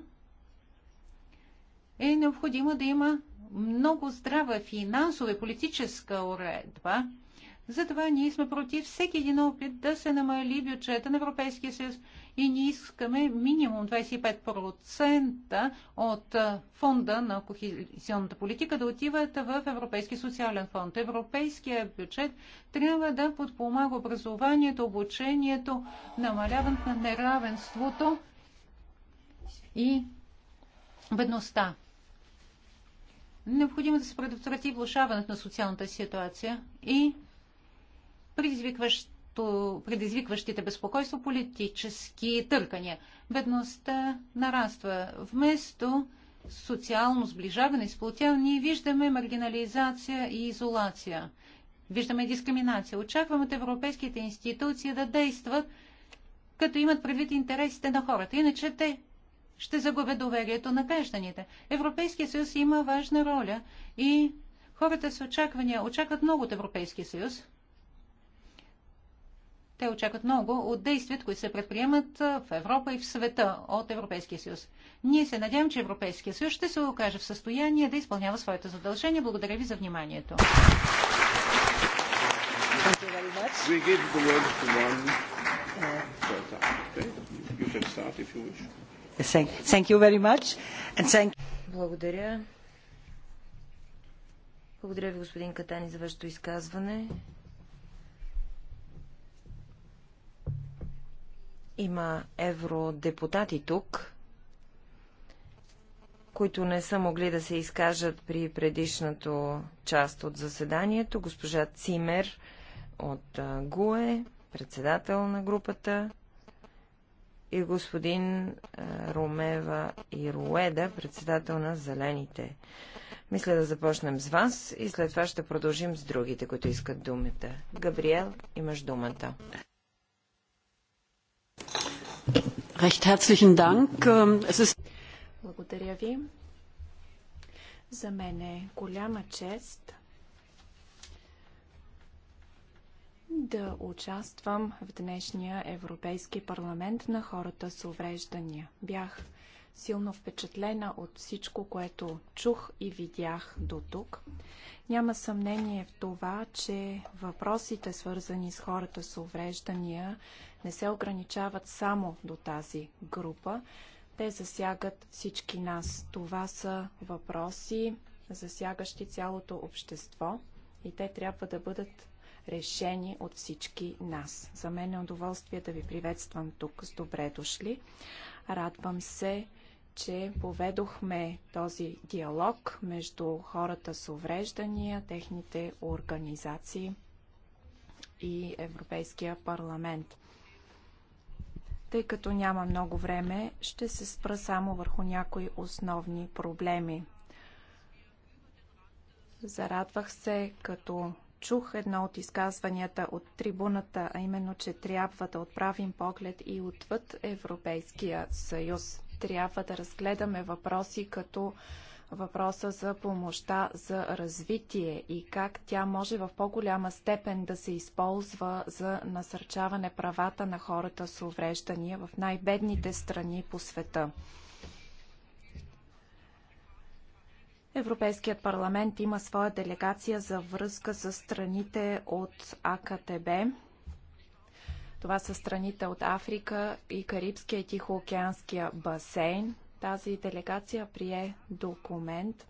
е необходимо да има много здрава финансова и политическа уредба – затова ние сме против всеки един опит да се намали бюджета на Европейския съюз и ние искаме минимум 25% от фонда на кохезионната политика да отиват в Европейски социален фонд. Европейския бюджет трябва да подпомага образованието, обучението, намаляването на неравенството и бедността. Необходимо да се предотврати влушаването на социалната ситуация и предизвикващите безпокойство политически търкания. Бедността нараства. Вместо социално сближаване и сплотяване, ние виждаме маргинализация и изолация. Виждаме дискриминация. Очакваме от европейските институции да действат, като имат предвид интересите на хората. Иначе те ще загубят доверието на гражданите. Европейския съюз има важна роля и хората с очаквания очакват много от Европейския съюз. Те очакват много от действията, които се предприемат в Европа и в света от Европейския съюз. Ние се надявам, че Европейския съюз ще се окаже в състояние да изпълнява своите задължения. Благодаря ви за вниманието. Uh, Благодаря. Благодаря ви, господин Катани, за вашето изказване. Има евродепутати тук, които не са могли да се изкажат при предишното част от заседанието. Госпожа Цимер от ГУЕ, председател на групата, и господин Румева Ируеда, председател на Зелените. Мисля да започнем с вас и след това ще продължим с другите, които искат думата. Габриел, имаш думата. Recht herzlichen Dank. Ähm, es ist... Благодаря ви. За мен е голяма чест да участвам в днешния Европейски парламент на хората с увреждания. Бях силно впечатлена от всичко, което чух и видях до тук. Няма съмнение в това, че въпросите, свързани с хората с увреждания, не се ограничават само до тази група. Те засягат всички нас. Това са въпроси, засягащи цялото общество и те трябва да бъдат решени от всички нас. За мен е удоволствие да ви приветствам тук с добре дошли. Радвам се, че поведохме този диалог между хората с увреждания, техните организации и Европейския парламент. Тъй като няма много време, ще се спра само върху някои основни проблеми. Зарадвах се, като чух едно от изказванията от трибуната, а именно, че трябва да отправим поглед и отвъд Европейския съюз. Трябва да разгледаме въпроси като въпроса за помощта за развитие и как тя може в по-голяма степен да се използва за насърчаване правата на хората с увреждания в най-бедните страни по света. Европейският парламент има своя делегация за връзка с страните от АКТБ. Това са страните от Африка и Карибския и Тихоокеанския басейн. Тази делегация прие документ,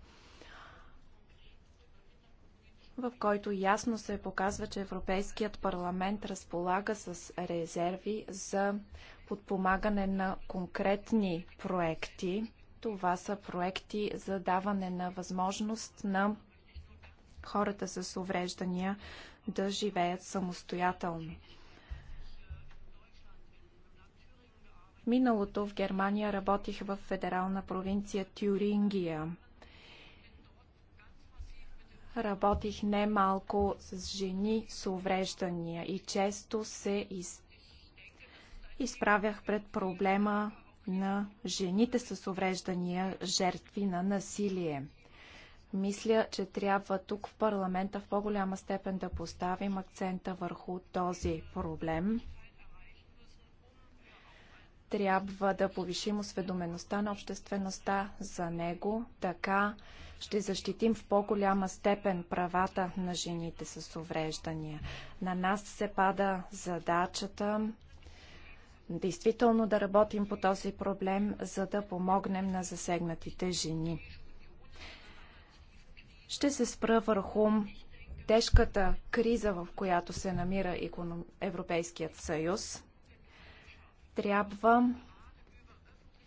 в който ясно се показва, че Европейският парламент разполага с резерви за подпомагане на конкретни проекти. Това са проекти за даване на възможност на хората с увреждания да живеят самостоятелно. В миналото в Германия работих в федерална провинция Тюрингия. Работих немалко с жени с увреждания и често се из... изправях пред проблема на жените с увреждания, жертви на насилие. Мисля, че трябва тук в парламента в по-голяма степен да поставим акцента върху този проблем. Трябва да повишим осведомеността на обществеността за него. Така ще защитим в по-голяма степен правата на жените с увреждания. На нас се пада задачата действително да работим по този проблем, за да помогнем на засегнатите жени. Ще се спра върху тежката криза, в която се намира Европейският съюз. Трябва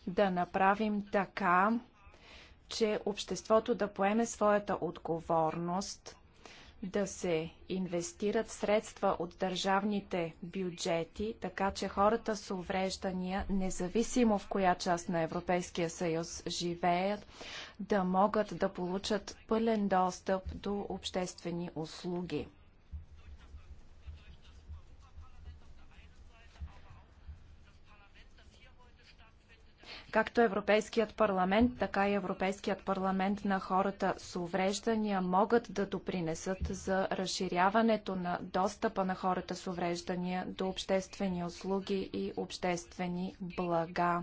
да направим така, че обществото да поеме своята отговорност, да се инвестират средства от държавните бюджети, така че хората с увреждания, независимо в коя част на Европейския съюз живеят, да могат да получат пълен достъп до обществени услуги. Както Европейският парламент, така и Европейският парламент на хората с увреждания могат да допринесат за разширяването на достъпа на хората с увреждания до обществени услуги и обществени блага.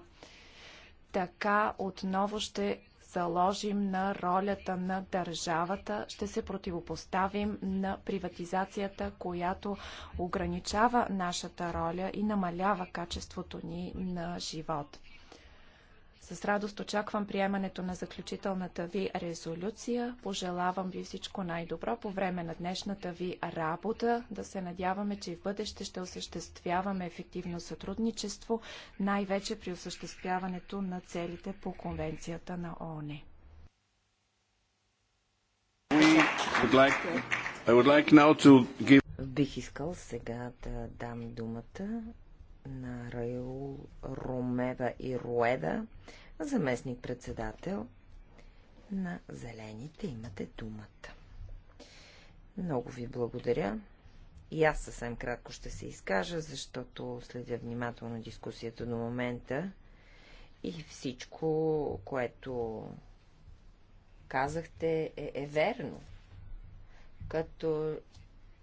Така отново ще заложим на ролята на държавата, ще се противопоставим на приватизацията, която ограничава нашата роля и намалява качеството ни на живот. С радост очаквам приемането на заключителната ви резолюция. Пожелавам ви всичко най-добро по време на днешната ви работа. Да се надяваме, че и в бъдеще ще осъществяваме ефективно сътрудничество, най-вече при осъществяването на целите по Конвенцията на ООН. Бих искал сега да дам думата на Раил Ромева и Руеда, заместник-председател на Зелените. Имате думата. Много ви благодаря. И аз съвсем кратко ще се изкажа, защото следя внимателно дискусията до момента и всичко, което казахте, е, е верно. Като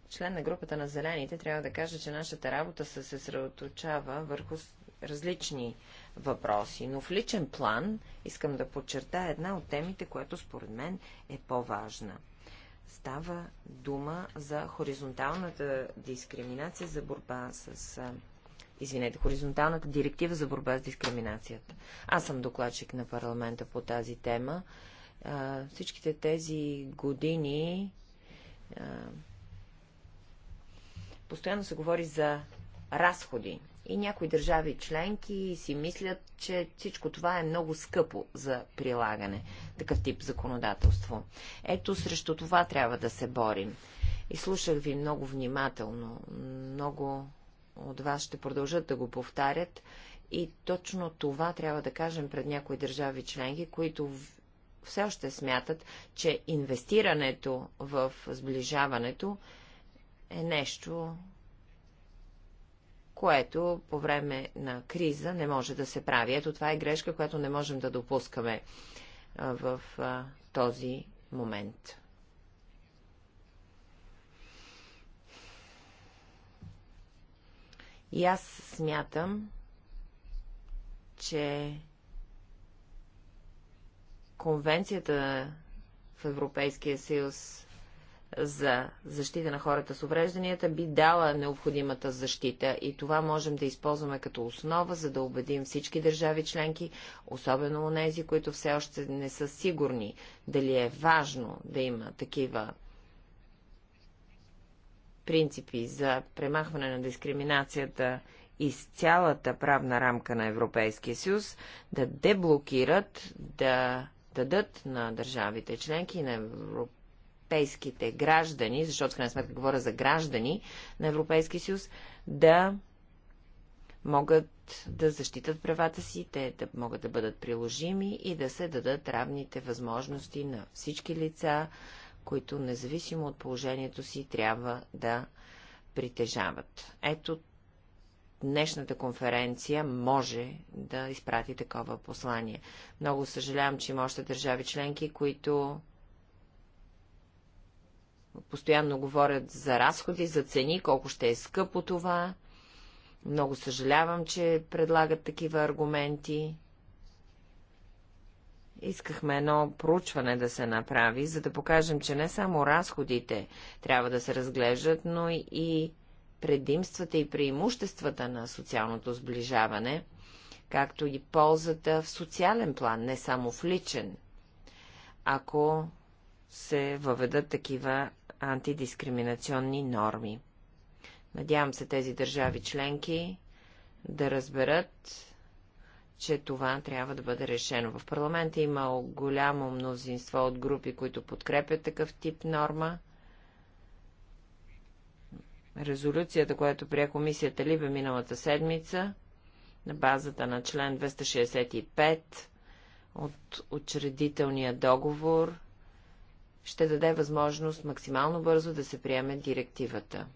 член на групата на зелените, трябва да кажа, че нашата работа се съсредоточава върху различни въпроси. Но в личен план искам да подчертая една от темите, която според мен е по-важна. Става дума за хоризонталната дискриминация за борба с извинете, хоризонталната директива за борба с дискриминацията. Аз съм докладчик на парламента по тази тема. всичките тези години постоянно се говори за разходи и някои държави членки си мислят, че всичко това е много скъпо за прилагане, такъв тип законодателство. Ето срещу това трябва да се борим. И слушах ви много внимателно. Много от вас ще продължат да го повтарят. И точно това трябва да кажем пред някои държави членки, които все още смятат, че инвестирането в сближаването е нещо, което по време на криза не може да се прави. Ето това е грешка, която не можем да допускаме в този момент. И аз смятам, че конвенцията в Европейския съюз за защита на хората с уврежданията би дала необходимата защита и това можем да използваме като основа, за да убедим всички държави членки, особено у нези, които все още не са сигурни дали е важно да има такива принципи за премахване на дискриминацията из цялата правна рамка на Европейския съюз, да деблокират, да дадат на държавите членки на Европейския европейските граждани, защото в крайна сметка говоря за граждани на Европейския съюз, да могат да защитат правата си, те да могат да бъдат приложими и да се дадат равните възможности на всички лица, които независимо от положението си трябва да притежават. Ето, днешната конференция може да изпрати такова послание. Много съжалявам, че има още държави членки, които Постоянно говорят за разходи, за цени, колко ще е скъпо това. Много съжалявам, че предлагат такива аргументи. Искахме едно проучване да се направи, за да покажем, че не само разходите трябва да се разглеждат, но и предимствата и преимуществата на социалното сближаване, както и ползата в социален план, не само в личен, ако се въведат такива антидискриминационни норми. Надявам се тези държави членки да разберат, че това трябва да бъде решено. В парламента има голямо мнозинство от групи, които подкрепят такъв тип норма. Резолюцията, която прие комисията Либе миналата седмица, на базата на член 265 от учредителния договор ще даде възможност максимално бързо да се приеме директивата.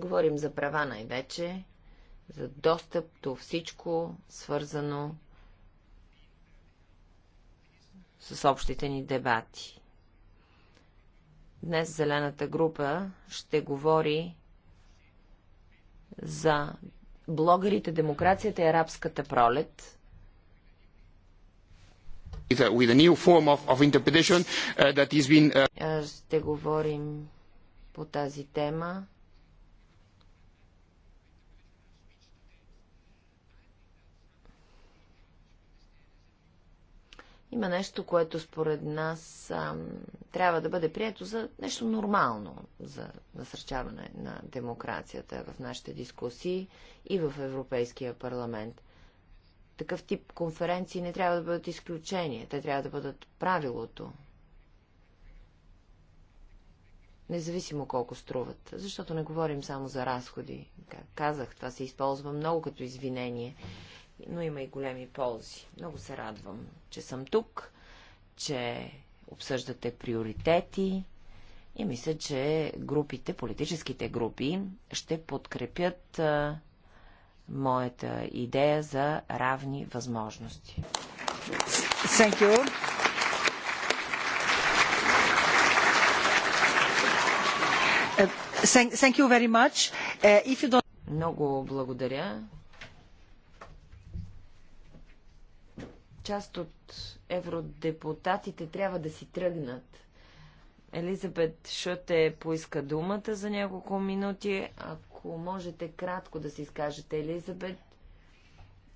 Говорим за права най-вече, за достъп до всичко свързано с общите ни дебати. Днес Зелената група ще говори за блогерите, демокрацията и арабската пролет – ще говорим по тази тема. Има нещо, което според нас ам, трябва да бъде прието за нещо нормално за насърчаване на демокрацията в нашите дискусии и в Европейския парламент. Такъв тип конференции не трябва да бъдат изключение, те трябва да бъдат правилото. Независимо колко струват, защото не говорим само за разходи. Как казах, това се използва много като извинение, но има и големи ползи. Много се радвам, че съм тук, че обсъждате приоритети, и мисля, че групите, политическите групи ще подкрепят а, моята идея за равни възможности. Thank you. Uh, thank, you very much. Uh, if you don't... Много благодаря. Част от евродепутатите трябва да си тръгнат. Елизабет Шоте поиска думата за няколко минути. Ако ако можете кратко да се изкажете, Елизабет,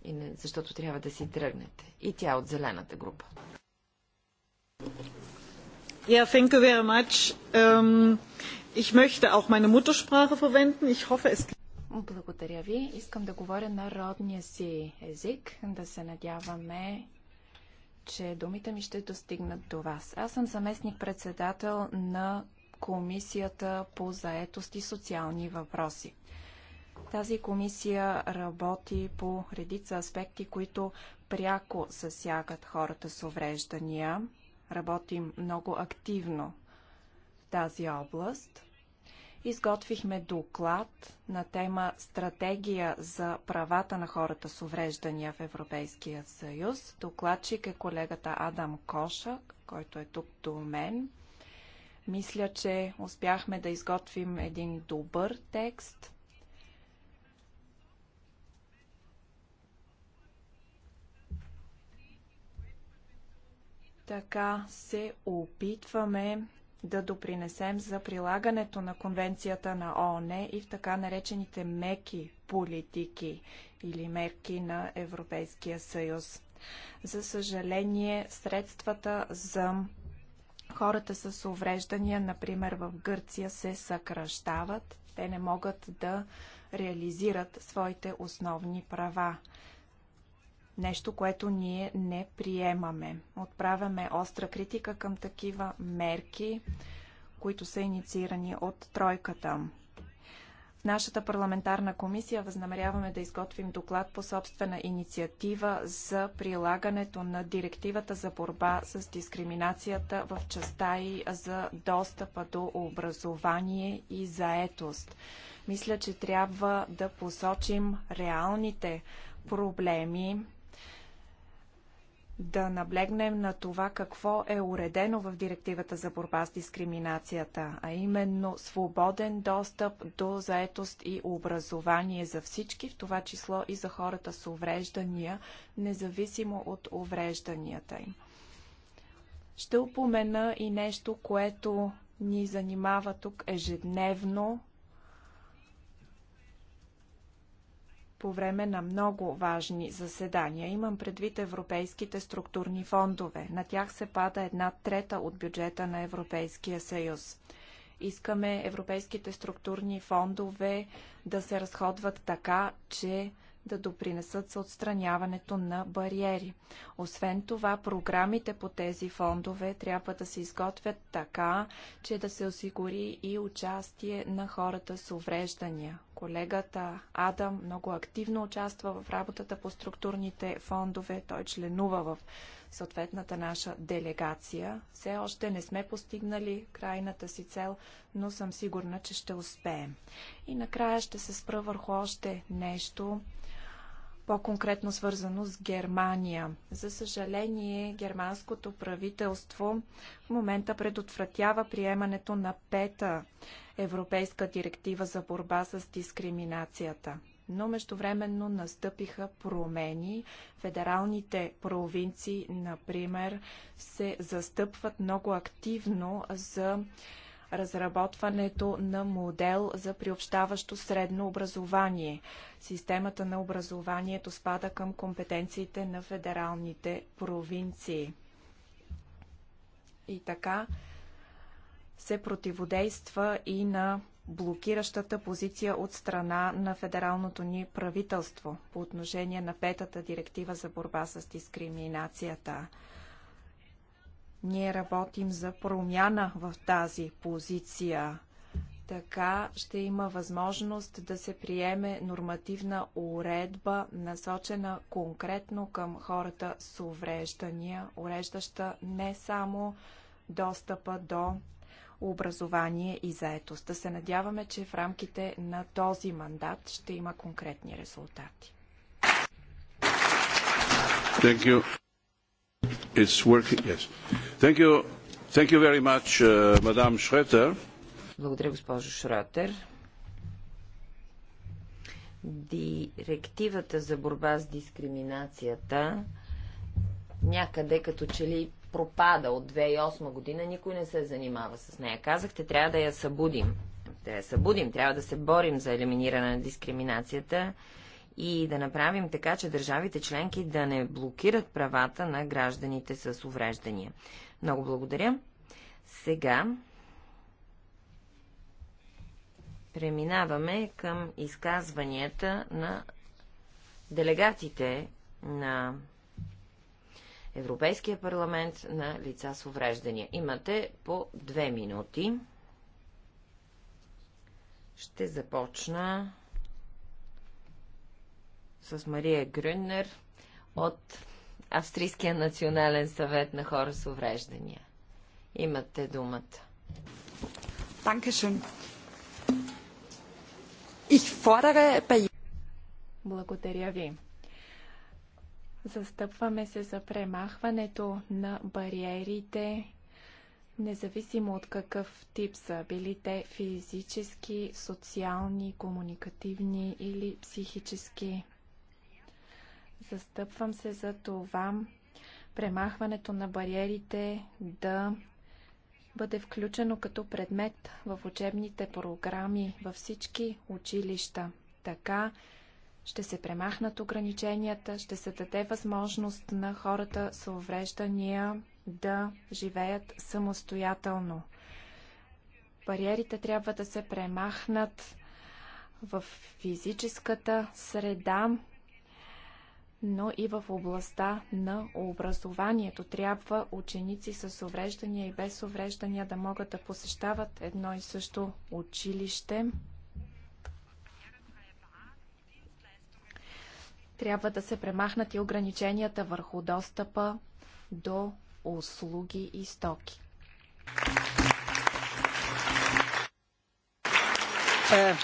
и не, защото трябва да си тръгнете. И тя от зелената група. Ja, yeah, thank you very much. Um, ich möchte auch meine Muttersprache verwenden. Ich hoffe, es благодаря ви. Искам да говоря на родния си език, да се надяваме, че думите ми ще достигнат до вас. Аз съм заместник председател на Комисията по заетост и социални въпроси. Тази комисия работи по редица аспекти, които пряко засягат хората с увреждания. Работим много активно в тази област. Изготвихме доклад на тема Стратегия за правата на хората с увреждания в Европейския съюз. Докладчик е колегата Адам Кошак, който е тук до мен. Мисля, че успяхме да изготвим един добър текст. Така се опитваме да допринесем за прилагането на конвенцията на ООН и в така наречените меки политики или мерки на Европейския съюз. За съжаление, средствата за Хората с увреждания, например в Гърция, се съкръщават. Те не могат да реализират своите основни права. Нещо, което ние не приемаме. Отправяме остра критика към такива мерки, които са инициирани от тройката нашата парламентарна комисия възнамеряваме да изготвим доклад по собствена инициатива за прилагането на директивата за борба с дискриминацията в частта и за достъпа до образование и заетост. Мисля, че трябва да посочим реалните проблеми, да наблегнем на това какво е уредено в директивата за борба с дискриминацията, а именно свободен достъп до заетост и образование за всички, в това число и за хората с увреждания, независимо от уврежданията им. Ще упомена и нещо, което ни занимава тук ежедневно по време на много важни заседания. Имам предвид европейските структурни фондове. На тях се пада една трета от бюджета на Европейския съюз. Искаме европейските структурни фондове да се разходват така, че да допринесат за отстраняването на бариери. Освен това, програмите по тези фондове трябва да се изготвят така, че да се осигури и участие на хората с увреждания. Колегата Адам много активно участва в работата по структурните фондове. Той членува в съответната наша делегация. Все още не сме постигнали крайната си цел, но съм сигурна, че ще успеем. И накрая ще се спра върху още нещо, по-конкретно свързано с Германия. За съжаление, германското правителство в момента предотвратява приемането на пета Европейска директива за борба с дискриминацията. Но междувременно настъпиха промени. Федералните провинции, например, се застъпват много активно за разработването на модел за приобщаващо средно образование. Системата на образованието спада към компетенциите на федералните провинции. И така се противодейства и на блокиращата позиция от страна на федералното ни правителство по отношение на петата директива за борба с дискриминацията. Ние работим за промяна в тази позиция. Така ще има възможност да се приеме нормативна уредба, насочена конкретно към хората с увреждания, уреждаща не само достъпа до образование и заетост. Да се надяваме, че в рамките на този мандат ще има конкретни резултати. Thank you. It's working, yes. Thank you. Thank you very much, uh, Madame Schroeter. Благодаря, госпожо Шротер. Директивата за борба с дискриминацията някъде като че ли пропада от 2008 година, никой не се занимава с нея. Казахте, трябва да я събудим. Да я събудим, трябва да се борим за елиминиране на дискриминацията и да направим така, че държавите членки да не блокират правата на гражданите с увреждания. Много благодаря. Сега преминаваме към изказванията на делегатите на Европейския парламент на лица с увреждания. Имате по две минути. Ще започна с Мария Грюнер от Австрийския национален съвет на хора с увреждания. Имате думата. Благодаря ви. Застъпваме се за премахването на бариерите, независимо от какъв тип са, били те физически, социални, комуникативни или психически Застъпвам се за това премахването на бариерите да бъде включено като предмет в учебните програми във всички училища. Така ще се премахнат ограниченията, ще се даде възможност на хората с увреждания да живеят самостоятелно. Бариерите трябва да се премахнат в физическата среда, но и в областта на образованието. Трябва ученици с увреждания и без увреждания да могат да посещават едно и също училище. Трябва да се премахнат и ограниченията върху достъпа до услуги и стоки. Е,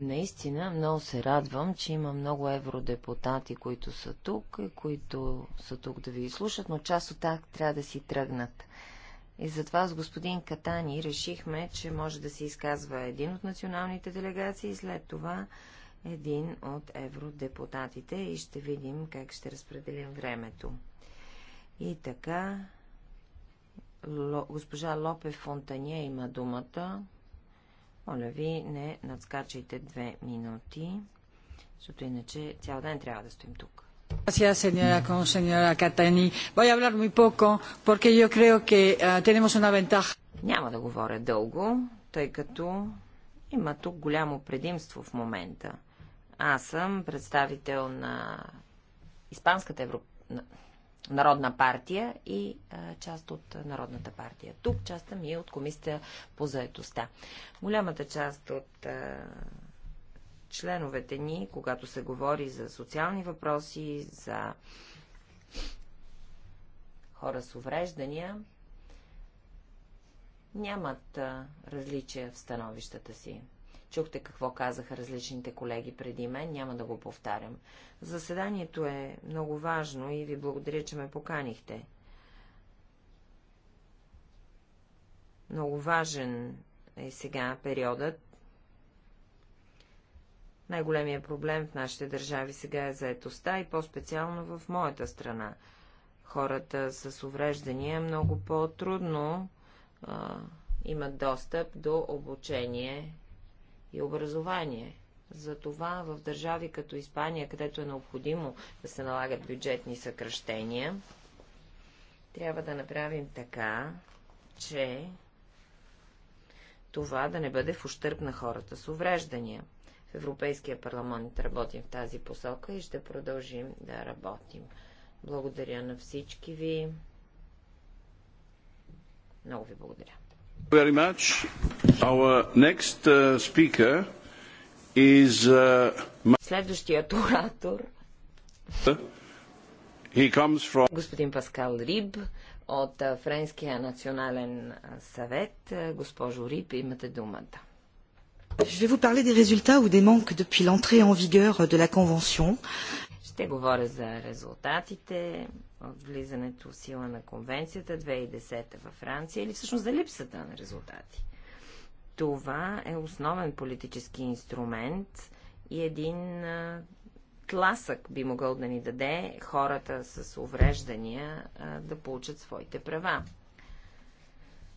Наистина много се радвам, че има много евродепутати, които са тук, и които са тук да ви изслушат, но част от тях трябва да си тръгнат. И затова с господин Катани решихме, че може да се изказва един от националните делегации и след това един от евродепутатите и ще видим как ще разпределим времето. И така, госпожа Лопе Фонтания има думата. Моля ви, не надскачайте две минути, защото иначе цял ден трябва да стоим тук. Gracias, señora con señora Catani. Voy a hablar muy poco porque yo creo que uh, tenemos una ventaja. Няма да говоря дълго, тъй като има тук голямо предимство в момента. Аз съм представител на Испанската Европа Народна партия и а, част от Народната партия. Тук частта ми е от Комисията по заедостта. Голямата част от а, членовете ни, когато се говори за социални въпроси, за хора с увреждания, нямат а, различия в становищата си. Чухте какво казаха различните колеги преди мен, няма да го повтарям. Заседанието е много важно и ви благодаря, че ме поканихте. Много важен е сега периодът. Най-големия проблем в нашите държави сега е заетостта и по-специално в моята страна. Хората с увреждания много по-трудно имат достъп до обучение и образование. Затова в държави като Испания, където е необходимо да се налагат бюджетни съкръщения, трябва да направим така, че това да не бъде в ущърп на хората с увреждания. В Европейския парламент работим в тази посока и ще продължим да работим. Благодаря на всички ви. Много ви благодаря very much. Our next speaker is uh, Следващият оратор He comes from... господин Паскал Риб от Френския национален съвет. Госпожо Риб, имате думата. Je vais vous parler des résultats ou des manques depuis l'entrée en vigueur de la Convention. Euh, ще говоря за резултатите от влизането в сила на конвенцията 2010 във Франция или всъщност за липсата на резултати. Това е основен политически инструмент и един тласък би могъл да ни даде хората с увреждания да получат своите права.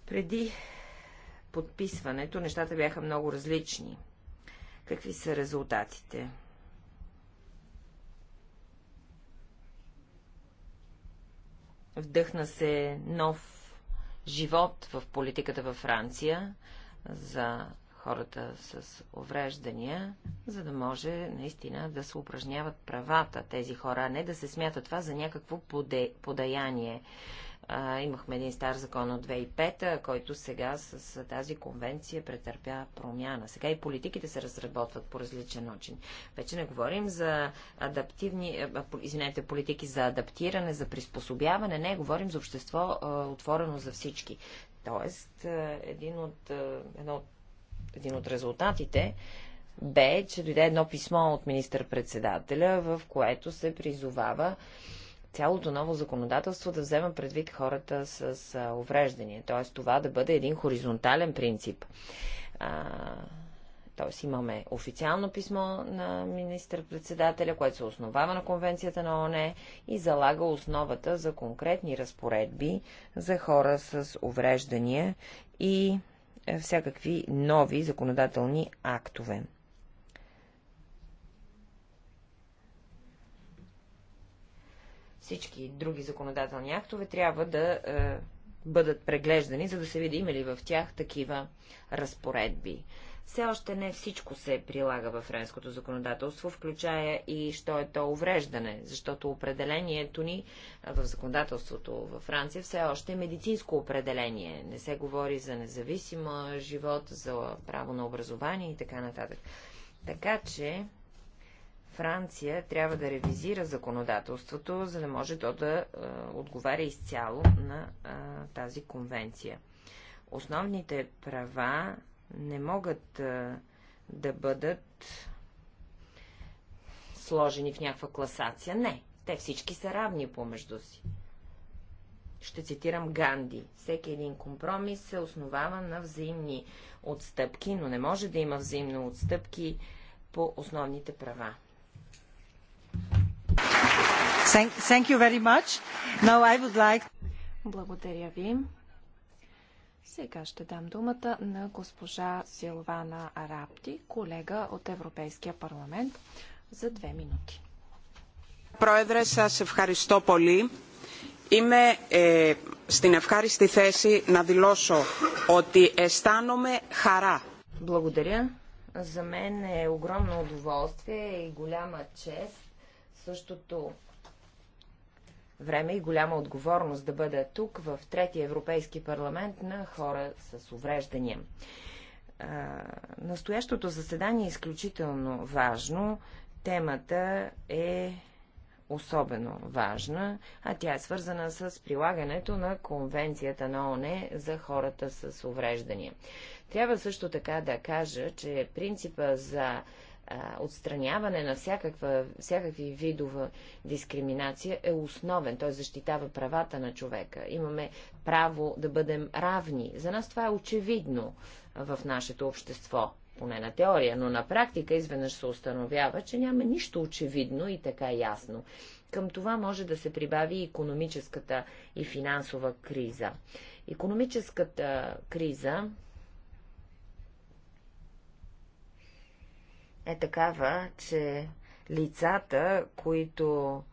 Преди подписването нещата бяха много различни. Какви са резултатите? Вдъхна се нов живот в политиката във Франция за хората с увреждания, за да може наистина да се упражняват правата тези хора, а не да се смята това за някакво подаяние. А, имахме един стар закон от 2005, който сега с тази конвенция претърпя промяна. Сега и политиките се разработват по различен начин. Вече не говорим за адаптивни, извинете, политики за адаптиране, за приспособяване, не, говорим за общество а, отворено за всички. Тоест, един от, едно, един от резултатите бе, че дойде едно писмо от министър-председателя, в което се призовава цялото ново законодателство да взема предвид хората с, а, увреждания. Т.е. това да бъде един хоризонтален принцип. А, т.е. имаме официално писмо на министър-председателя, което се основава на конвенцията на ОНЕ и залага основата за конкретни разпоредби за хора с увреждания и е, всякакви нови законодателни актове. всички други законодателни актове трябва да е, бъдат преглеждани, за да се види има ли в тях такива разпоредби. Все още не всичко се прилага във френското законодателство, включая и що е то увреждане, защото определението ни в законодателството във Франция все още е медицинско определение. Не се говори за независима живот, за право на образование и така нататък. Така че Франция трябва да ревизира законодателството, за да може то да а, отговаря изцяло на а, тази конвенция. Основните права не могат а, да бъдат сложени в някаква класация. Не, те всички са равни помежду си. Ще цитирам Ганди. Всеки един компромис се основава на взаимни отстъпки, но не може да има взаимни отстъпки по основните права. Thank you very much. Now I would like... Благодаря ви. Сега ще дам думата на госпожа Силвана Арапти, колега от Европейския парламент, за две минути. Πρόεδρε, σας ευχαριστώ πολύ. Είμαι ε, στην ευχάριστη θέση να δηλώσω ότι αισθάνομαι χαρά. Благодаря. За мен е огромно удоволствие и голяма чест. Същото време и голяма отговорност да бъда тук в Третия Европейски парламент на хора с увреждания. настоящото заседание е изключително важно. Темата е особено важна, а тя е свързана с прилагането на Конвенцията на ОНЕ за хората с увреждания. Трябва също така да кажа, че принципа за а, отстраняване на всякаква, всякакви видова дискриминация е основен. Той защитава правата на човека. Имаме право да бъдем равни. За нас това е очевидно в нашето общество поне на теория, но на практика изведнъж се установява, че няма нищо очевидно и така ясно. Към това може да се прибави и економическата и финансова криза. Економическата криза е такава, че лицата, които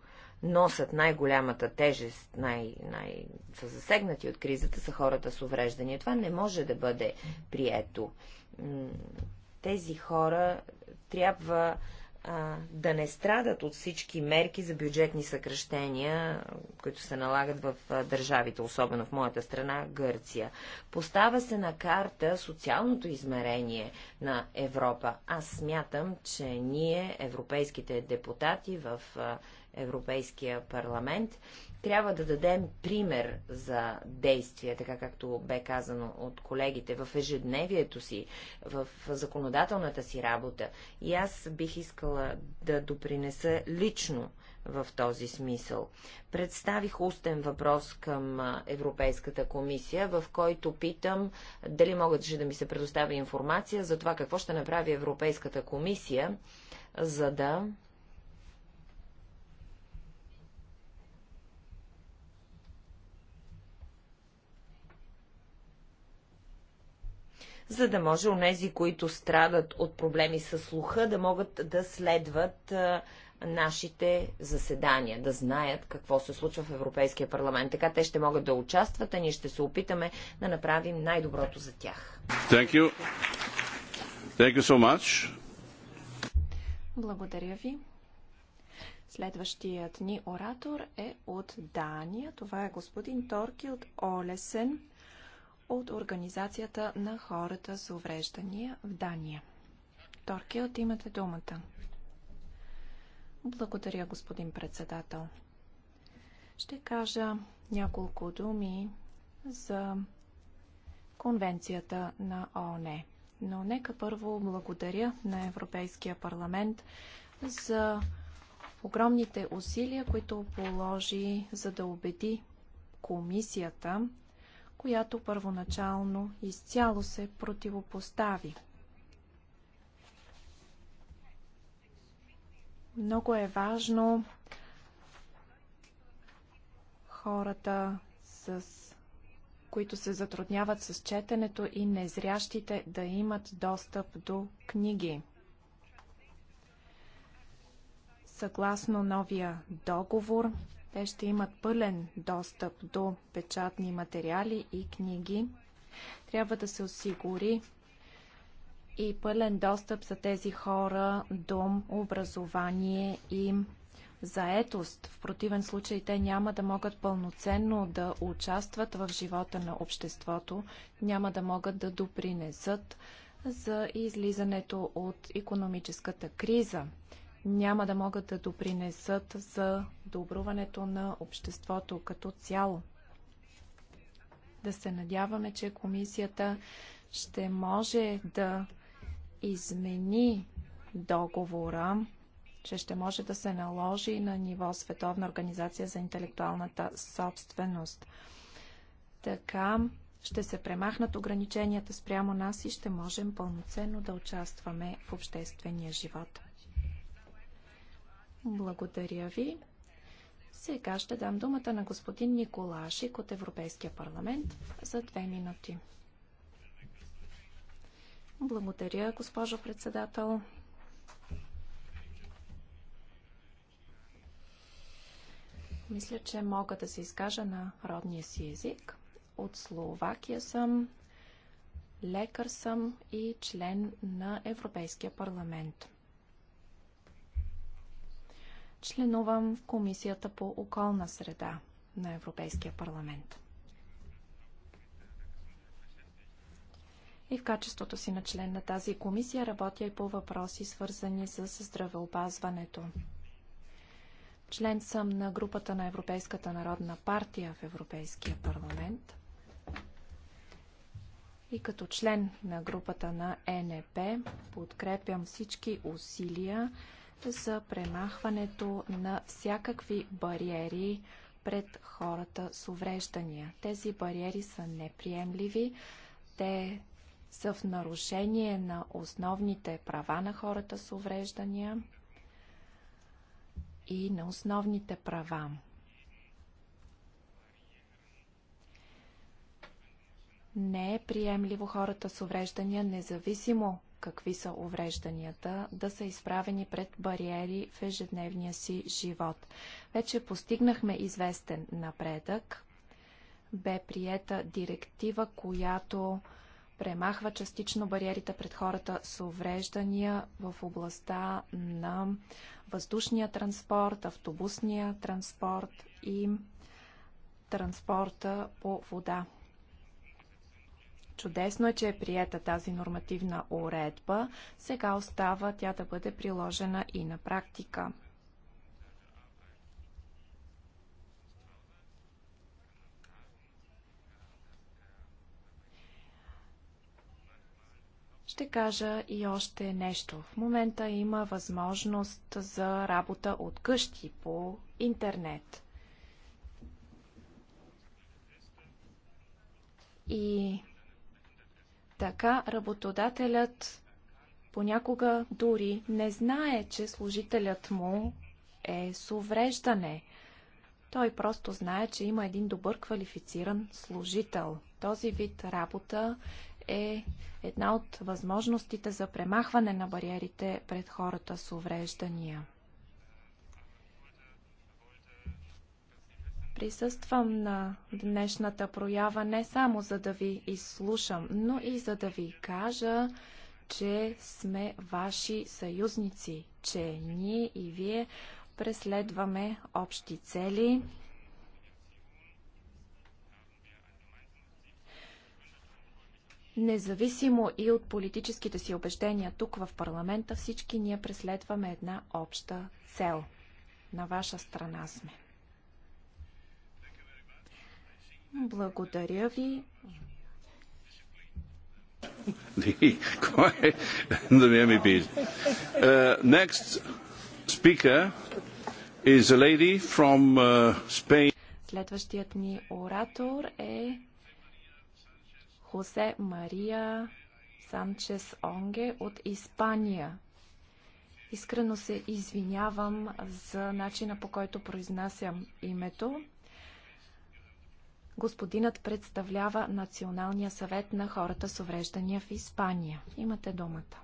носят най-голямата тежест, най- най- са засегнати от кризата, са хората с увреждания. Това не може да бъде прието. Тези хора трябва а, да не страдат от всички мерки за бюджетни съкръщения, които се налагат в а, държавите, особено в моята страна Гърция. Постава се на карта социалното измерение на Европа. Аз смятам, че ние, европейските депутати в а, Европейския парламент, трябва да дадем пример за действие, така както бе казано от колегите, в ежедневието си, в законодателната си работа. И аз бих искала да допринеса лично в този смисъл. Представих устен въпрос към Европейската комисия, в който питам дали могат да ми се предостави информация за това какво ще направи Европейската комисия, за да за да може онези, които страдат от проблеми с слуха, да могат да следват нашите заседания, да знаят какво се случва в Европейския парламент. Така те ще могат да участват, а ние ще се опитаме да направим най-доброто за тях. Thank you. Thank you so much. Благодаря ви. Следващият ни оратор е от Дания. Това е господин Торки от Олесен от Организацията на хората с увреждания в Дания. от имате думата. Благодаря, господин председател. Ще кажа няколко думи за Конвенцията на ООН. Но нека първо благодаря на Европейския парламент за огромните усилия, които положи за да убеди комисията която първоначално изцяло се противопостави. Много е важно хората, с които се затрудняват с четенето и незрящите да имат достъп до книги. Съгласно новия договор, те ще имат пълен достъп до печатни материали и книги. Трябва да се осигури и пълен достъп за тези хора до образование и заетост. В противен случай те няма да могат пълноценно да участват в живота на обществото, няма да могат да допринесат за излизането от економическата криза няма да могат да допринесат за добруването на обществото като цяло. Да се надяваме, че комисията ще може да измени договора, че ще може да се наложи на ниво Световна организация за интелектуалната собственост. Така ще се премахнат ограниченията спрямо нас и ще можем пълноценно да участваме в обществения живот. Благодаря ви. Сега ще дам думата на господин Николашик от Европейския парламент за две минути. Благодаря, госпожо председател. Мисля, че мога да се изкажа на родния си език. От Словакия съм, лекар съм и член на Европейския парламент. Членувам в Комисията по околна среда на Европейския парламент. И в качеството си на член на тази комисия работя и по въпроси, свързани с здравеопазването. Член съм на групата на Европейската народна партия в Европейския парламент. И като член на групата на ЕНП подкрепям всички усилия, за премахването на всякакви бариери пред хората с увреждания. Тези бариери са неприемливи, те са в нарушение на основните права на хората с увреждания и на основните права. Не е приемливо хората с увреждания, независимо какви са уврежданията, да са изправени пред бариери в ежедневния си живот. Вече постигнахме известен напредък. Бе приета директива, която премахва частично бариерите пред хората с увреждания в областта на въздушния транспорт, автобусния транспорт и транспорта по вода. Чудесно е, че е приета тази нормативна уредба. Сега остава тя да бъде приложена и на практика. Ще кажа и още нещо. В момента има възможност за работа от къщи по интернет. И така работодателят понякога дори не знае, че служителят му е с увреждане. Той просто знае, че има един добър квалифициран служител. Този вид работа е една от възможностите за премахване на бариерите пред хората с увреждания. присъствам на днешната проява не само за да ви изслушам, но и за да ви кажа, че сме ваши съюзници, че ние и вие преследваме общи цели. Независимо и от политическите си убеждения тук в парламента, всички ние преследваме една обща цел. На ваша страна сме. Благодаря ви. The, the Uh, next speaker is a lady from uh, Spain. Следващият ни оратор е Хосе Мария Санчес Онге от Испания. Искрено се извинявам за начина по който произнасям името. Господинът представлява Националния съвет на хората с увреждания в Испания. Имате думата.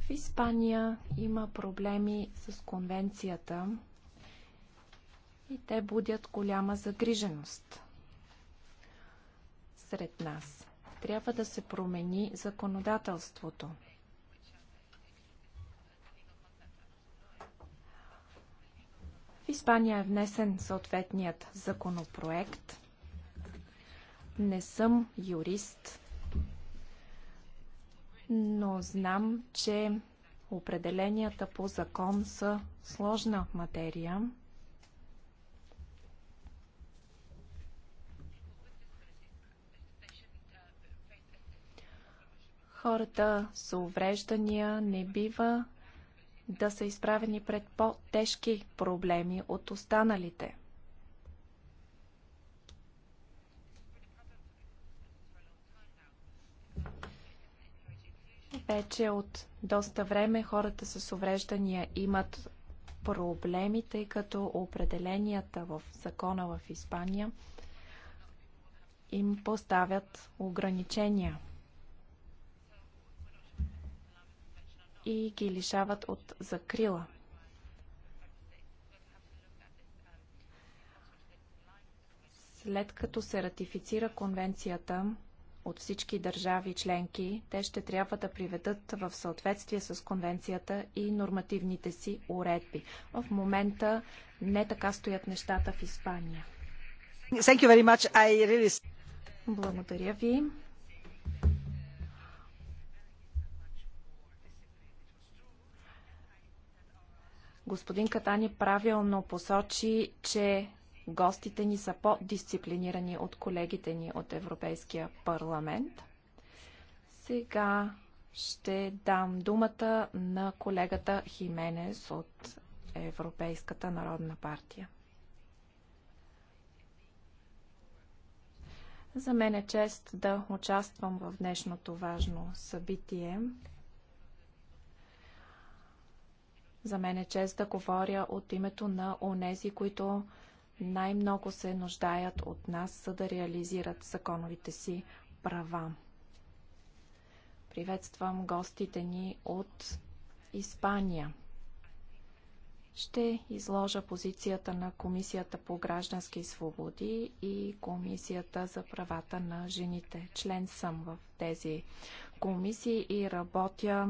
В Испания има проблеми с конвенцията и те будят голяма загриженост сред нас. Трябва да се промени законодателството. Испания е внесен съответният законопроект. Не съм юрист, но знам, че определенията по закон са сложна материя. Хората с увреждания не бива да са изправени пред по-тежки проблеми от останалите. Вече от доста време хората с увреждания имат проблеми, тъй като определенията в закона в Испания им поставят ограничения. и ги лишават от закрила. След като се ратифицира конвенцията от всички държави членки, те ще трябва да приведат в съответствие с конвенцията и нормативните си уредби. В момента не така стоят нещата в Испания. Благодаря ви. Господин Катани правилно посочи, че гостите ни са по-дисциплинирани от колегите ни от Европейския парламент. Сега ще дам думата на колегата Хименес от Европейската народна партия. За мен е чест да участвам в днешното важно събитие. За мен е чест да говоря от името на онези, които най-много се нуждаят от нас, за да реализират законовите си права. Приветствам гостите ни от Испания. Ще изложа позицията на Комисията по граждански свободи и Комисията за правата на жените. Член съм в тези комисии и работя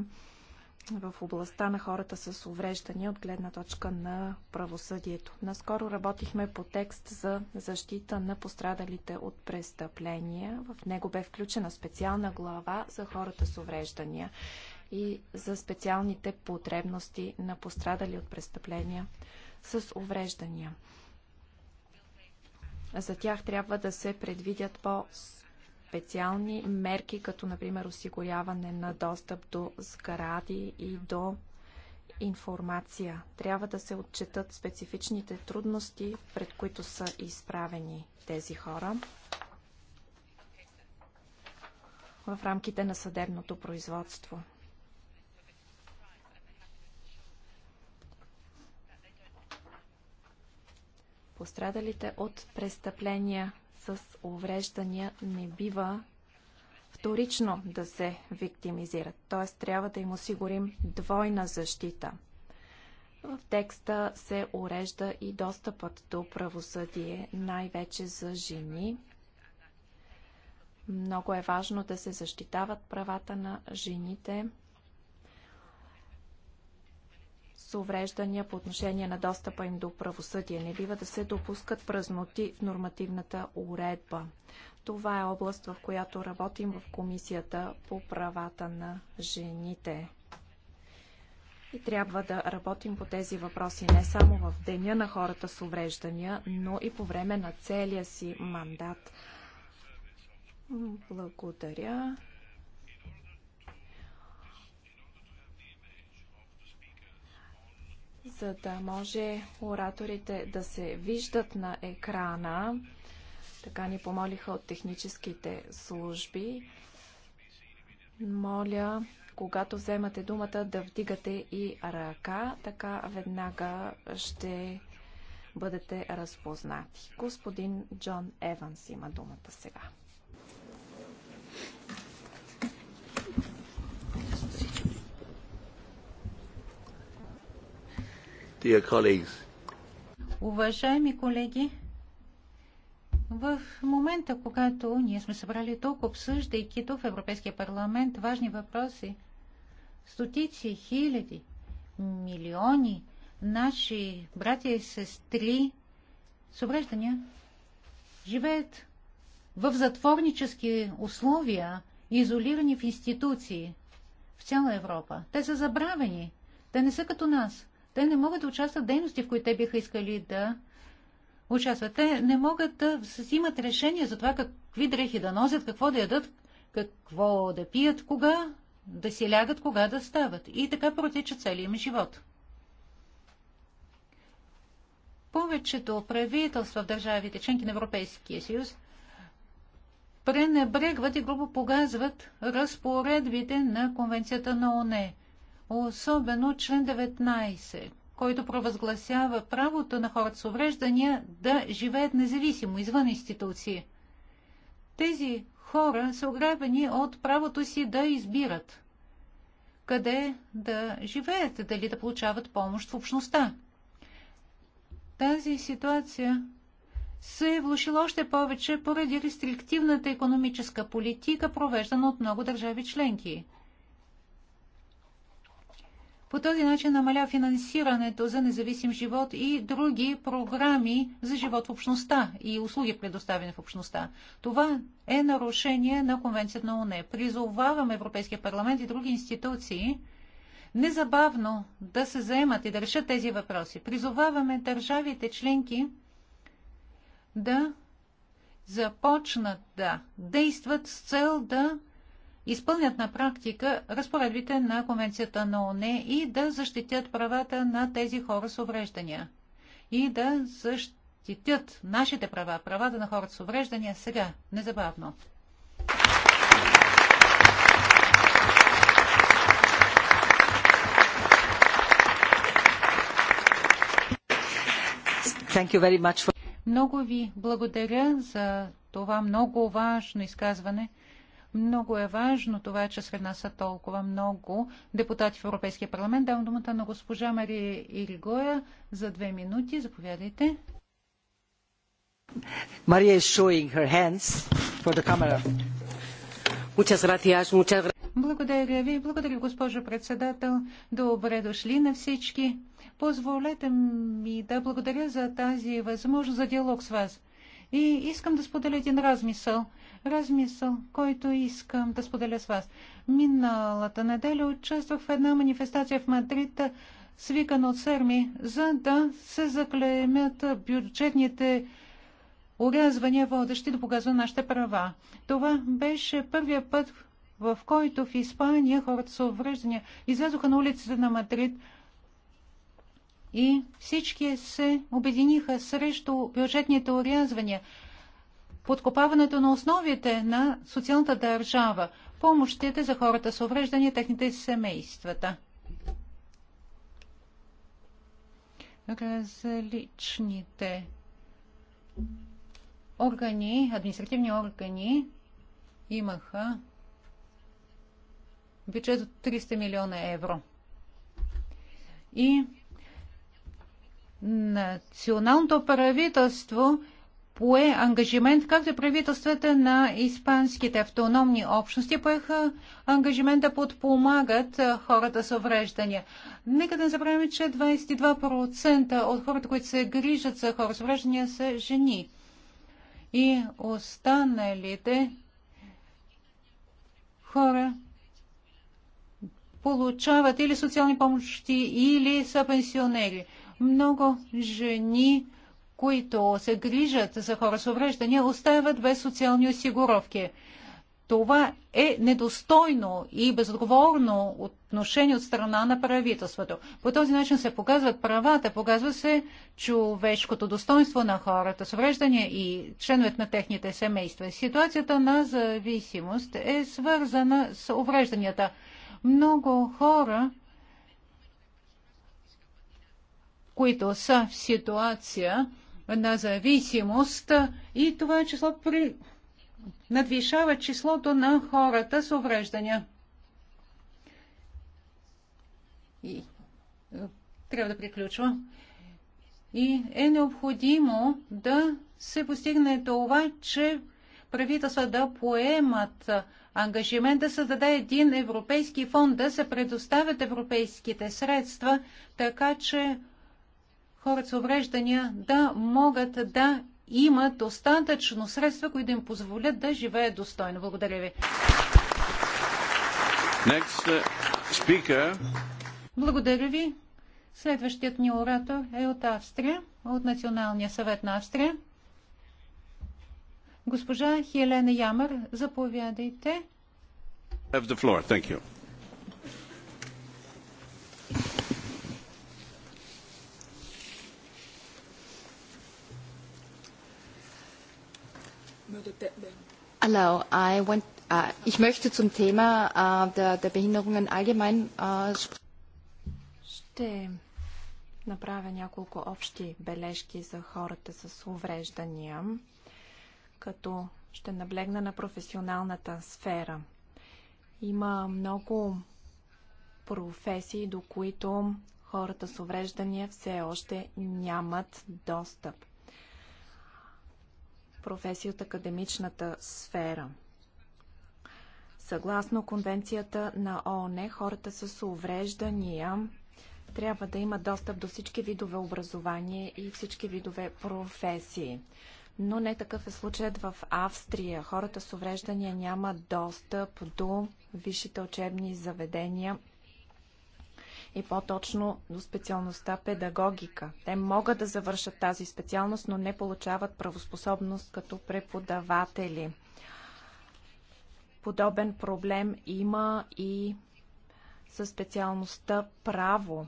в областта на хората с увреждания от гледна точка на правосъдието. Наскоро работихме по текст за защита на пострадалите от престъпления. В него бе включена специална глава за хората с увреждания и за специалните потребности на пострадали от престъпления с увреждания. За тях трябва да се предвидят по специални мерки, като например осигуряване на достъп до сгради и до информация. Трябва да се отчетат специфичните трудности, пред които са изправени тези хора в рамките на съдебното производство. Пострадалите от престъпления с увреждания не бива вторично да се виктимизират, т.е. трябва да им осигурим двойна защита. В текста се урежда и достъпът до правосъдие, най-вече за жени. Много е важно да се защитават правата на жените – с увреждания по отношение на достъпа им до правосъдие. Не бива да се допускат празноти в нормативната уредба. Това е област, в която работим в Комисията по правата на жените. И трябва да работим по тези въпроси не само в деня на хората с увреждания, но и по време на целия си мандат. Благодаря. за да може ораторите да се виждат на екрана. Така ни помолиха от техническите служби. Моля, когато вземате думата, да вдигате и ръка, така веднага ще бъдете разпознати. Господин Джон Еванс има думата сега. dear colleagues. Уважаеми колеги, в момента, когато ние сме събрали тук, обсъждайки тук в Европейския парламент важни въпроси, стотици, хиляди, милиони наши братя и сестри с увреждания живеят в затворнически условия, изолирани в институции в цяла Европа. Те са забравени. Те не са като нас. Те не могат да участват в дейности, в които те биха искали да участват. Те не могат да взимат решения за това какви дрехи да носят, какво да ядат, какво да пият, кога да си лягат, кога да стават. И така протича целият им живот. Повечето правителства в държавите, членки на Европейския съюз, пренебрегват и грубо погазват разпоредбите на Конвенцията на ОНЕ особено член 19, който провъзгласява правото на хората с увреждания да живеят независимо, извън институции. Тези хора са ограбени от правото си да избират къде да живеят, дали да получават помощ в общността. Тази ситуация се е влушила още повече поради рестриктивната економическа политика, провеждана от много държави членки – по този начин намаля финансирането за независим живот и други програми за живот в общността и услуги предоставени в общността. Това е нарушение на Конвенцията на ОНЕ. Призовавам Европейския парламент и други институции незабавно да се заемат и да решат тези въпроси. Призоваваме държавите членки да започнат да действат с цел да изпълнят на практика разпоредбите на Конвенцията на ОНЕ и да защитят правата на тези хора с увреждания. И да защитят нашите права, правата на хората с увреждания сега, незабавно. For... Много ви благодаря за това много важно изказване. Много е важно това, че сред нас са толкова много депутати в Европейския парламент. Давам думата на госпожа Мария Ильгоя за две минути. Заповядайте. Мария е showing her hands for the camera. Muchas gracias, muchas gracias. Благодаря ви. Благодаря, госпожо председател. Добре дошли на всички. Позволете ми да благодаря за тази възможност за диалог с вас. И искам да споделя един размисъл – размисъл, който искам да споделя с вас. Миналата неделя участвах в една манифестация в Мадрид, свикана от Сърми, за да се заклемят бюджетните урязвания, водещи до показва нашите права. Това беше първия път, в който в Испания хората с увреждания излязоха на улиците на Мадрид и всички се обединиха срещу бюджетните урязвания – подкопаването на основите на социалната държава, помощите за хората с увреждания, техните семействата. Различните органи, административни органи имаха бюджет от 300 милиона евро. И националното правителство пое ангажимент, както правителствата на испанските автономни общности поеха ангажимент да подпомагат хората с увреждания. Нека да не забравяме, че 22% от хората, които се грижат за хора с увреждания, са жени. И останалите хора получават или социални помощи, или са пенсионери. Много жени които се грижат за хора с увреждания, остават без социални осигуровки. Това е недостойно и безотговорно отношение от страна на правителството. По този начин се показват правата, показва се човешкото достоинство на хората с увреждания и членовете на техните семейства. Ситуацията на зависимост е свързана с уврежданията. Много хора, които са в ситуация на зависимост и това число при... надвишава числото на хората с увреждания. И... Е, трябва да приключвам. И е необходимо да се постигне това, че правителства да поемат ангажимент да създаде един европейски фонд, да се предоставят европейските средства, така че хората с увреждания да могат да имат достатъчно средства, които да им позволят да живеят достойно. Благодаря ви. Next uh, speaker. Благодаря ви. Следващият ни оратор е от Австрия, от Националния съвет на Австрия. Госпожа Хелена Ямър, заповядайте. Have the floor. Thank you. uh, ich möchte zum Thema uh, der, der Behinderungen allgemein uh, Ще направя няколко общи бележки за хората с увреждания, като ще наблегна на професионалната сфера. Има много професии, до които хората с увреждания все още нямат достъп професии от академичната сфера. Съгласно Конвенцията на ООН, хората с увреждания трябва да имат достъп до всички видове образование и всички видове професии. Но не такъв е случаят в Австрия. Хората с увреждания нямат достъп до висшите учебни заведения и по-точно до специалността педагогика. Те могат да завършат тази специалност, но не получават правоспособност като преподаватели. Подобен проблем има и със специалността право.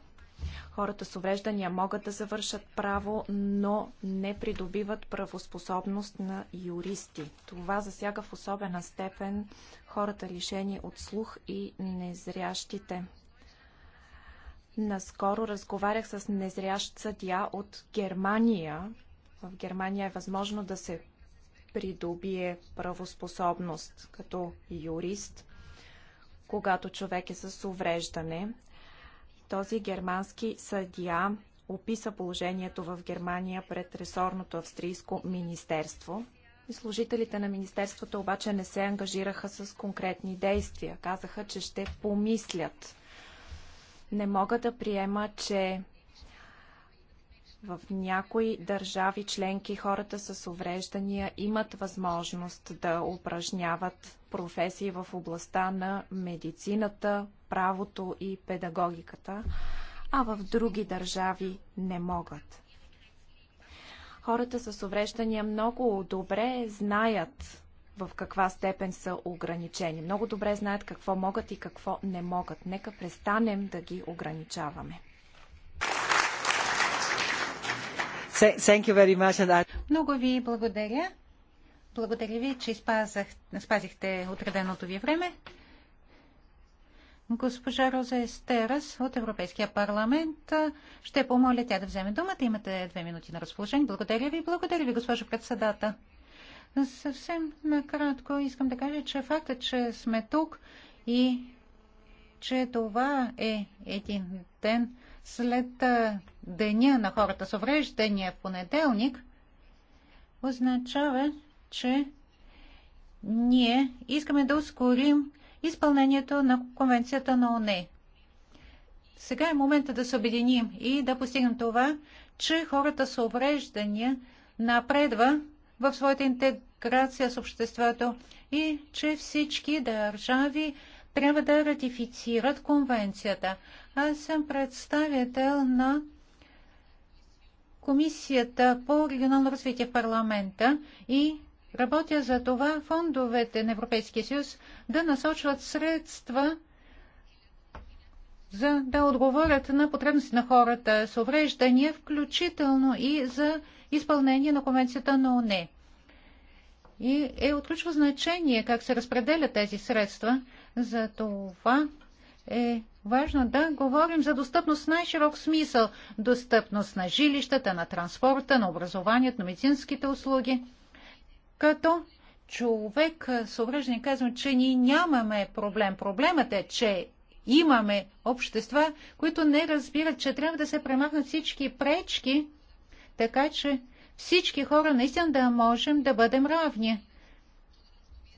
Хората с увреждания могат да завършат право, но не придобиват правоспособност на юристи. Това засяга в особена степен хората лишени от слух и незрящите. Наскоро разговарях с незрящ съдия от Германия. В Германия е възможно да се придобие правоспособност като юрист, когато човек е с увреждане. Този германски съдия описа положението в Германия пред ресорното австрийско министерство. И служителите на министерството обаче не се ангажираха с конкретни действия. Казаха, че ще помислят не мога да приема, че в някои държави членки хората с увреждания имат възможност да упражняват професии в областта на медицината, правото и педагогиката, а в други държави не могат. Хората с увреждания много добре знаят в каква степен са ограничени. Много добре знаят какво могат и какво не могат. Нека престанем да ги ограничаваме. Много ви благодаря. Благодаря ви, че спазах, спазихте отреденото ви време. Госпожа Роза Естерас от Европейския парламент. Ще помоля тя да вземе думата. Имате две минути на разположение. Благодаря ви. Благодаря ви, госпожо председател. Съвсем накратко искам да кажа, че фактът, че сме тук и че това е един ден след деня на хората с увреждания в понеделник, означава, че ние искаме да ускорим изпълнението на Конвенцията на ОНЕ. Сега е момента да се обединим и да постигнем това, че хората с увреждания напредва в своята интеграция с обществото и че всички държави трябва да ратифицират конвенцията. Аз съм представител на Комисията по регионално развитие в парламента и работя за това фондовете на Европейския съюз да насочват средства за да отговорят на потребности на хората с увреждания, включително и за изпълнение на Конвенцията на ОНЕ. И е от ключово значение как се разпределят тези средства. За това е важно да говорим за достъпност в най-широк смисъл. Достъпност на жилищата, на транспорта, на образованието, на медицинските услуги. Като човек с увреждане казвам, че ние нямаме проблем. Проблемът е, че имаме общества, които не разбират, че трябва да се премахнат всички пречки, така че всички хора наистина да можем да бъдем равни.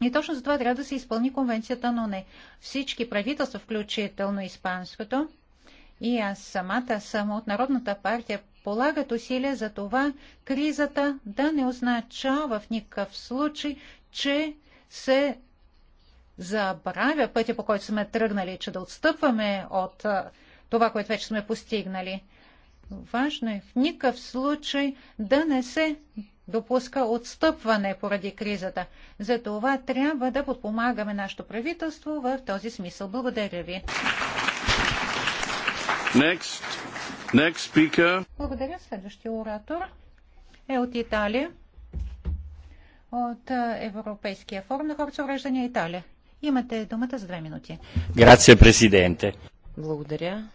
И точно за това трябва да се изпълни конвенцията, но не всички правителства, включително испанското. И аз самата съм от Народната партия полагат усилия за това кризата да не означава в никакъв случай, че се забравя пътя, по който сме тръгнали, че да отстъпваме от това, което вече сме постигнали. Важно е в никакъв случай да не се допуска отстъпване поради кризата. За това трябва да подпомагаме нашето правителство в този смисъл. Благодаря ви. Next. Next speaker. Благодаря. Следващия оратор е от Италия, от Европейския форум на хората увреждания Италия. Имате думата за две минути. Грация, президенте. Благодаря.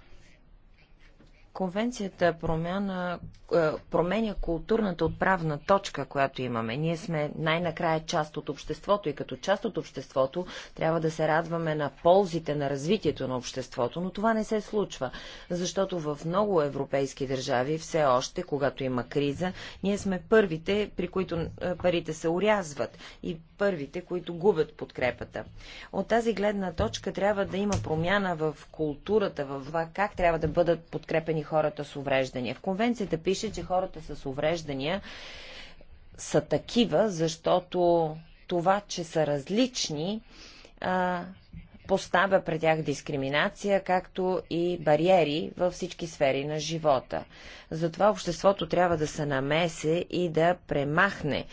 Конвенцията е промяна, е, променя културната отправна точка, която имаме. Ние сме най-накрая част от обществото и като част от обществото трябва да се радваме на ползите на развитието на обществото, но това не се случва, защото в много европейски държави все още, когато има криза, ние сме първите, при които е, парите се урязват и първите, които губят подкрепата. От тази гледна точка трябва да има промяна в културата, в това как трябва да бъдат подкрепени хората с увреждания. В конвенцията пише, че хората с увреждания са такива, защото това, че са различни, поставя пред тях дискриминация, както и бариери във всички сфери на живота. Затова обществото трябва да се намесе и да премахне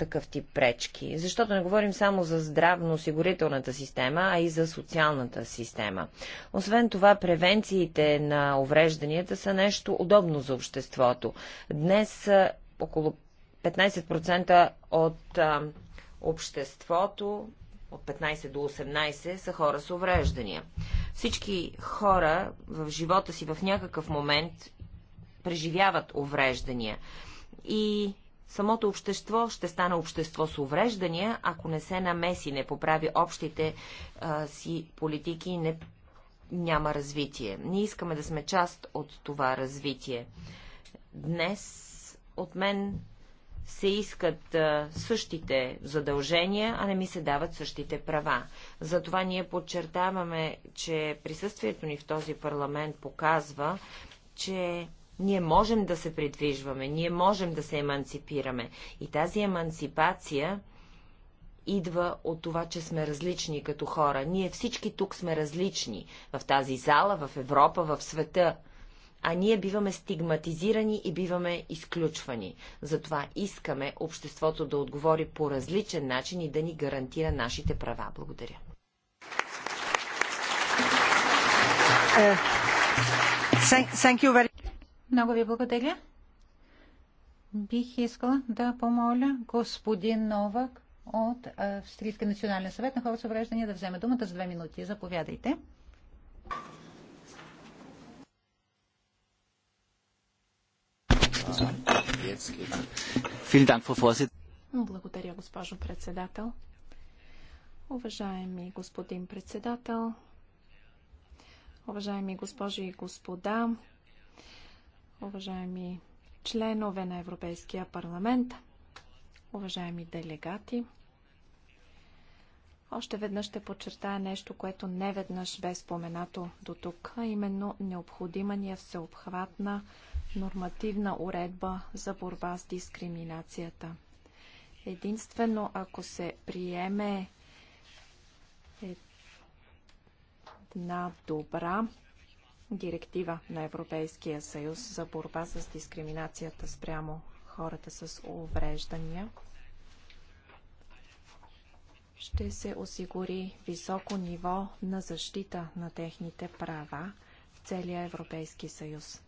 такъв тип пречки. Защото не говорим само за здравно-осигурителната система, а и за социалната система. Освен това, превенциите на уврежданията са нещо удобно за обществото. Днес около 15% от а, обществото от 15 до 18 са хора с увреждания. Всички хора в живота си в някакъв момент преживяват увреждания. И Самото общество ще стане общество с увреждания, ако не се намеси, не поправи общите а, си политики и не, няма развитие. Ние искаме да сме част от това развитие. Днес от мен се искат а, същите задължения, а не ми се дават същите права. Затова ние подчертаваме, че присъствието ни в този парламент показва, че ние можем да се придвижваме, ние можем да се еманципираме. И тази еманципация идва от това, че сме различни като хора. Ние всички тук сме различни. В тази зала, в Европа, в света. А ние биваме стигматизирани и биваме изключвани. Затова искаме обществото да отговори по различен начин и да ни гарантира нашите права. Благодаря. Е, много ви благодаря. Бих искала да помоля господин Новак от Австрийския национален съвет на хора с увреждания да вземе думата за две минути. Заповядайте. Благодаря, госпожо председател. Уважаеми господин председател, уважаеми госпожи и господа, уважаеми членове на Европейския парламент, уважаеми делегати. Още веднъж ще подчертая нещо, което не веднъж бе споменато до тук, а именно необходима ни е всеобхватна нормативна уредба за борба с дискриминацията. Единствено, ако се приеме една добра директива на Европейския съюз за борба с дискриминацията спрямо хората с увреждания. Ще се осигури високо ниво на защита на техните права в целия Европейски съюз.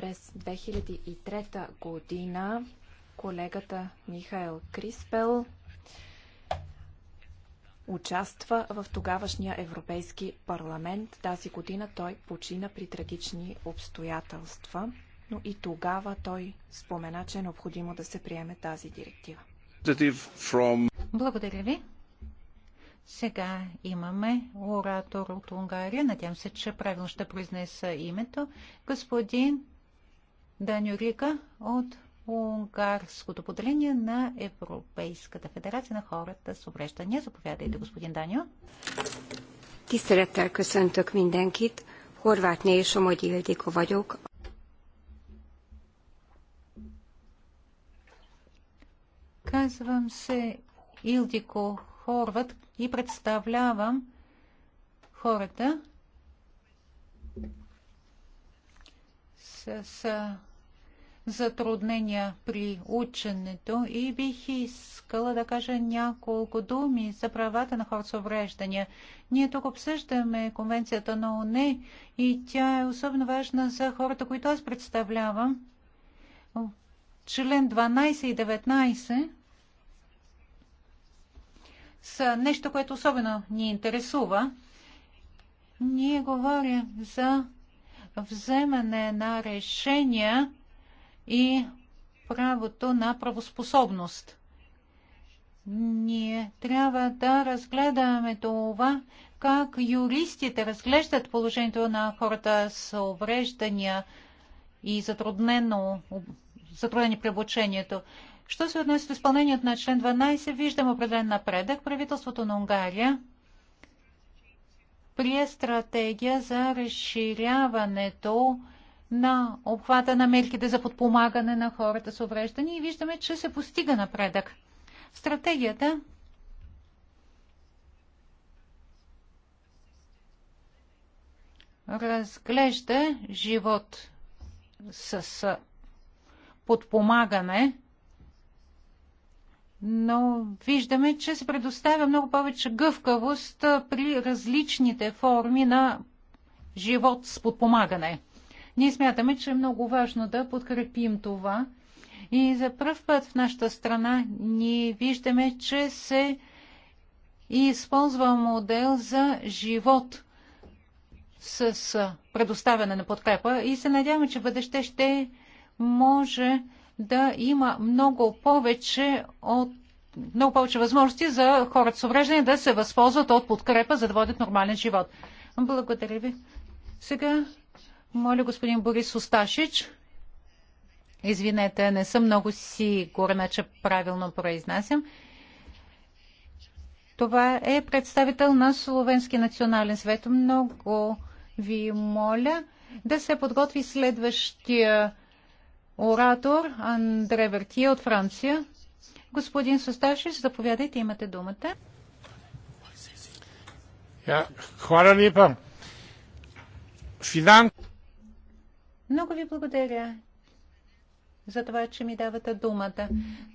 През 2003 година колегата Михаил Криспел участва в тогавашния Европейски парламент. Тази година той почина при трагични обстоятелства, но и тогава той спомена, че е необходимо да се приеме тази директива. Благодаря ви. Сега имаме оратор от Унгария. Надявам се, че правилно ще произнеса името. Господин Даню Рика от унгарското поделение на Европейската федерация на хората с увреждания. Заповядайте, господин Даню. Tisztelettel köszöntök mindenkit. Horvátné és Somogyi Ildikó vagyok. Казвам се Илдико Хорват и представлявам хората с затруднения при ученето и бих искала да кажа няколко думи за правата на хората с увреждания. Ние тук обсъждаме конвенцията на ОНЕ и тя е особено важна за хората, които аз представлявам. Член 12 и 19 са нещо, което особено ни интересува. Ние говорим за вземане на решения и правото на правоспособност. Ние трябва да разгледаме това, как юристите разглеждат положението на хората с увреждания и затруднено, затруднени при обучението. Що се отнесе до изпълнението на член 12, виждам определен напредък. Правителството на Унгария прие стратегия за разширяването на обхвата на мерките за подпомагане на хората с увреждане и виждаме, че се постига напредък. Стратегията разглежда живот с подпомагане, но виждаме, че се предоставя много повече гъвкавост при различните форми на живот с подпомагане. Ние смятаме, че е много важно да подкрепим това. И за първ път в нашата страна ние виждаме, че се използва модел за живот с предоставяне на подкрепа и се надяваме, че бъдеще ще може да има много повече от много повече възможности за хората с увреждане да се възползват от подкрепа, за да водят нормален живот. Благодаря ви. Сега моля, господин Борис Осташич. Извинете, не съм много си горна, че правилно произнасям. Това е представител на Словенски национален свет. Много ви моля да се подготви следващия оратор Андре Вертия от Франция. Господин Состашич, заповядайте, имате думата. Хвала липа. Финанс... Много ви благодаря за това, че ми давате думата.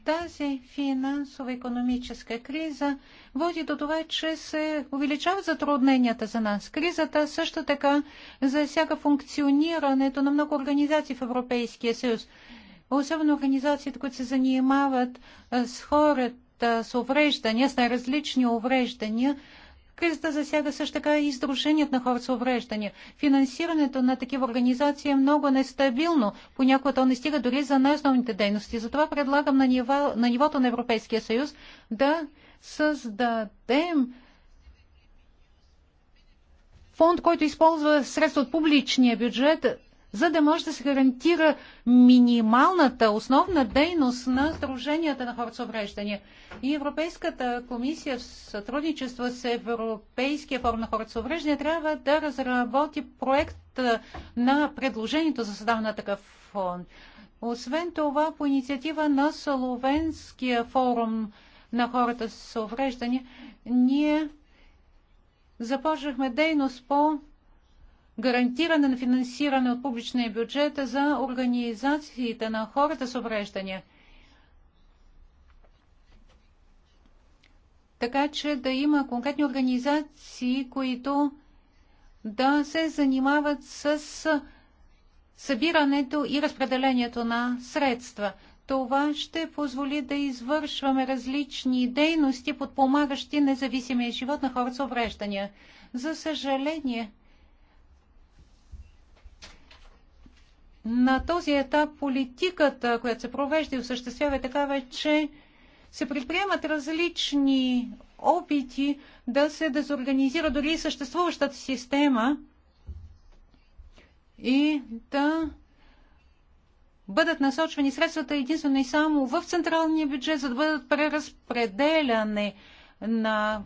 Тази финансово-економическа криза води до това, че се увеличават затрудненията за нас. Кризата също така засяга функционирането на много организации в Европейския съюз. Особено организациите, които се занимават с хората с увреждания, с най-различни увреждания, Кризата засяга също така и издруженият на хора с увреждания. Финансирането на такива организации е много нестабилно. Понякога то не стига дори за най-основните дейности. Затова предлагам на, ниво, на нивото на Европейския съюз да създадем фонд, който използва средства от публичния бюджет за да може да се гарантира минималната основна дейност на Сдруженията на хората с увреждания. И Европейската комисия в сътрудничество с Европейския форум на хората с увреждания трябва да разработи проект на предложението за създаване на такъв фонд. Освен това, по инициатива на Словенския форум на хората с увреждания, ние започнахме дейност по гарантиране на финансиране от публичния бюджет за организациите на хората с увреждания. Така че да има конкретни организации, които да се занимават с събирането и разпределението на средства. Това ще позволи да извършваме различни дейности, подпомагащи независимия живот на хората с увреждания. За съжаление, на този етап политиката, която се провежда и осъществява е такава, че се предприемат различни опити да се дезорганизира дори съществуващата система и да бъдат насочвани средствата единствено и само в централния бюджет, за да бъдат преразпределяне на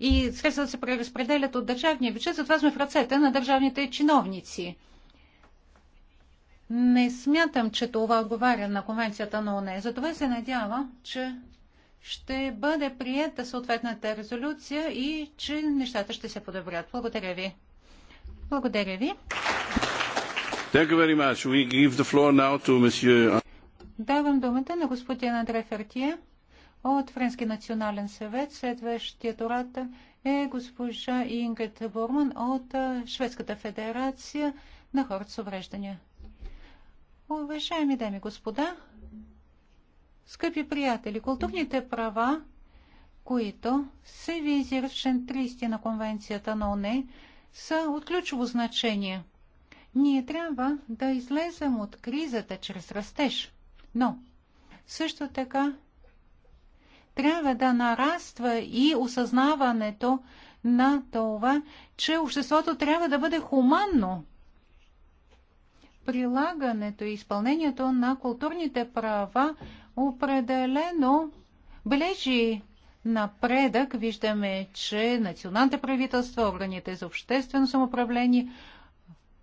и средствата да се преразпределят от държавния бюджет, затова сме в ръцете на държавните чиновници. Не смятам, че това отговаря на конвенцията на ОНЕ. Затова се надявам, че ще бъде приета съответната резолюция и че нещата ще се подобрят. Благодаря ви. Благодаря ви. Давам думата на господин Андре Фертие от Френски национален съвет. Следващият оратор е госпожа Ингет Борман от Шведската федерация на хората с увреждания. Уважаеми дами и господа, скъпи приятели, културните права, които се визират в член 30 на Конвенцията на ОНЕ, са от ключово значение. Ние трябва да излезем от кризата чрез растеж, но също така трябва да нараства и осъзнаването на това, че обществото трябва да бъде хуманно прилагането и изпълнението на културните права определено бележи напредък. Виждаме, че националните правителства, органите за обществено самоуправление,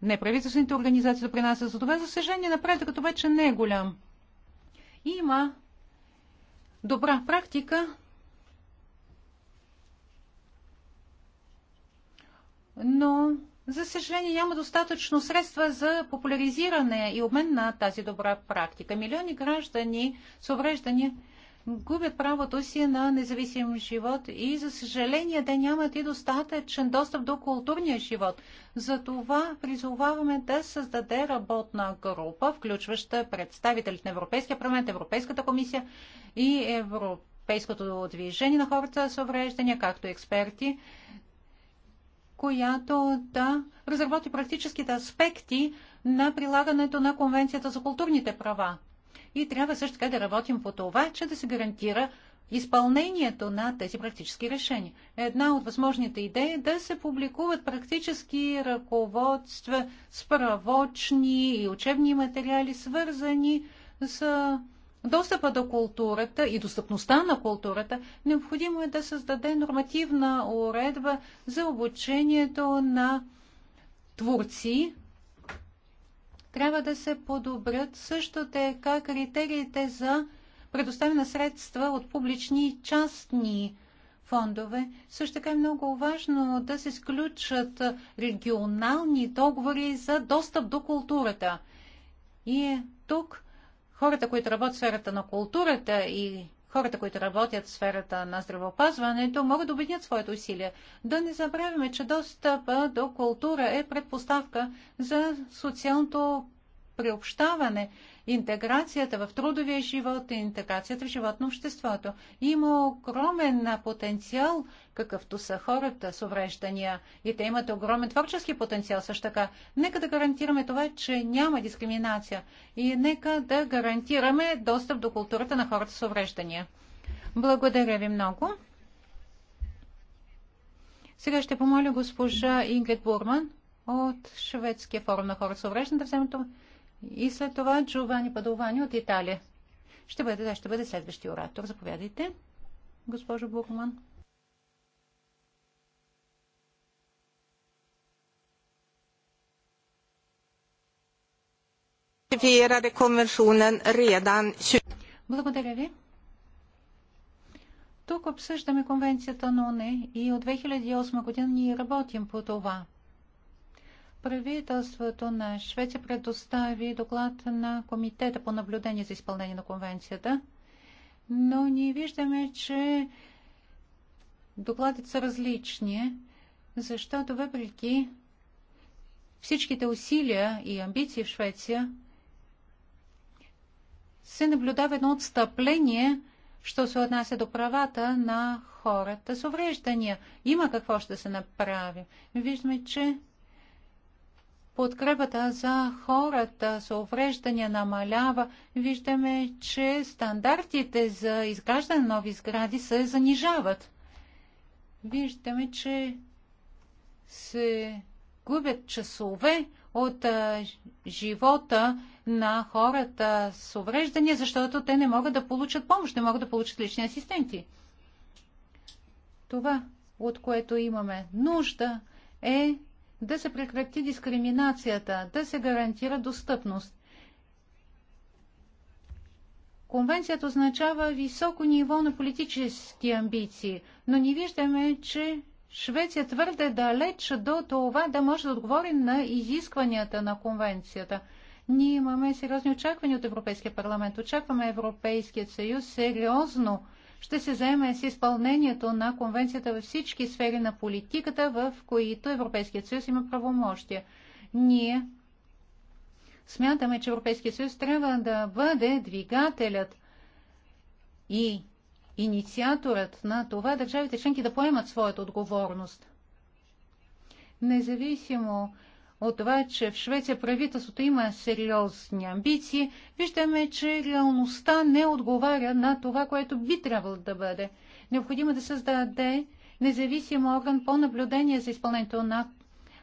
неправителствените организации допринасят за това. За съжаление, напредъкът вече не е голям. Има добра практика, но за съжаление няма достатъчно средства за популяризиране и обмен на тази добра практика. Милиони граждани с увреждания губят правото си на независим живот и, за съжаление, те нямат и достатъчен достъп до културния живот. Затова призоваваме да създаде работна група, включваща представителите на Европейския парламент, Европейската комисия и Европейското движение на хората с увреждания, както експерти, която да разработи практическите аспекти на прилагането на Конвенцията за културните права. И трябва също така да работим по това, че да се гарантира изпълнението на тези практически решения. Една от възможните идеи е да се публикуват практически ръководства, справочни и учебни материали, свързани с достъпа до културата и достъпността на културата, необходимо е да създаде нормативна уредба за обучението на творци. Трябва да се подобрят също така критериите за предоставяне на средства от публични и частни фондове. Също така е много важно да се сключат регионални договори за достъп до културата. И е тук хората, които работят в сферата на културата и хората, които работят в сферата на здравеопазването, могат да обединят своите усилия. Да не забравяме, че достъпа до култура е предпоставка за социалното приобщаване, интеграцията в трудовия живот и интеграцията в живот на обществото. Има огромен потенциал, какъвто са хората с увреждания и те имат огромен творчески потенциал също така. Нека да гарантираме това, че няма дискриминация и нека да гарантираме достъп до културата на хората с увреждания. Благодаря ви много. Сега ще помоля госпожа Ингрид Бурман от Шведския форум на хора с увреждания да вземе това. И след това Джовани Падовани от Италия. Ще бъде, да, ще бъде следващия оратор. Заповядайте, госпожо Бухман. Благодаря ви. Тук обсъждаме конвенцията на ОНЕ и от 2008 година ние работим по това. Правителството на Швеция предостави доклад на Комитета по наблюдение за изпълнение на конвенцията, но ние виждаме, че докладите са различни, защото въпреки всичките усилия и амбиции в Швеция, се наблюдава едно отстъпление, що се отнася до правата на хората с увреждания. Има какво ще се направи. Виждаме, че подкрепата за хората с увреждания намалява. Виждаме, че стандартите за изграждане на нови сгради се занижават. Виждаме, че се губят часове от а, живота на хората с увреждания, защото те не могат да получат помощ, не могат да получат лични асистенти. Това, от което имаме нужда, е да се прекрати дискриминацията, да се гарантира достъпност. Конвенцията означава високо ниво на политически амбиции, но ни виждаме, че Швеция твърде далеч до това да може да отговори на изискванията на конвенцията. Ние имаме сериозни очаквания от Европейския парламент. Очакваме Европейският съюз сериозно ще се заеме с изпълнението на конвенцията във всички сфери на политиката, в които Европейският съюз има правомощия. Ние смятаме, че Европейският съюз трябва да бъде двигателят и инициаторът на това държавите членки да поемат своята отговорност. Независимо от това, че в Швеция правителството има сериозни амбиции, виждаме, че реалността не отговаря на това, което би трябвало да бъде. Необходимо да създаде независим орган по наблюдение за изпълнението на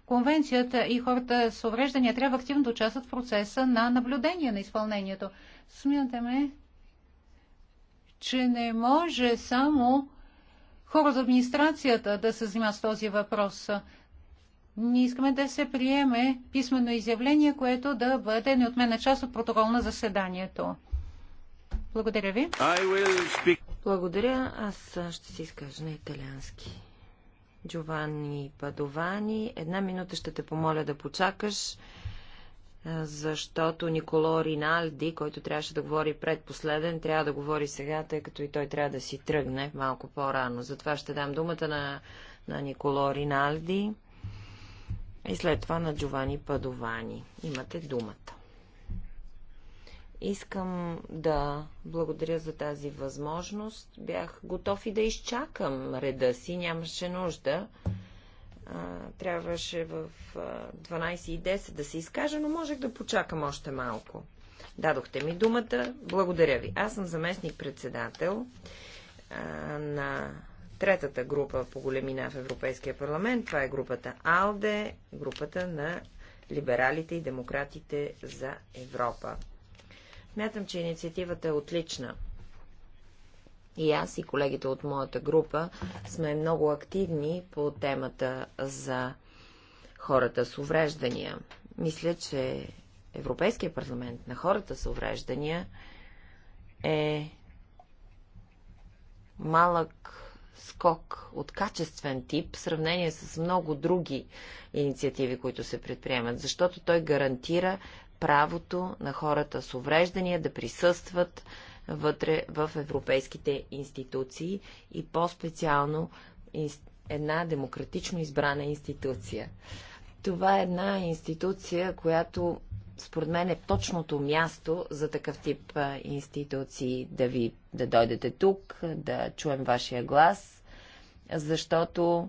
конвенцията и хората с увреждания трябва активно да участват в процеса на наблюдение на изпълнението. Смятаме, че не може само хора за администрацията да се занимават с този въпрос. Ние искаме да се приеме писмено изявление, което да бъде неотменна част от протокол на заседанието. Благодаря ви. Благодаря. Аз ще си изкажа на италиански. Джованни Падовани, една минута ще те помоля да почакаш, защото Николо Риналди, който трябваше да говори предпоследен, трябва да говори сега, тъй като и той трябва да си тръгне малко по-рано. Затова ще дам думата на, на Николо Риналди. И след това на Джовани Падовани. Имате думата. Искам да благодаря за тази възможност. Бях готов и да изчакам реда си. Нямаше нужда. трябваше в 12.10 да се изкажа, но можех да почакам още малко. Дадохте ми думата. Благодаря ви. Аз съм заместник председател на Третата група по големина в Европейския парламент, това е групата АЛДЕ, групата на либералите и демократите за Европа. Смятам, че инициативата е отлична. И аз и колегите от моята група сме много активни по темата за хората с увреждания. Мисля, че Европейския парламент на хората с увреждания е малък скок от качествен тип в сравнение с много други инициативи, които се предприемат, защото той гарантира правото на хората с увреждания да присъстват вътре в европейските институции и по-специално една демократично избрана институция. Това е една институция, която според мен е точното място за такъв тип институции да ви да дойдете тук, да чуем вашия глас, защото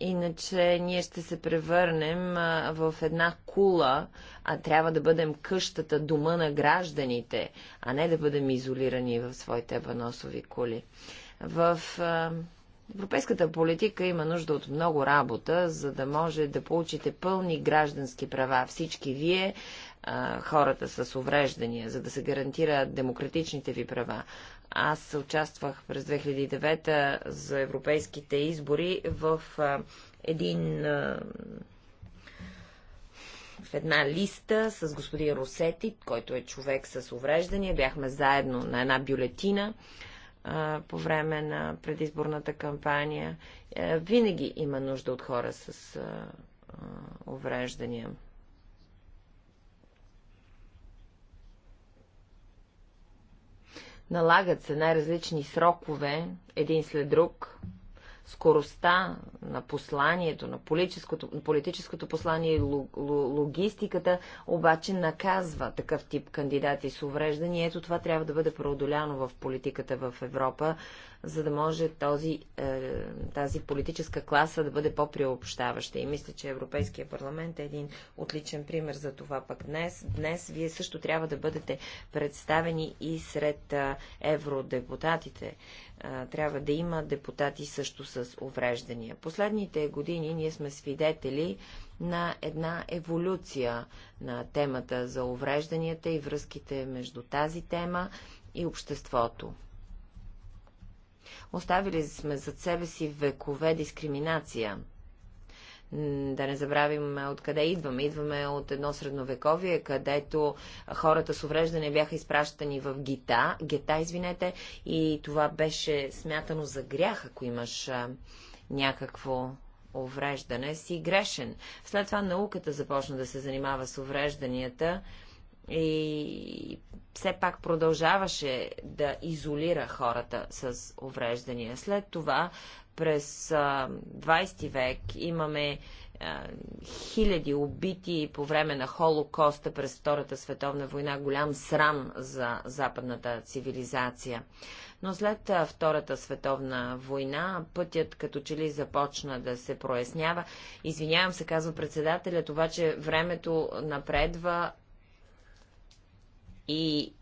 иначе ние ще се превърнем в една кула, а трябва да бъдем къщата, дома на гражданите, а не да бъдем изолирани в своите баносови кули. В Европейската политика има нужда от много работа, за да може да получите пълни граждански права. Всички вие, хората с увреждания, за да се гарантира демократичните ви права. Аз участвах през 2009 за европейските избори в един в една листа с господин Русети, който е човек с увреждания. Бяхме заедно на една бюлетина по време на предизборната кампания. Е, винаги има нужда от хора с увреждания. Налагат се най-различни срокове, един след друг, скоростта на посланието, на политическото, политическото послание и логистиката обаче наказва такъв тип кандидати с увреждания. Ето това трябва да бъде преодоляно в политиката в Европа, за да може този, е, тази политическа класа да бъде по-приобщаваща. И мисля, че Европейския парламент е един отличен пример за това пък днес. Днес вие също трябва да бъдете представени и сред е, евродепутатите трябва да има депутати също с увреждания. Последните години ние сме свидетели на една еволюция на темата за уврежданията и връзките между тази тема и обществото. Оставили сме зад себе си векове дискриминация – да не забравим е, откъде идваме. Идваме от едно средновековие, където хората с увреждане бяха изпращани в гита, гета, извинете, и това беше смятано за грях, ако имаш някакво увреждане, си грешен. След това науката започна да се занимава с уврежданията и все пак продължаваше да изолира хората с увреждания. След това през 20 век имаме хиляди убити по време на Холокоста през Втората световна война, голям срам за западната цивилизация. Но след Втората световна война пътят като че ли започна да се прояснява. Извинявам се, казва председателя, това, че времето напредва и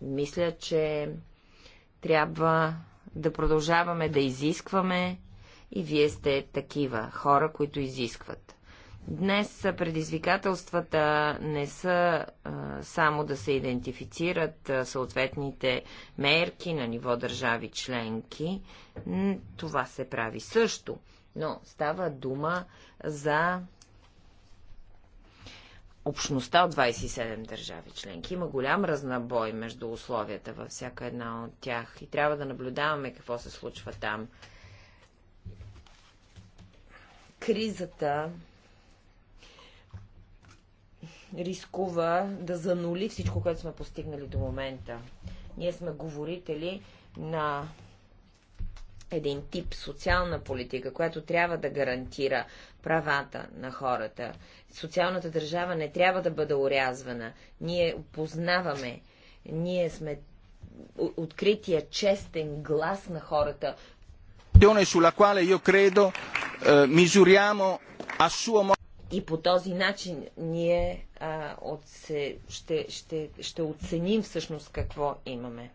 мисля, че трябва да продължаваме да изискваме и вие сте такива хора, които изискват. Днес предизвикателствата не са а, само да се идентифицират а, съответните мерки на ниво държави членки. Това се прави също, но става дума за общността от 27 държави членки. Има голям разнабой между условията във всяка една от тях и трябва да наблюдаваме какво се случва там. Кризата рискува да занули всичко, което сме постигнали до момента. Ние сме говорители на един тип социална политика, която трябва да гарантира правата на хората. Социалната държава не трябва да бъде урязвана. Ние опознаваме, ние сме открития, честен глас на хората. Sulla quale io credo eh, a suo и по този начин ние а, отсе, ще, ще, ще оценим всъщност какво имаме.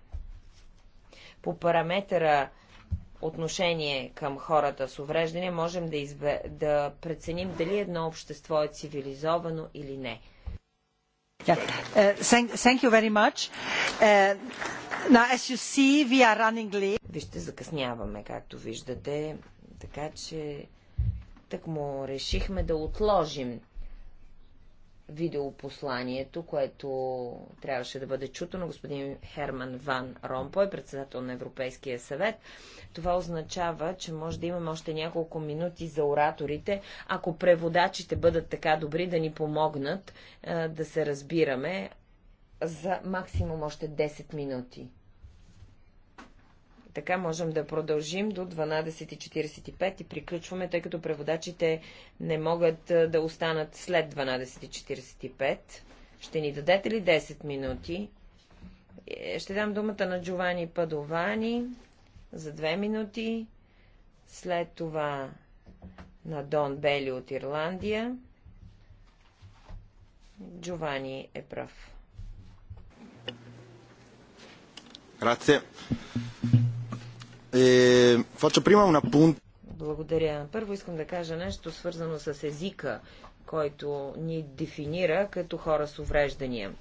По параметъра отношение към хората с увреждане, можем да, избе... да преценим дали едно общество е цивилизовано или не. Yeah. Uh, thank, thank you very much. Uh, now, as you see, we are running late. Вижте, закъсняваме, както виждате. Така че, так му решихме да отложим видеопосланието, което трябваше да бъде чуто на господин Херман Ван Ромпой, председател на Европейския съвет. Това означава, че може да имаме още няколко минути за ораторите, ако преводачите бъдат така добри да ни помогнат да се разбираме за максимум още 10 минути. Така можем да продължим до 12.45 и приключваме, тъй като преводачите не могат да останат след 12.45. Ще ни дадете ли 10 минути? Е, ще дам думата на Джовани Падовани за 2 минути. След това на Дон Бели от Ирландия. Джовани е прав. Grazie. Faccio prima на пункт. Благодаря. Първо искам да кажа нещо свързано с езика, който ни дефинира като хора с увреждания.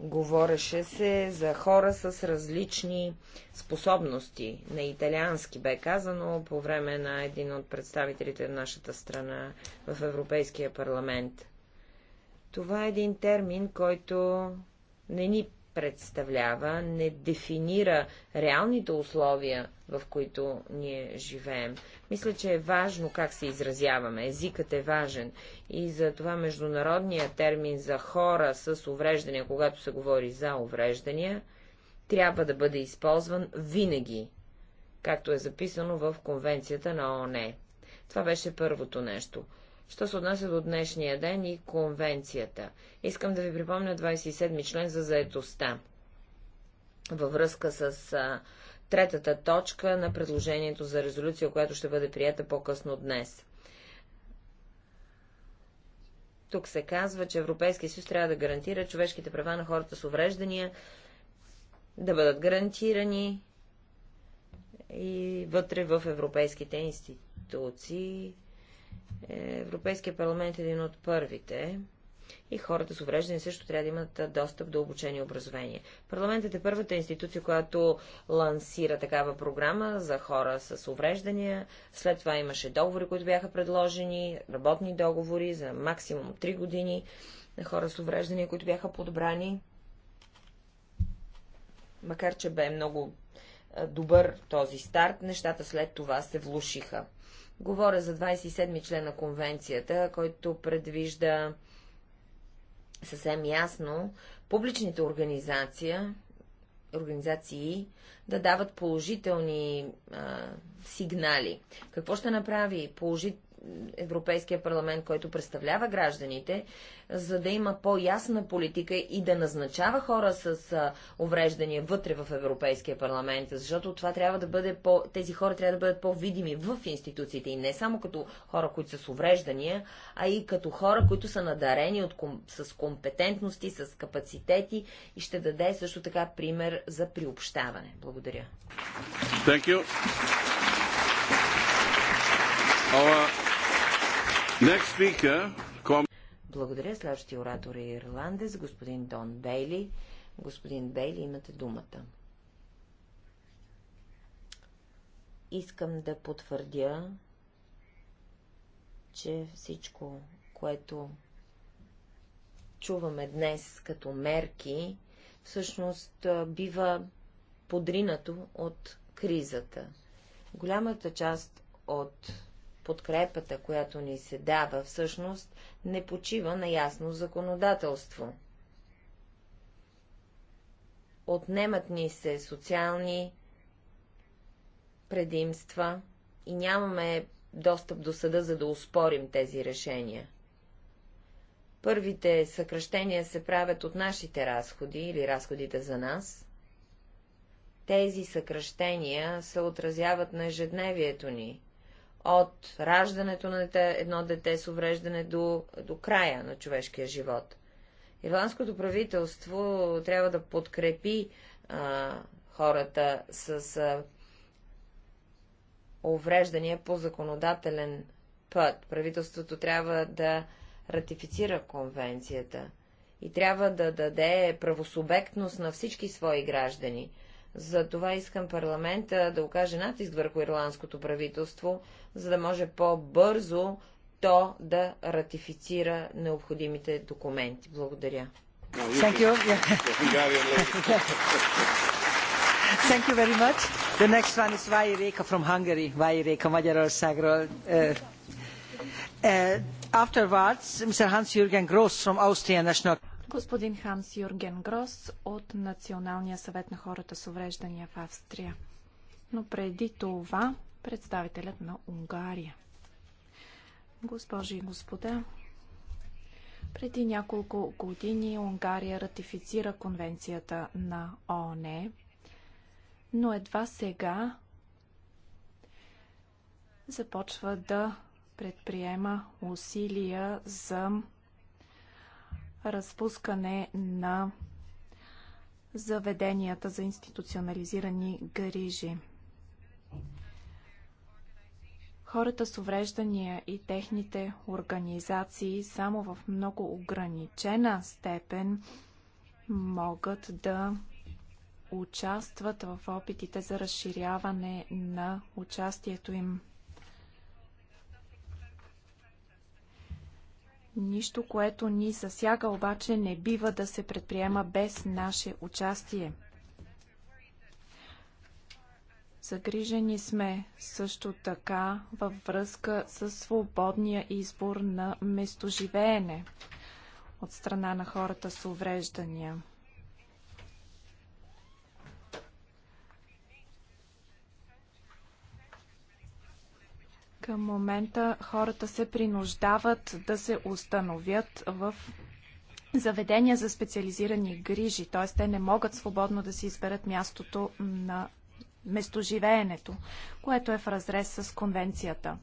Говореше се за хора с различни способности. На италиански бе казано по време на един от представителите на нашата страна в Европейския парламент. Това е един термин, който не ни представлява, не дефинира реалните условия, в които ние живеем. Мисля, че е важно как се изразяваме. Езикът е важен. И за това международният термин за хора с увреждания, когато се говори за увреждания, трябва да бъде използван винаги, както е записано в Конвенцията на ООН. Това беше първото нещо. Що се отнася до днешния ден и конвенцията? Искам да ви припомня 27 член за заетостта. Във връзка с а, третата точка на предложението за резолюция, която ще бъде прията по-късно днес. Тук се казва, че Европейския съюз трябва да гарантира човешките права на хората с увреждания, да бъдат гарантирани и вътре в европейските институции, е, Европейския парламент е един от първите и хората с увреждане също трябва да имат достъп до обучение и образование. Парламентът е първата институция, която лансира такава програма за хора с увреждания. След това имаше договори, които бяха предложени, работни договори за максимум 3 години на хора с увреждания, които бяха подбрани. Макар, че бе много добър този старт, нещата след това се влушиха. Говоря за 27 член на конвенцията, който предвижда съвсем ясно публичните организации, организации да дават положителни а, сигнали. Какво ще направи положи, Европейския парламент, който представлява гражданите, за да има по-ясна политика и да назначава хора с увреждания вътре в Европейския парламент, защото това трябва да бъде по... тези хора трябва да бъдат по-видими в институциите и не само като хора, които са с увреждания, а и като хора, които са надарени от ком... с компетентности, с капацитети и ще даде също така пример за приобщаване. Благодаря. Thank you. Our благодаря. Следващия оратор е ирландец, господин Дон Бейли. Господин Бейли, имате думата. Искам да потвърдя, че всичко, което чуваме днес като мерки, всъщност бива подринато от кризата. Голямата част от подкрепата, която ни се дава, всъщност не почива на ясно законодателство. Отнемат ни се социални предимства и нямаме достъп до съда, за да успорим тези решения. Първите съкръщения се правят от нашите разходи или разходите за нас. Тези съкръщения се отразяват на ежедневието ни, от раждането на дете, едно дете с увреждане до, до края на човешкия живот. Ирландското правителство трябва да подкрепи а, хората с а, увреждания по законодателен път. Правителството трябва да ратифицира конвенцията и трябва да даде правосубектност на всички свои граждани – за това искам парламента да окаже натиск върху ирландското правителство, за да може по-бързо то да ратифицира необходимите документи. Благодаря. Thank you. Thank you very much. The next one is Vairéka from Hungary, Vairéka Magyarországról. Uh, uh, afterwards, Mr. Hans-Jürgen Gross from Austrian National господин Ханс Юрген Грос от Националния съвет на хората с увреждания в Австрия. Но преди това представителят на Унгария. Госпожи и господа, преди няколко години Унгария ратифицира конвенцията на ООН, но едва сега започва да предприема усилия за разпускане на заведенията за институционализирани грижи. Хората с увреждания и техните организации само в много ограничена степен могат да участват в опитите за разширяване на участието им Нищо, което ни засяга, обаче не бива да се предприема без наше участие. Загрижени сме също така във връзка с свободния избор на местоживеене от страна на хората с увреждания. Към момента хората се принуждават да се установят в заведения за специализирани грижи, т.е. те не могат свободно да си изберат мястото на местоживеенето, което е в разрез с конвенцията.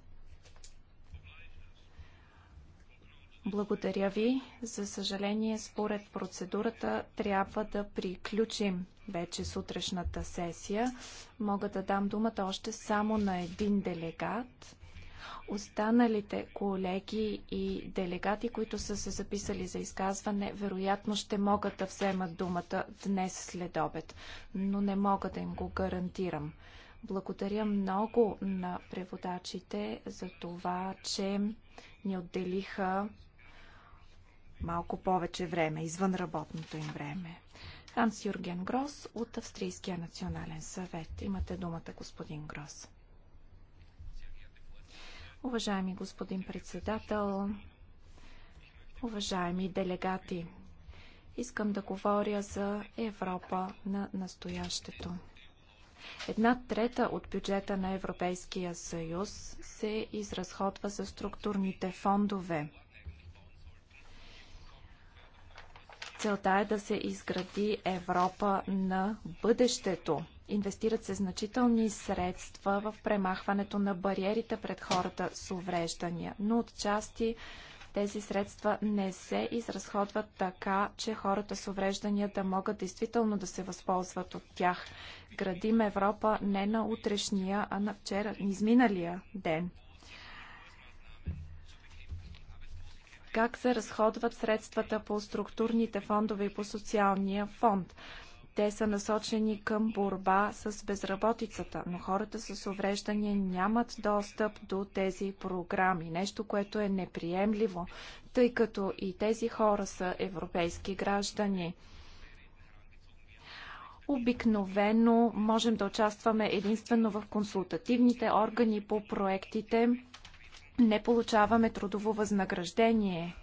Благодаря ви. За съжаление, според процедурата трябва да приключим вече сутрешната сесия. Мога да дам думата още само на един делегат. Останалите колеги и делегати, които са се записали за изказване, вероятно ще могат да вземат думата днес след обед, но не мога да им го гарантирам. Благодаря много на преводачите за това, че ни отделиха малко повече време, извън работното им време. Ханс Юрген Грос от Австрийския национален съвет. Имате думата, господин Грос. Уважаеми господин председател, уважаеми делегати, искам да говоря за Европа на настоящето. Една трета от бюджета на Европейския съюз се изразходва за структурните фондове. Целта е да се изгради Европа на бъдещето – Инвестират се значителни средства в премахването на бариерите пред хората с увреждания, но отчасти тези средства не се изразходват така, че хората с увреждания да могат действително да се възползват от тях. Градим Европа не на утрешния, а на вчера, изминалия ден. Как се разходват средствата по структурните фондове и по социалния фонд? Те са насочени към борба с безработицата, но хората с увреждания нямат достъп до тези програми. Нещо, което е неприемливо, тъй като и тези хора са европейски граждани. Обикновено можем да участваме единствено в консултативните органи по проектите. Не получаваме трудово възнаграждение.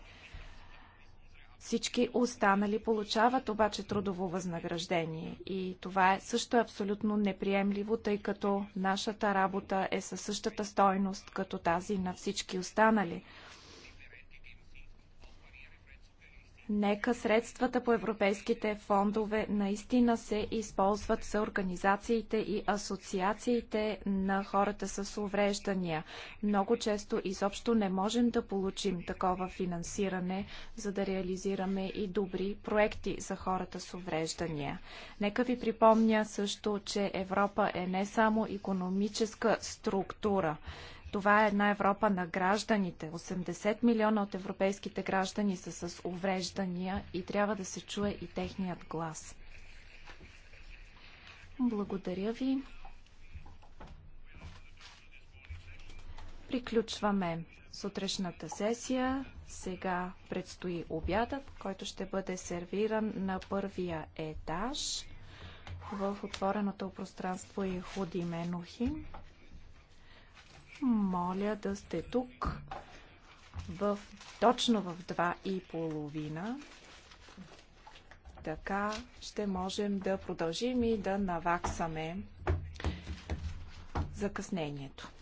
Всички останали получават обаче трудово възнаграждение и това е също абсолютно неприемливо, тъй като нашата работа е със същата стойност като тази на всички останали. Нека средствата по европейските фондове наистина се използват за организациите и асоциациите на хората с увреждания. Много често изобщо не можем да получим такова финансиране, за да реализираме и добри проекти за хората с увреждания. Нека ви припомня също, че Европа е не само економическа структура. Това е една Европа на гражданите. 80 милиона от европейските граждани са с увреждания и трябва да се чуе и техният глас. Благодаря ви. Приключваме сутрешната сесия. Сега предстои обядът, който ще бъде сервиран на първия етаж в отвореното пространство и Худи Менухи. Моля да сте тук в, точно в 2 и половина. Така ще можем да продължим и да наваксаме закъснението.